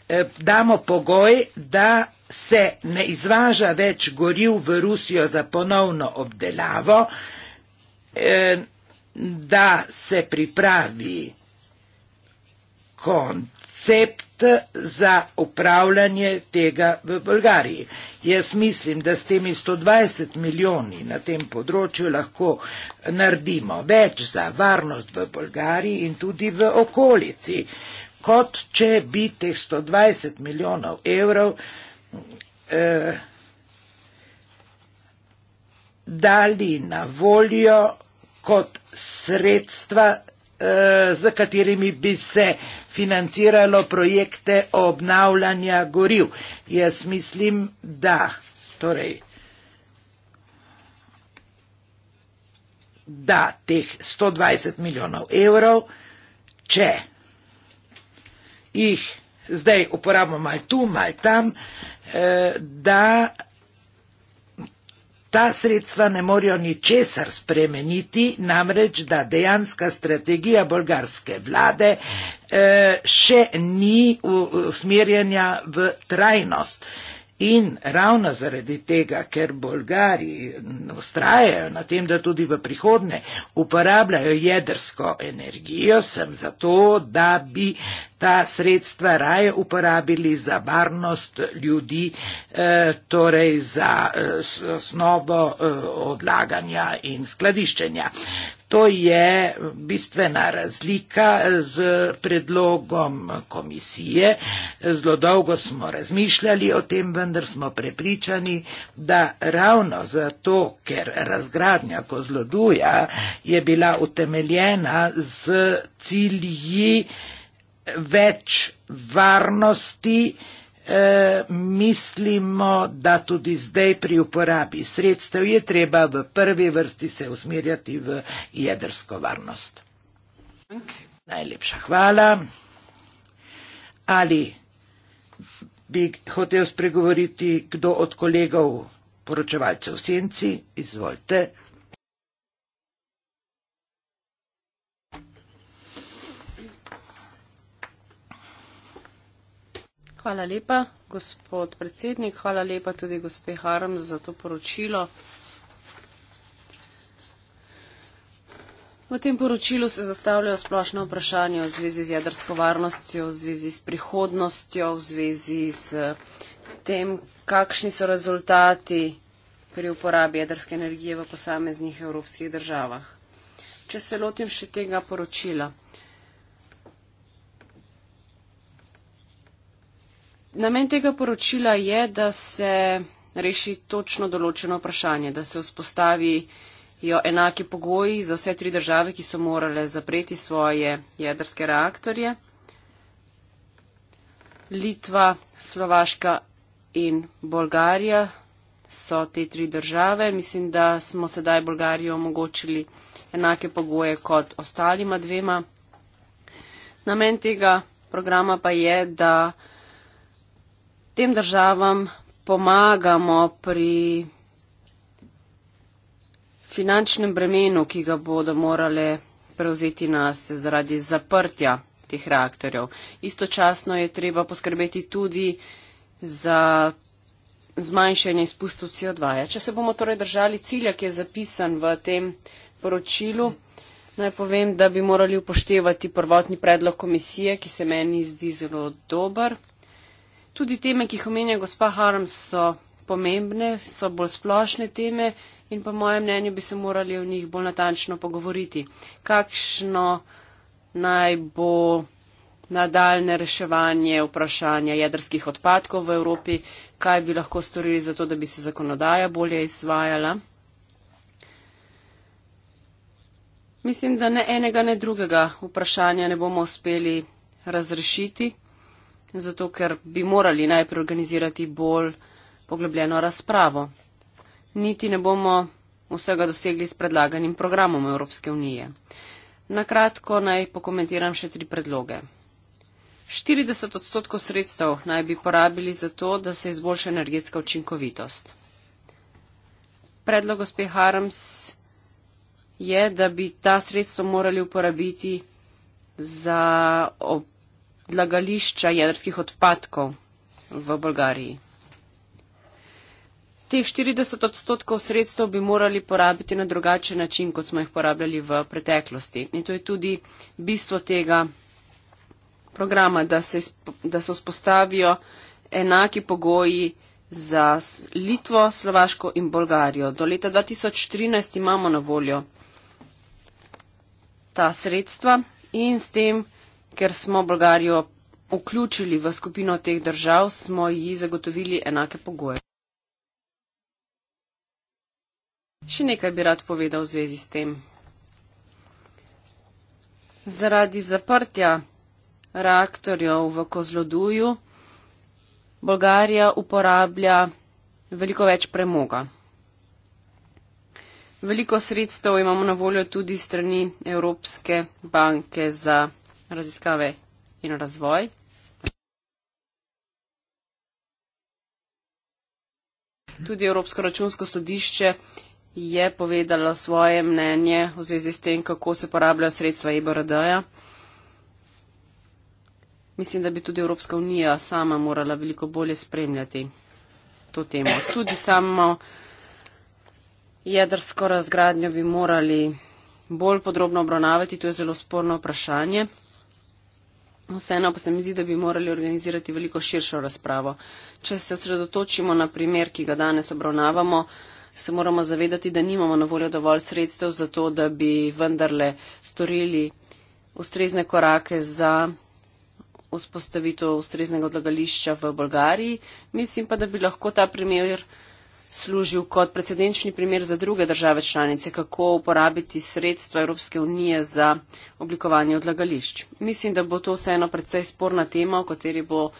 eh damo pogoj, da se ne izvaža več goril v Rusijo za ponovno obdelavo, eh, da se pripravi koncept za upravljanje tega v Bolgariji. Jaz mislim, da s temi 120 milijoni na tem področju lahko naredimo več za varnost v Bolgariji in tudi v okolici, kot če bi teh 120 milijonov evrov eh, dali na voljo kot sredstva, eh, za katerimi bi se financiralo projekte obnavljanja goriv. Jaz mislim, da torej. da teh 120 milijonov evrov, če jih zdaj uporabimo mal tu, mal tam, eh, da ta sredstva ne morejo ničesar spremeniti, namreč da dejanska strategija bolgarske vlade eh, še ni usmerjena v trajnost. In ravno zaradi tega, ker Bolgari ustrajajo na tem, da tudi v prihodne uporabljajo jedrsko energijo, sem zato, da bi ta sredstva raje uporabili za varnost ljudi, eh, torej za eh, osnovo eh, odlaganja in skladiščenja. To je bistvena razlika z predlogom komisije. Zelo dolgo smo razmišljali o tem, vendar smo prepričani, da ravno zato, ker razgradnja kozloduja je bila utemeljena z cilji več varnosti, E, mislimo, da tudi zdaj pri uporabi sredstev je treba v prvi vrsti se usmerjati v jedrsko varnost. Okay. Najlepša hvala. Ali bi hotel spregovoriti kdo od kolegov poročevalcev v senci? Izvolite. Hvala lepa, gospod predsednik. Hvala lepa tudi gospe Harm za to poročilo. V tem poročilu se zastavljajo splošne vprašanja v zvezi z jedrsko varnostjo, v zvezi s prihodnostjo, v zvezi s tem, kakšni so rezultati pri uporabi jedrske energije v posameznih evropskih državah. Če se lotim še tega poročila. Namen tega poročila je, da se reši točno določeno vprašanje, da se vzpostavijo enake pogoji za vse tri države, ki so morale zapreti svoje jedrske reaktorje. Litva, Slovaška in Bolgarija so te tri države. Mislim, da smo sedaj Bolgarijo omogočili enake pogoje kot ostalima dvema. Namen tega programa pa je, da tem državam pomagamo pri finančnem bremenu, ki ga bodo morale prevzeti nas zaradi zaprtja teh reaktorjev. Istočasno je treba poskrbeti tudi za zmanjšanje izpustov CO2. -ja. Če se bomo torej držali cilja, ki je zapisan v tem poročilu, naj povem, da bi morali upoštevati prvotni predlog komisije, ki se meni zdi zelo dober. Tudi teme, ki jih omenja gospa Harms, so pomembne, so bolj splošne teme in po mojem mnenju bi se morali o njih bolj natančno pogovoriti. Kakšno naj bo nadaljne reševanje vprašanja jedrskih odpadkov v Evropi, kaj bi lahko storili za to, da bi se zakonodaja bolje izvajala. Mislim, da ne enega, ne drugega vprašanja ne bomo uspeli razrešiti zato ker bi morali najprej organizirati bolj poglobljeno razpravo. Niti ne bomo vsega dosegli s predlaganim programom Evropske unije. Na kratko naj pokomentiram še tri predloge. 40 odstotkov sredstev naj bi porabili za to, da se izboljša energetska učinkovitost. Predlog gospe Harms je, da bi ta sredstvo morali uporabiti za ob, odlagališča jedrskih odpadkov v Bolgariji. Teh 40 odstotkov sredstev bi morali porabiti na drugačen način, kot smo jih porabljali v preteklosti. In to je tudi bistvo tega programa, da se, da se vzpostavijo enaki pogoji za Litvo, Slovaško in Bolgarijo. Do leta 2013 imamo na voljo ta sredstva in s tem ker smo Bolgarijo vključili v skupino teh držav, smo ji zagotovili enake pogoje. Še nekaj bi rad povedal v zvezi s tem. Zaradi zaprtja reaktorjev v Kozloduju Bolgarija uporablja veliko več premoga. Veliko sredstev imamo na voljo tudi strani Evropske banke za raziskave in razvoj. Tudi Evropsko računsko sodišče je povedalo svoje mnenje v zvezi s tem, kako se porabljajo sredstva IBRD-ja. E Mislim, da bi tudi Evropska unija sama morala veliko bolje spremljati to temo. Tudi samo jedrsko razgradnjo bi morali bolj podrobno obravnavati, to je zelo sporno vprašanje. Vseeno pa se mi zdi, da bi morali organizirati veliko širšo razpravo. Če se osredotočimo na primer, ki ga danes obravnavamo, se moramo zavedati, da nimamo na voljo dovolj sredstev za to, da bi vendarle storili ustrezne korake za vzpostavitev ustreznega odlagališča v Bolgariji. Mislim pa, da bi lahko ta primer služil kot precedenčni primer za druge države članice, kako uporabiti sredstva Evropske unije za oblikovanje odlagališč. Mislim, da bo to vseeno predvsej sporna tema, o kateri bo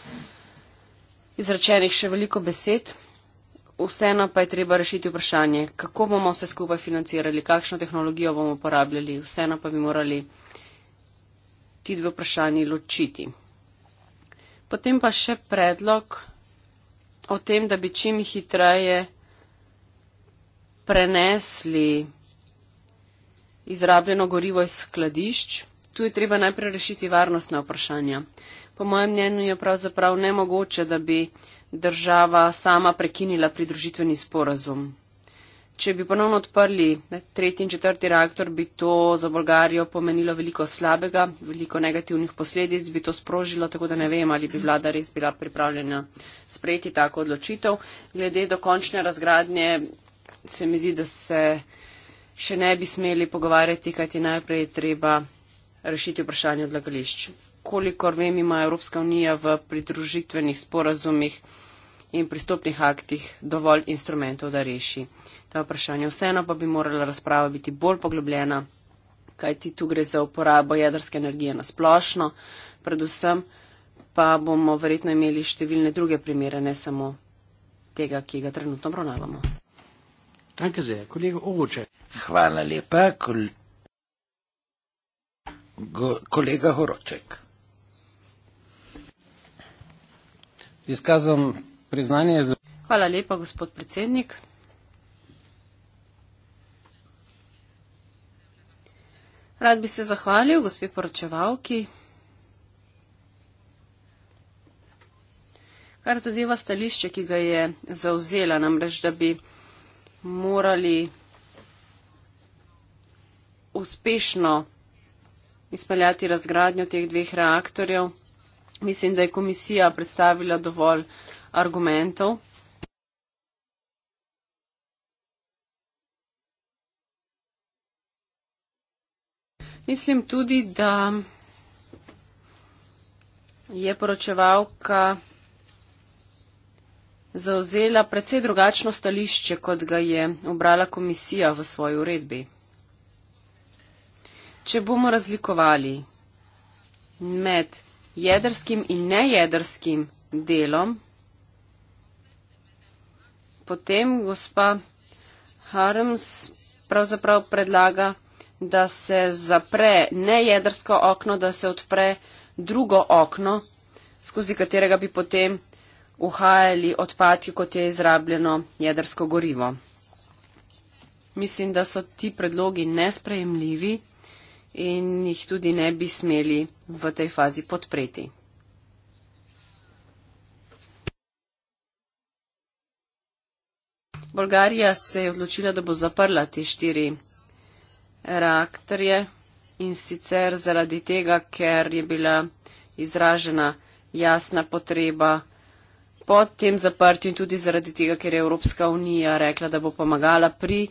izrečenih še veliko besed. Vseeno pa je treba rešiti vprašanje, kako bomo vse skupaj financirali, kakšno tehnologijo bomo uporabljali, vseeno pa bi morali ti dve vprašanji ločiti. Potem pa še predlog o tem, da bi čim hitreje prenesli izrabljeno gorivo iz skladišč. Tu je treba najprej rešiti varnostna vprašanja. Po mojem mnenju je pravzaprav nemogoče, da bi država sama prekinila pridružitveni sporazum. Če bi ponovno odprli ne, tretji in četrti reaktor, bi to za Bolgarijo pomenilo veliko slabega, veliko negativnih posledic, bi to sprožilo, tako da ne vem, ali bi vlada res bila pripravljena sprejeti tako odločitev. Glede dokončne razgradnje se mi zdi, da se še ne bi smeli pogovarjati, kajti najprej je treba rešiti vprašanje odlagališč. Kolikor vem, ima Evropska unija v pridružitvenih sporazumih in pristopnih aktih dovolj instrumentov, da reši ta vprašanja. Vseeno pa bi morala razprava biti bolj poglobljena, kajti tu gre za uporabo jedrske energije na splošno, predvsem pa bomo verjetno imeli številne druge primere, ne samo tega, ki ga trenutno obravnavamo. Danke sehr, Kollege Horoček. Hvala lepa, kol go, kolega Horoček. Izkazujem priznanje za. Hvala lepa, gospod predsednik. Rad bi se zahvalil gospe poročevalki. Kar zadeva stališče, ki ga je zauzela, namreč da bi morali uspešno izpeljati razgradnjo teh dveh reaktorjev. Mislim, da je komisija predstavila dovolj argumentov. Mislim tudi, da je poročevalka zauzela predvsej drugačno stališče, kot ga je obrala komisija v svoji uredbi. Če bomo razlikovali med jedrskim in nejedrskim delom, potem gospa Harms pravzaprav predlaga, da se zapre nejedrsko okno, da se odpre drugo okno, skozi katerega bi potem uhajali odpadki, kot je izrabljeno jedrsko gorivo. Mislim, da so ti predlogi nesprejemljivi in jih tudi ne bi smeli v tej fazi podpreti. Bolgarija se je odločila, da bo zaprla te štiri reaktorje in sicer zaradi tega, ker je bila izražena jasna potreba, po tem zaprtju in tudi zaradi tega, ker je Evropska unija rekla, da bo pomagala pri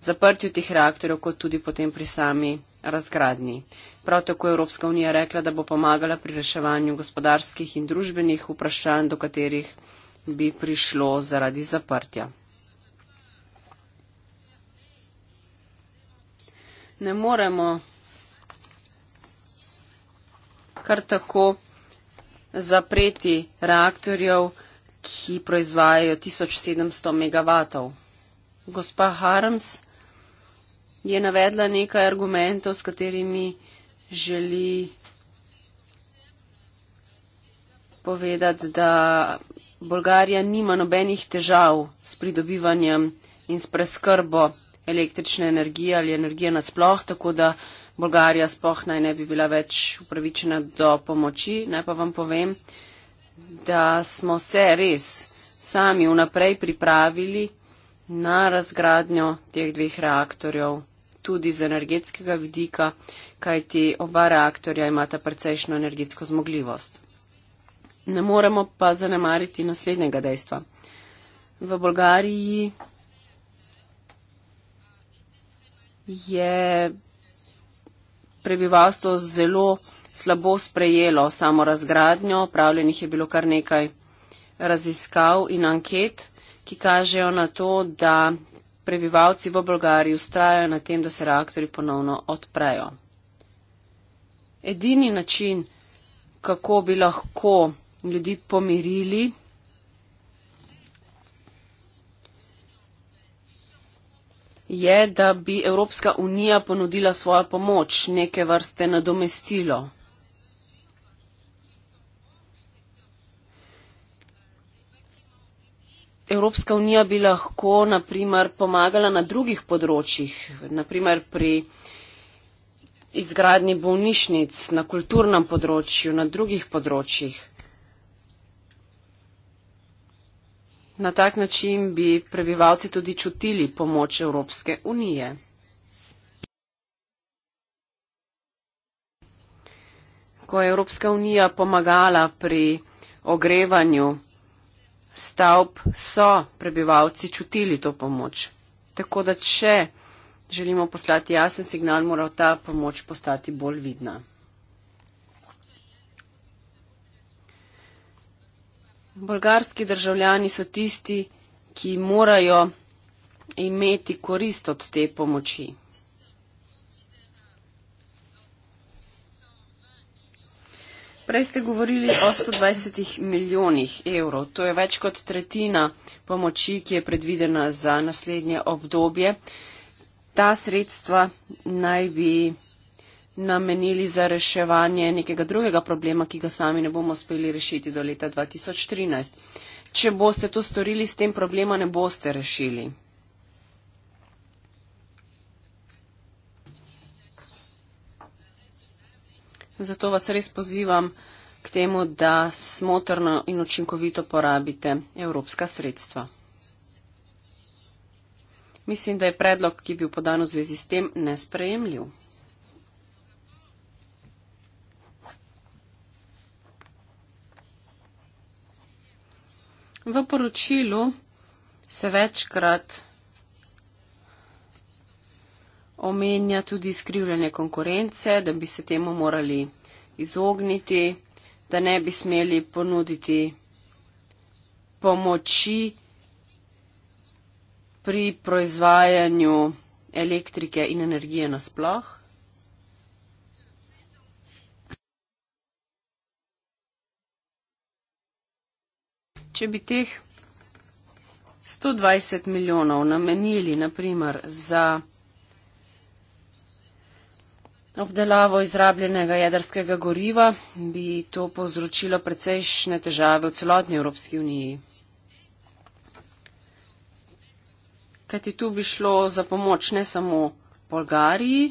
zaprtju teh reaktorjev, kot tudi potem pri sami razgradnji. Prav tako je Evropska unija rekla, da bo pomagala pri reševanju gospodarskih in družbenih vprašanj, do katerih bi prišlo zaradi zaprtja. Ne moremo kar tako zapreti reaktorjev, ki proizvajajo 1700 megavatov. Gospa Harms je navedla nekaj argumentov, s katerimi želi povedati, da Bolgarija nima nobenih težav s pridobivanjem in s preskrbo električne energije ali energije nasploh, tako da Bolgarija spoh naj ne bi bila več upravičena do pomoči. Naj pa vam povem, da smo se res sami vnaprej pripravili na razgradnjo teh dveh reaktorjev, tudi z energetskega vidika, kajti oba reaktorja imata precejšno energetsko zmogljivost. Ne moremo pa zanemariti naslednjega dejstva. V Bolgariji je prebivalstvo zelo slabo sprejelo samo razgradnjo, pravljenih je bilo kar nekaj raziskav in anket, ki kažejo na to, da prebivalci v Bolgariji ustrajajo na tem, da se reaktori ponovno odprejo. Edini način, kako bi lahko ljudi pomirili, je, da bi Evropska unija ponudila svojo pomoč, neke vrste nadomestilo. Evropska unija bi lahko naprimer pomagala na drugih področjih, naprimer pri izgradnji bolnišnic, na kulturnem področju, na drugih področjih. Na tak način bi prebivalci tudi čutili pomoč Evropske unije. Ko je Evropska unija pomagala pri ogrevanju stavb, so prebivalci čutili to pomoč. Tako da, če želimo poslati jasen signal, mora ta pomoč postati bolj vidna. Bolgarski državljani so tisti, ki morajo imeti korist od te pomoči. Prej ste govorili o 120 milijonih evrov. To je več kot tretjina pomoči, ki je predvidena za naslednje obdobje. Ta sredstva naj bi namenili za reševanje nekega drugega problema, ki ga sami ne bomo uspeli rešiti do leta 2013. Če boste to storili, s tem problema ne boste rešili. Zato vas res pozivam k temu, da smotrno in učinkovito porabite evropska sredstva. Mislim, da je predlog, ki je bil podan v zvezi s tem, nesprejemljiv. V poročilu se večkrat omenja tudi skrivljanje konkurence, da bi se temu morali izogniti, da ne bi smeli ponuditi pomoči pri proizvajanju elektrike in energije nasploh. če bi teh 120 milijonov namenili naprimer za obdelavo izrabljenega jedrskega goriva, bi to povzročilo precejšne težave v celotni Evropski uniji. Kajti tu bi šlo za pomoč ne samo Bolgariji,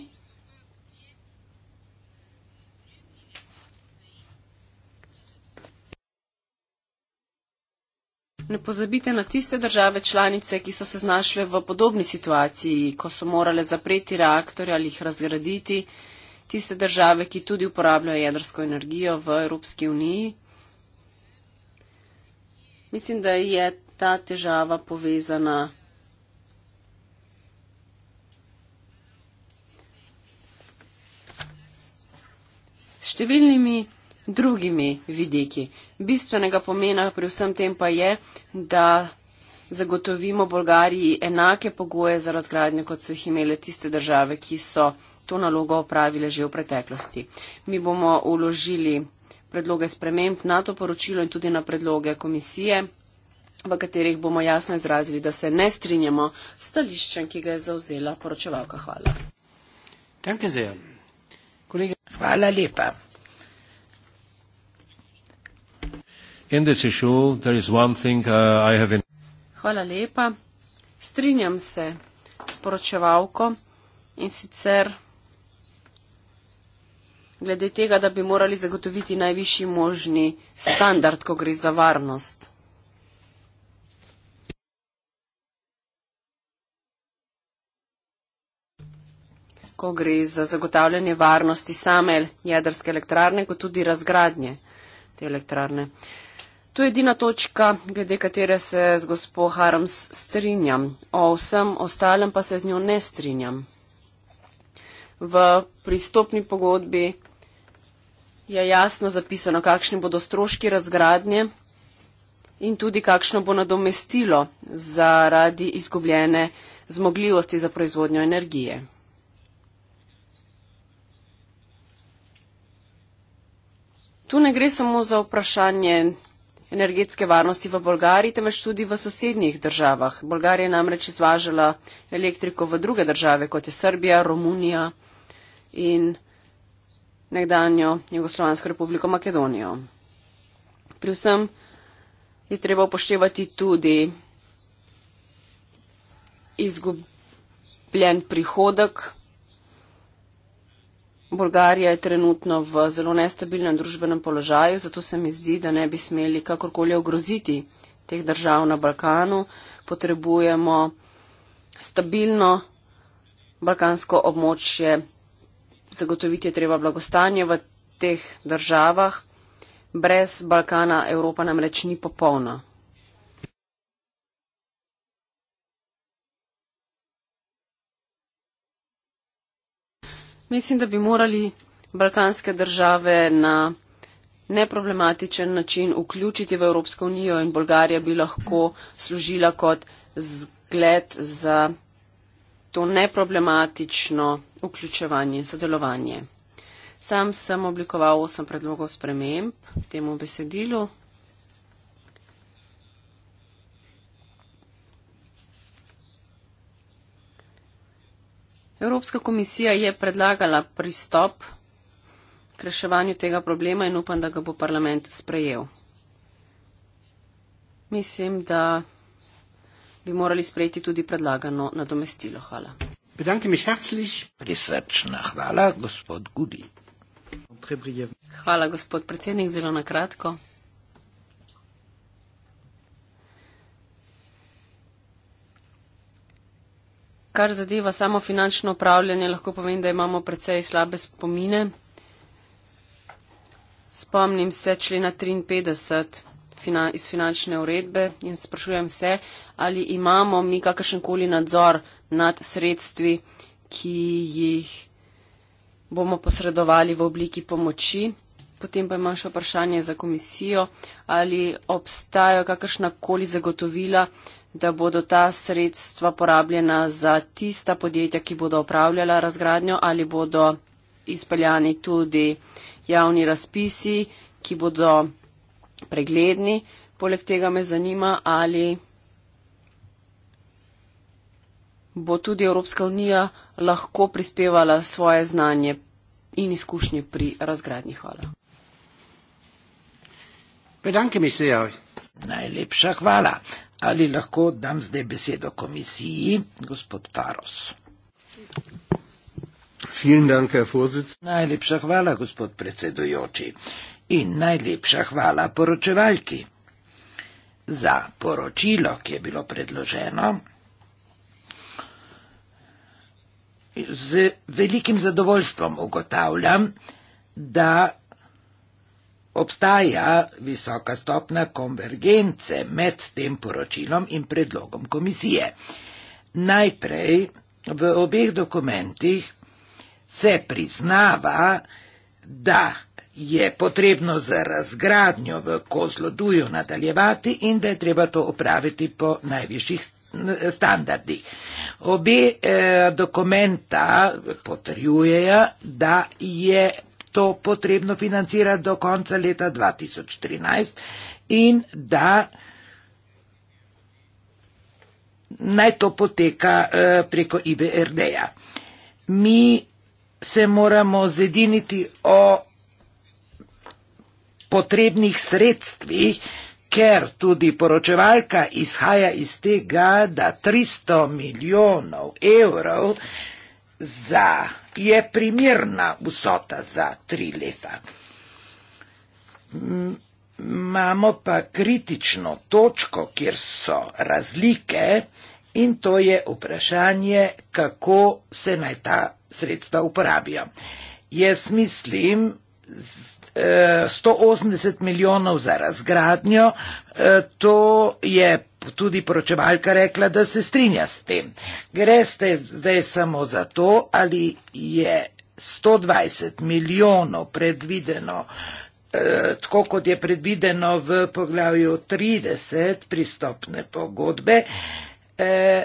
Ne pozabite na tiste države članice, ki so se znašle v podobni situaciji, ko so morale zapreti reaktorje ali jih razgraditi, tiste države, ki tudi uporabljajo jedrsko energijo v Evropski uniji. Mislim, da je ta težava povezana številnimi drugimi vidiki. Bistvenega pomena pri vsem tem pa je, da zagotovimo Bolgariji enake pogoje za razgradnjo, kot so jih imele tiste države, ki so to nalogo opravile že v preteklosti. Mi bomo uložili predloge sprememb na to poročilo in tudi na predloge komisije, v katerih bomo jasno izrazili, da se ne strinjamo s stališčem, ki ga je zauzela poročevalka. Hvala. Danke sehr. Kollege. Hvala lepa. Uh, Hvala lepa. Strinjam se s poročevalko in sicer glede tega, da bi morali zagotoviti najvišji možni standard, ko gre za varnost. Ko gre za zagotavljanje varnosti same jedrske elektrarne, kot tudi razgradnje te elektrarne. Uh, To je edina točka, glede katere se z gospod Harams strinjam. O vsem ostalem pa se z njo ne strinjam. V pristopni pogodbi je jasno zapisano, kakšni bodo stroški razgradnje in tudi kakšno bo nadomestilo zaradi izgubljene zmogljivosti za proizvodnjo energije. Tu ne gre samo za vprašanje energetske varnosti v Bolgariji, temveč tudi v sosednjih državah. Bolgarija je namreč izvažala elektriko v druge države, kot je Srbija, Romunija in nekdanjo Jugoslovansko republiko Makedonijo. Pri vsem je treba upoštevati tudi izgubljen prihodek Bolgarija je trenutno v zelo nestabilnem družbenem položaju, zato se mi zdi, da ne bi smeli kakorkoli ogroziti teh držav na Balkanu. Potrebujemo stabilno balkansko območje, zagotoviti je treba blagostanje v teh državah. Brez Balkana Evropa namreč ni popolna. Mislim, da bi morali balkanske države na neproblematičen način vključiti v Evropsko unijo in Bolgarija bi lahko služila kot zgled za to neproblematično vključevanje in sodelovanje. Sam sem oblikoval osem predlogov sprememb k temu besedilu. Evropska komisija je predlagala pristop k reševanju tega problema in upam, da ga bo parlament sprejel. Mislim, da bi morali sprejeti tudi predlagano nadomestilo. Hvala. Prisrčna hvala, gospod Gudi. Hvala, gospod predsednik, zelo na kratko. Kar zadeva samo finančno upravljanje, lahko povem, da imamo precej slabe spomine. Spomnim se člena 53 iz finančne uredbe in sprašujem se, ali imamo mi kakršenkoli nadzor nad sredstvi, ki jih bomo posredovali v obliki pomoči. Potem pa imam še vprašanje za komisijo, ali obstajajo kakršnakoli zagotovila da bodo ta sredstva porabljena za tista podjetja, ki bodo upravljala razgradnjo ali bodo izpeljani tudi javni razpisi, ki bodo pregledni. Poleg tega me zanima, ali bo tudi Evropska unija lahko prispevala svoje znanje in izkušnje pri razgradnji. Hvala. Ja. Najlepša hvala. Ali lahko dam zdaj besedo komisiji, gospod Paros? Dank, najlepša hvala, gospod predsedujoči. In najlepša hvala poročevalki za poročilo, ki je bilo predloženo. Z velikim zadovoljstvom ugotavljam, da Obstaja visoka stopna konvergence med tem poročilom in predlogom komisije. Najprej v obeh dokumentih se priznava, da je potrebno za razgradnjo v Kozloduju nadaljevati in da je treba to opraviti po najvišjih standardih. Obe eh, dokumenta potrjujejo, da je to potrebno financirati do konca leta 2013 in da naj to poteka eh, preko IBRD-ja. Mi se moramo zediniti o potrebnih sredstvih, ker tudi poročevalka izhaja iz tega, da 300 milijonov evrov za je primerna vsota za tri leta. Imamo pa kritično točko, kjer so razlike in to je vprašanje, kako se naj ta sredstva uporabijo. Jaz mislim, 180 milijonov za razgradnjo, e, to je tudi poročevalka rekla, da se strinja s tem. Greste zdaj samo za to, ali je 120 milijonov predvideno, e, tako kot je predvideno v poglavju 30 pristopne pogodbe, e,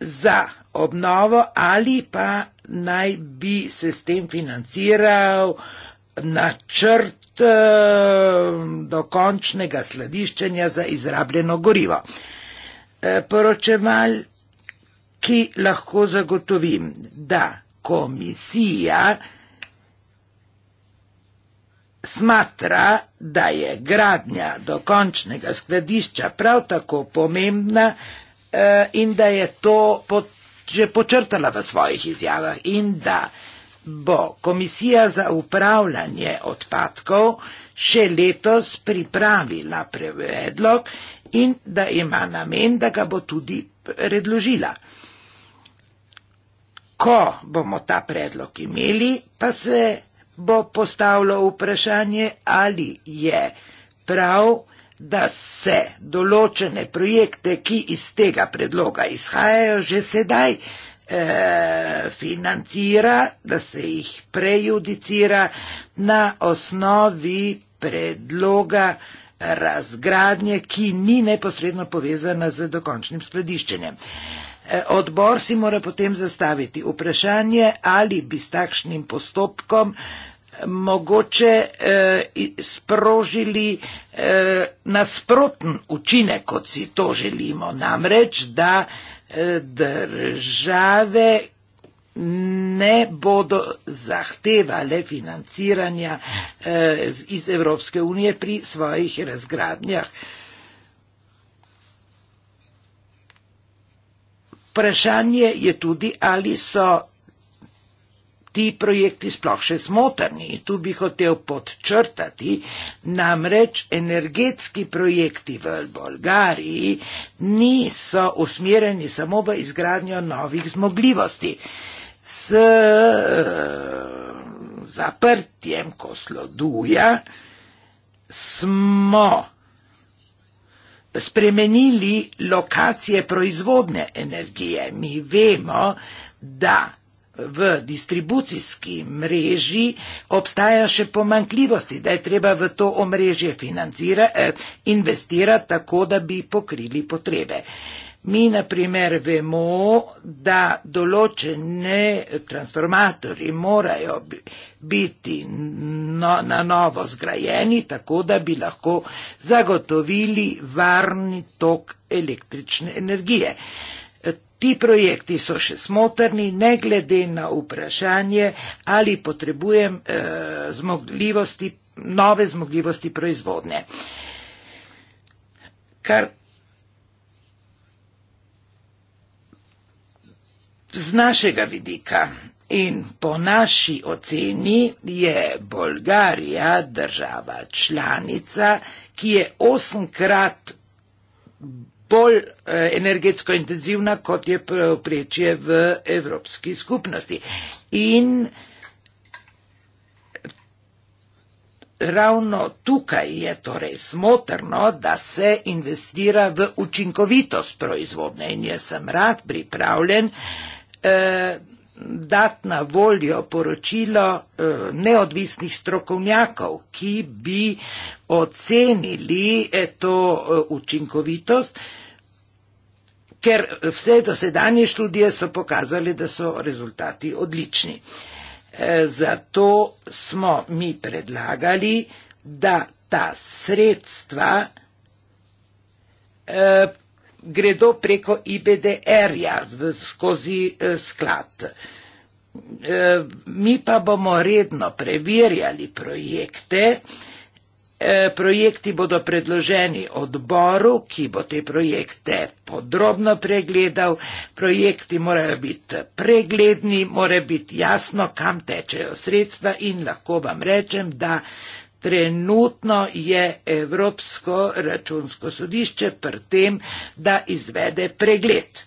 za obnovo ali pa naj bi se s tem financiral načrt eh, do končnega skladiščenja za izrabljeno gorivo. Eh, Poročeval, ki lahko zagotovim, da komisija smatra, da je gradnja do končnega skladišča prav tako pomembna eh, in da je to že počrtala v svojih izjavah in da bo Komisija za upravljanje odpadkov še letos pripravila predlog in da ima namen, da ga bo tudi predložila. Ko bomo ta predlog imeli, pa se bo postavilo vprašanje, ali je prav, da se določene projekte, ki iz tega predloga izhajajo, že sedaj Eh, financira, da se jih prejudicira na osnovi predloga razgradnje, ki ni neposredno povezana z dokončnim skladiščenjem. Eh, odbor si mora potem zastaviti vprašanje, ali bi s takšnim postopkom eh, mogoče eh, sprožili eh, nasproten učinek, kot si to želimo, namreč da eh, države ne bodo zahtevale financiranja eh, iz Evropske unije pri svojih razgradnjah. Vprašanje je tudi, ali so ti projekti sploh še smotrni. Tu bi hotel podčrtati, namreč energetski projekti v Bolgariji niso usmerjeni samo v izgradnjo novih zmogljivosti. S eh, zaprtjem kosloduja smo spremenili lokacije proizvodne energije. Mi vemo, da v distribucijski mreži obstajajo še pomankljivosti, da je treba v to omrežje eh, investirati tako, da bi pokrili potrebe. Mi naprimer vemo, da določene transformatori morajo biti no, na novo zgrajeni, tako da bi lahko zagotovili varni tok električne energije. Ti projekti so še smotrni, ne glede na vprašanje, ali potrebujem eh, zmogljivosti, nove zmogljivosti proizvodne. Kar z našega vidika in po naši oceni je Bolgarija država članica, ki je osemkrat bolj eh, energetsko intenzivna, kot je prečje v Evropski skupnosti. In ravno tukaj je torej smotrno, da se investira v učinkovitost proizvodne in jaz sem rad pripravljen. Eh, dati na voljo poročilo eh, neodvisnih strokovnjakov, ki bi ocenili eh, to eh, učinkovitost, ker vse dosedanje študije so pokazali, da so rezultati odlični. Zato smo mi predlagali, da ta sredstva gredo preko IBDR-ja skozi eh, sklad. Eh, mi pa bomo redno preverjali projekte. Eh, projekti bodo predloženi odboru, ki bo te projekte podrobno pregledal. Projekti morajo biti pregledni, mora biti jasno, kam tečejo sredstva in lahko vam rečem, da Trenutno je Evropsko računsko sodišče pri tem, da izvede pregled.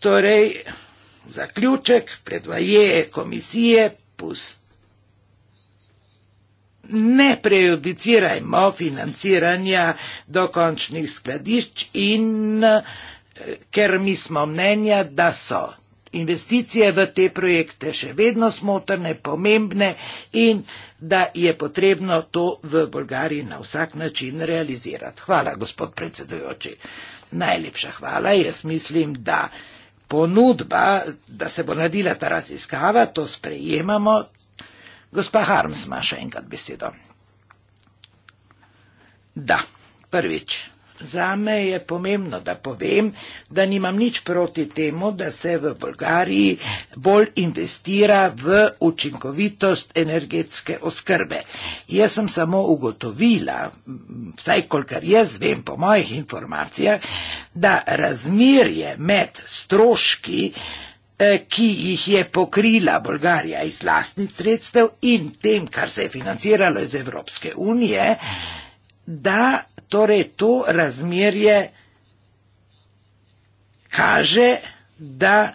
Torej, zaključek predvaje komisije, pust. ne prejudicirajmo financiranja dokončnih skladišč in eh, ker mi smo mnenja, da so investicije v te projekte še vedno smotrne, pomembne in da je potrebno to v Bolgariji na vsak način realizirati. Hvala, gospod predsedujoči. Najlepša hvala. Jaz mislim, da ponudba, da se bo nadila ta raziskava, to sprejemamo. Gospa Harms ima še enkrat besedo. Da, prvič. Zame je pomembno, da povem, da nimam nič proti temu, da se v Bolgariji bolj investira v učinkovitost energetske oskrbe. Jaz sem samo ugotovila, vsaj kolikar jaz vem po mojih informacijah, da razmirje med stroški, eh, ki jih je pokrila Bolgarija iz lastnih sredstev in tem, kar se je financiralo iz Evropske unije, da torej to razmerje kaže, da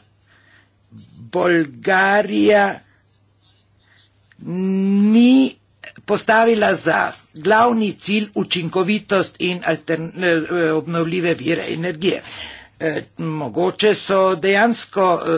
Bolgarija ni postavila za glavni cilj učinkovitost in eh, obnovljive vire energije. E, mogoče so dejansko e,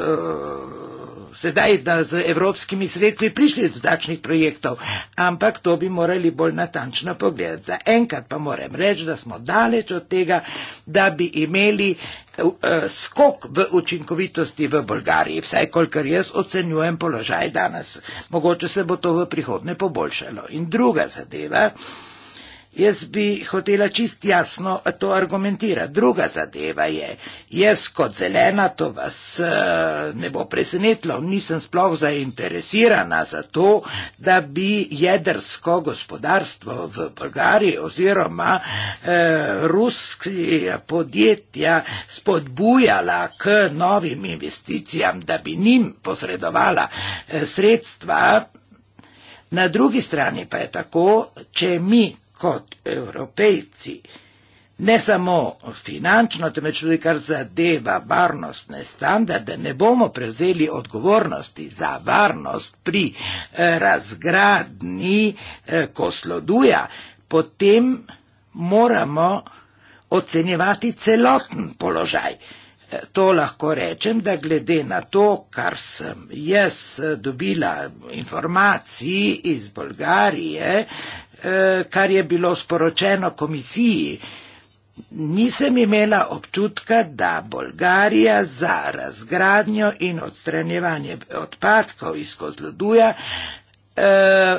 sedaj z evropskimi sredstvi prišli do takšnih projektov, ampak to bi morali bolj natančno pogledati. Za enkrat pa moram reči, da smo daleč od tega, da bi imeli eh, skok v učinkovitosti v Bolgariji, vsaj kolikor jaz ocenjujem položaj danes. Mogoče se bo to v prihodne poboljšalo. In druga zadeva, Jaz bi hotela čist jasno to argumentirati. Druga zadeva je, jaz kot zelena to vas eh, ne bo presenetlo, nisem sploh zainteresirana za to, da bi jedrsko gospodarstvo v Bolgariji oziroma eh, ruske podjetja spodbujala k novim investicijam, da bi njim posredovala eh, sredstva. Na drugi strani pa je tako, če mi kot evropejci. Ne samo finančno, temveč tudi kar zadeva varnostne standarde, ne bomo prevzeli odgovornosti za varnost pri eh, razgradni eh, kosloduja, potem moramo ocenjevati celoten položaj. Eh, to lahko rečem, da glede na to, kar sem jaz dobila informacij iz Bolgarije, Eh, kar je bilo sporočeno komisiji, nisem imela občutka, da Bolgarija za razgradnjo in odstranjevanje odpadkov iz kozloduja eh,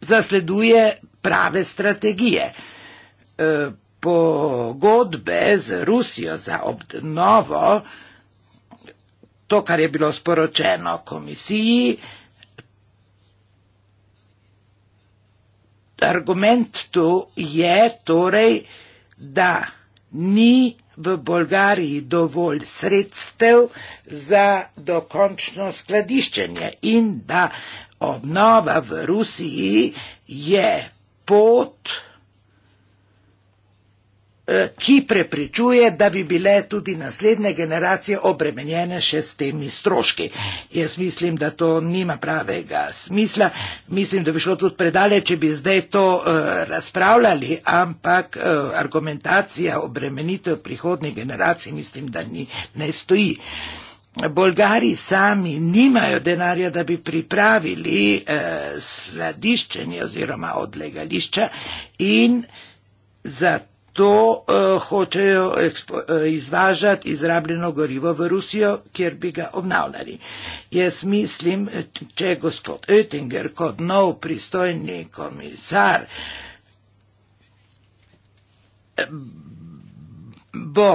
zasleduje prave strategije. Eh, pogodbe z Rusijo za obnovo, to, kar je bilo sporočeno komisiji, argument tu je torej, da ni v Bolgariji dovolj sredstev za dokončno skladiščenje in da obnova v Rusiji je pot ki preprečuje, da bi bile tudi naslednje generacije obremenjene še s temi stroški. Jaz mislim, da to nima pravega smisla. Mislim, da bi šlo tudi predale, če bi zdaj to uh, razpravljali, ampak uh, argumentacija obremenitev prihodnjih generacij mislim, da ni, ne stoji. Bolgari sami nimajo denarja, da bi pripravili uh, eh, sladiščenje oziroma odlegališča in zato to uh, eh, hočejo ekspo, uh, izvažati izrabljeno gorivo v Rusijo, kjer bi ga obnavljali. Jaz mislim, eh, če gospod Oettinger kot nov pristojni komisar bo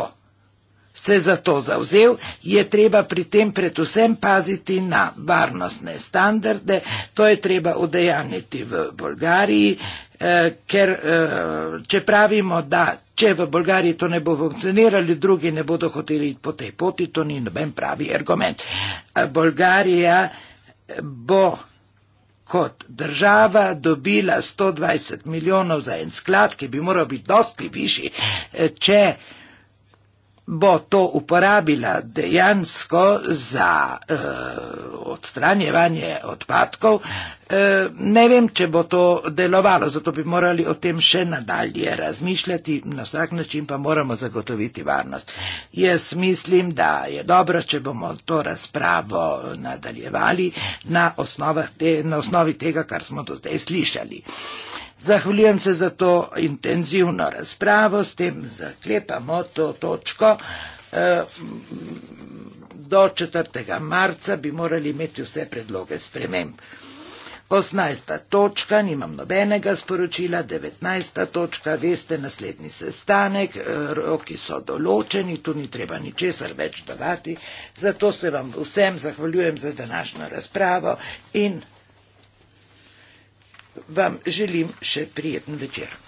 se za to zauzel, je treba pri tem predvsem paziti na varnostne standarde. To je treba udejaniti v Bolgariji, eh, ker eh, če pravimo, da če v Bolgariji to ne bo funkcioniralo, drugi ne bodo hoteli po tej poti, to ni noben pravi argument. Eh, Bolgarija eh, bo kot država dobila 120 milijonov za en sklad, ki bi moral biti dosti višji, eh, če bo to uporabila dejansko za uh, odstranjevanje odpadkov, uh, ne vem, če bo to delovalo, zato bi morali o tem še nadalje razmišljati, na vsak način pa moramo zagotoviti varnost. Jaz mislim, da je dobro, če bomo to razpravo nadaljevali na, te, na osnovi tega, kar smo do zdaj slišali. Uh, Zahvaljujem se za to intenzivno razpravo, s tem zaklepamo to točko. Eh, do 4. marca bi morali imeti vse predloge sprememb. 18. točka, nimam nobenega sporočila, 19. točka, veste, naslednji sestanek, eh, roki so določeni, tu ni treba ničesar več davati, zato se vam vsem zahvaljujem za današnjo razpravo in vam želim še prijeten večer.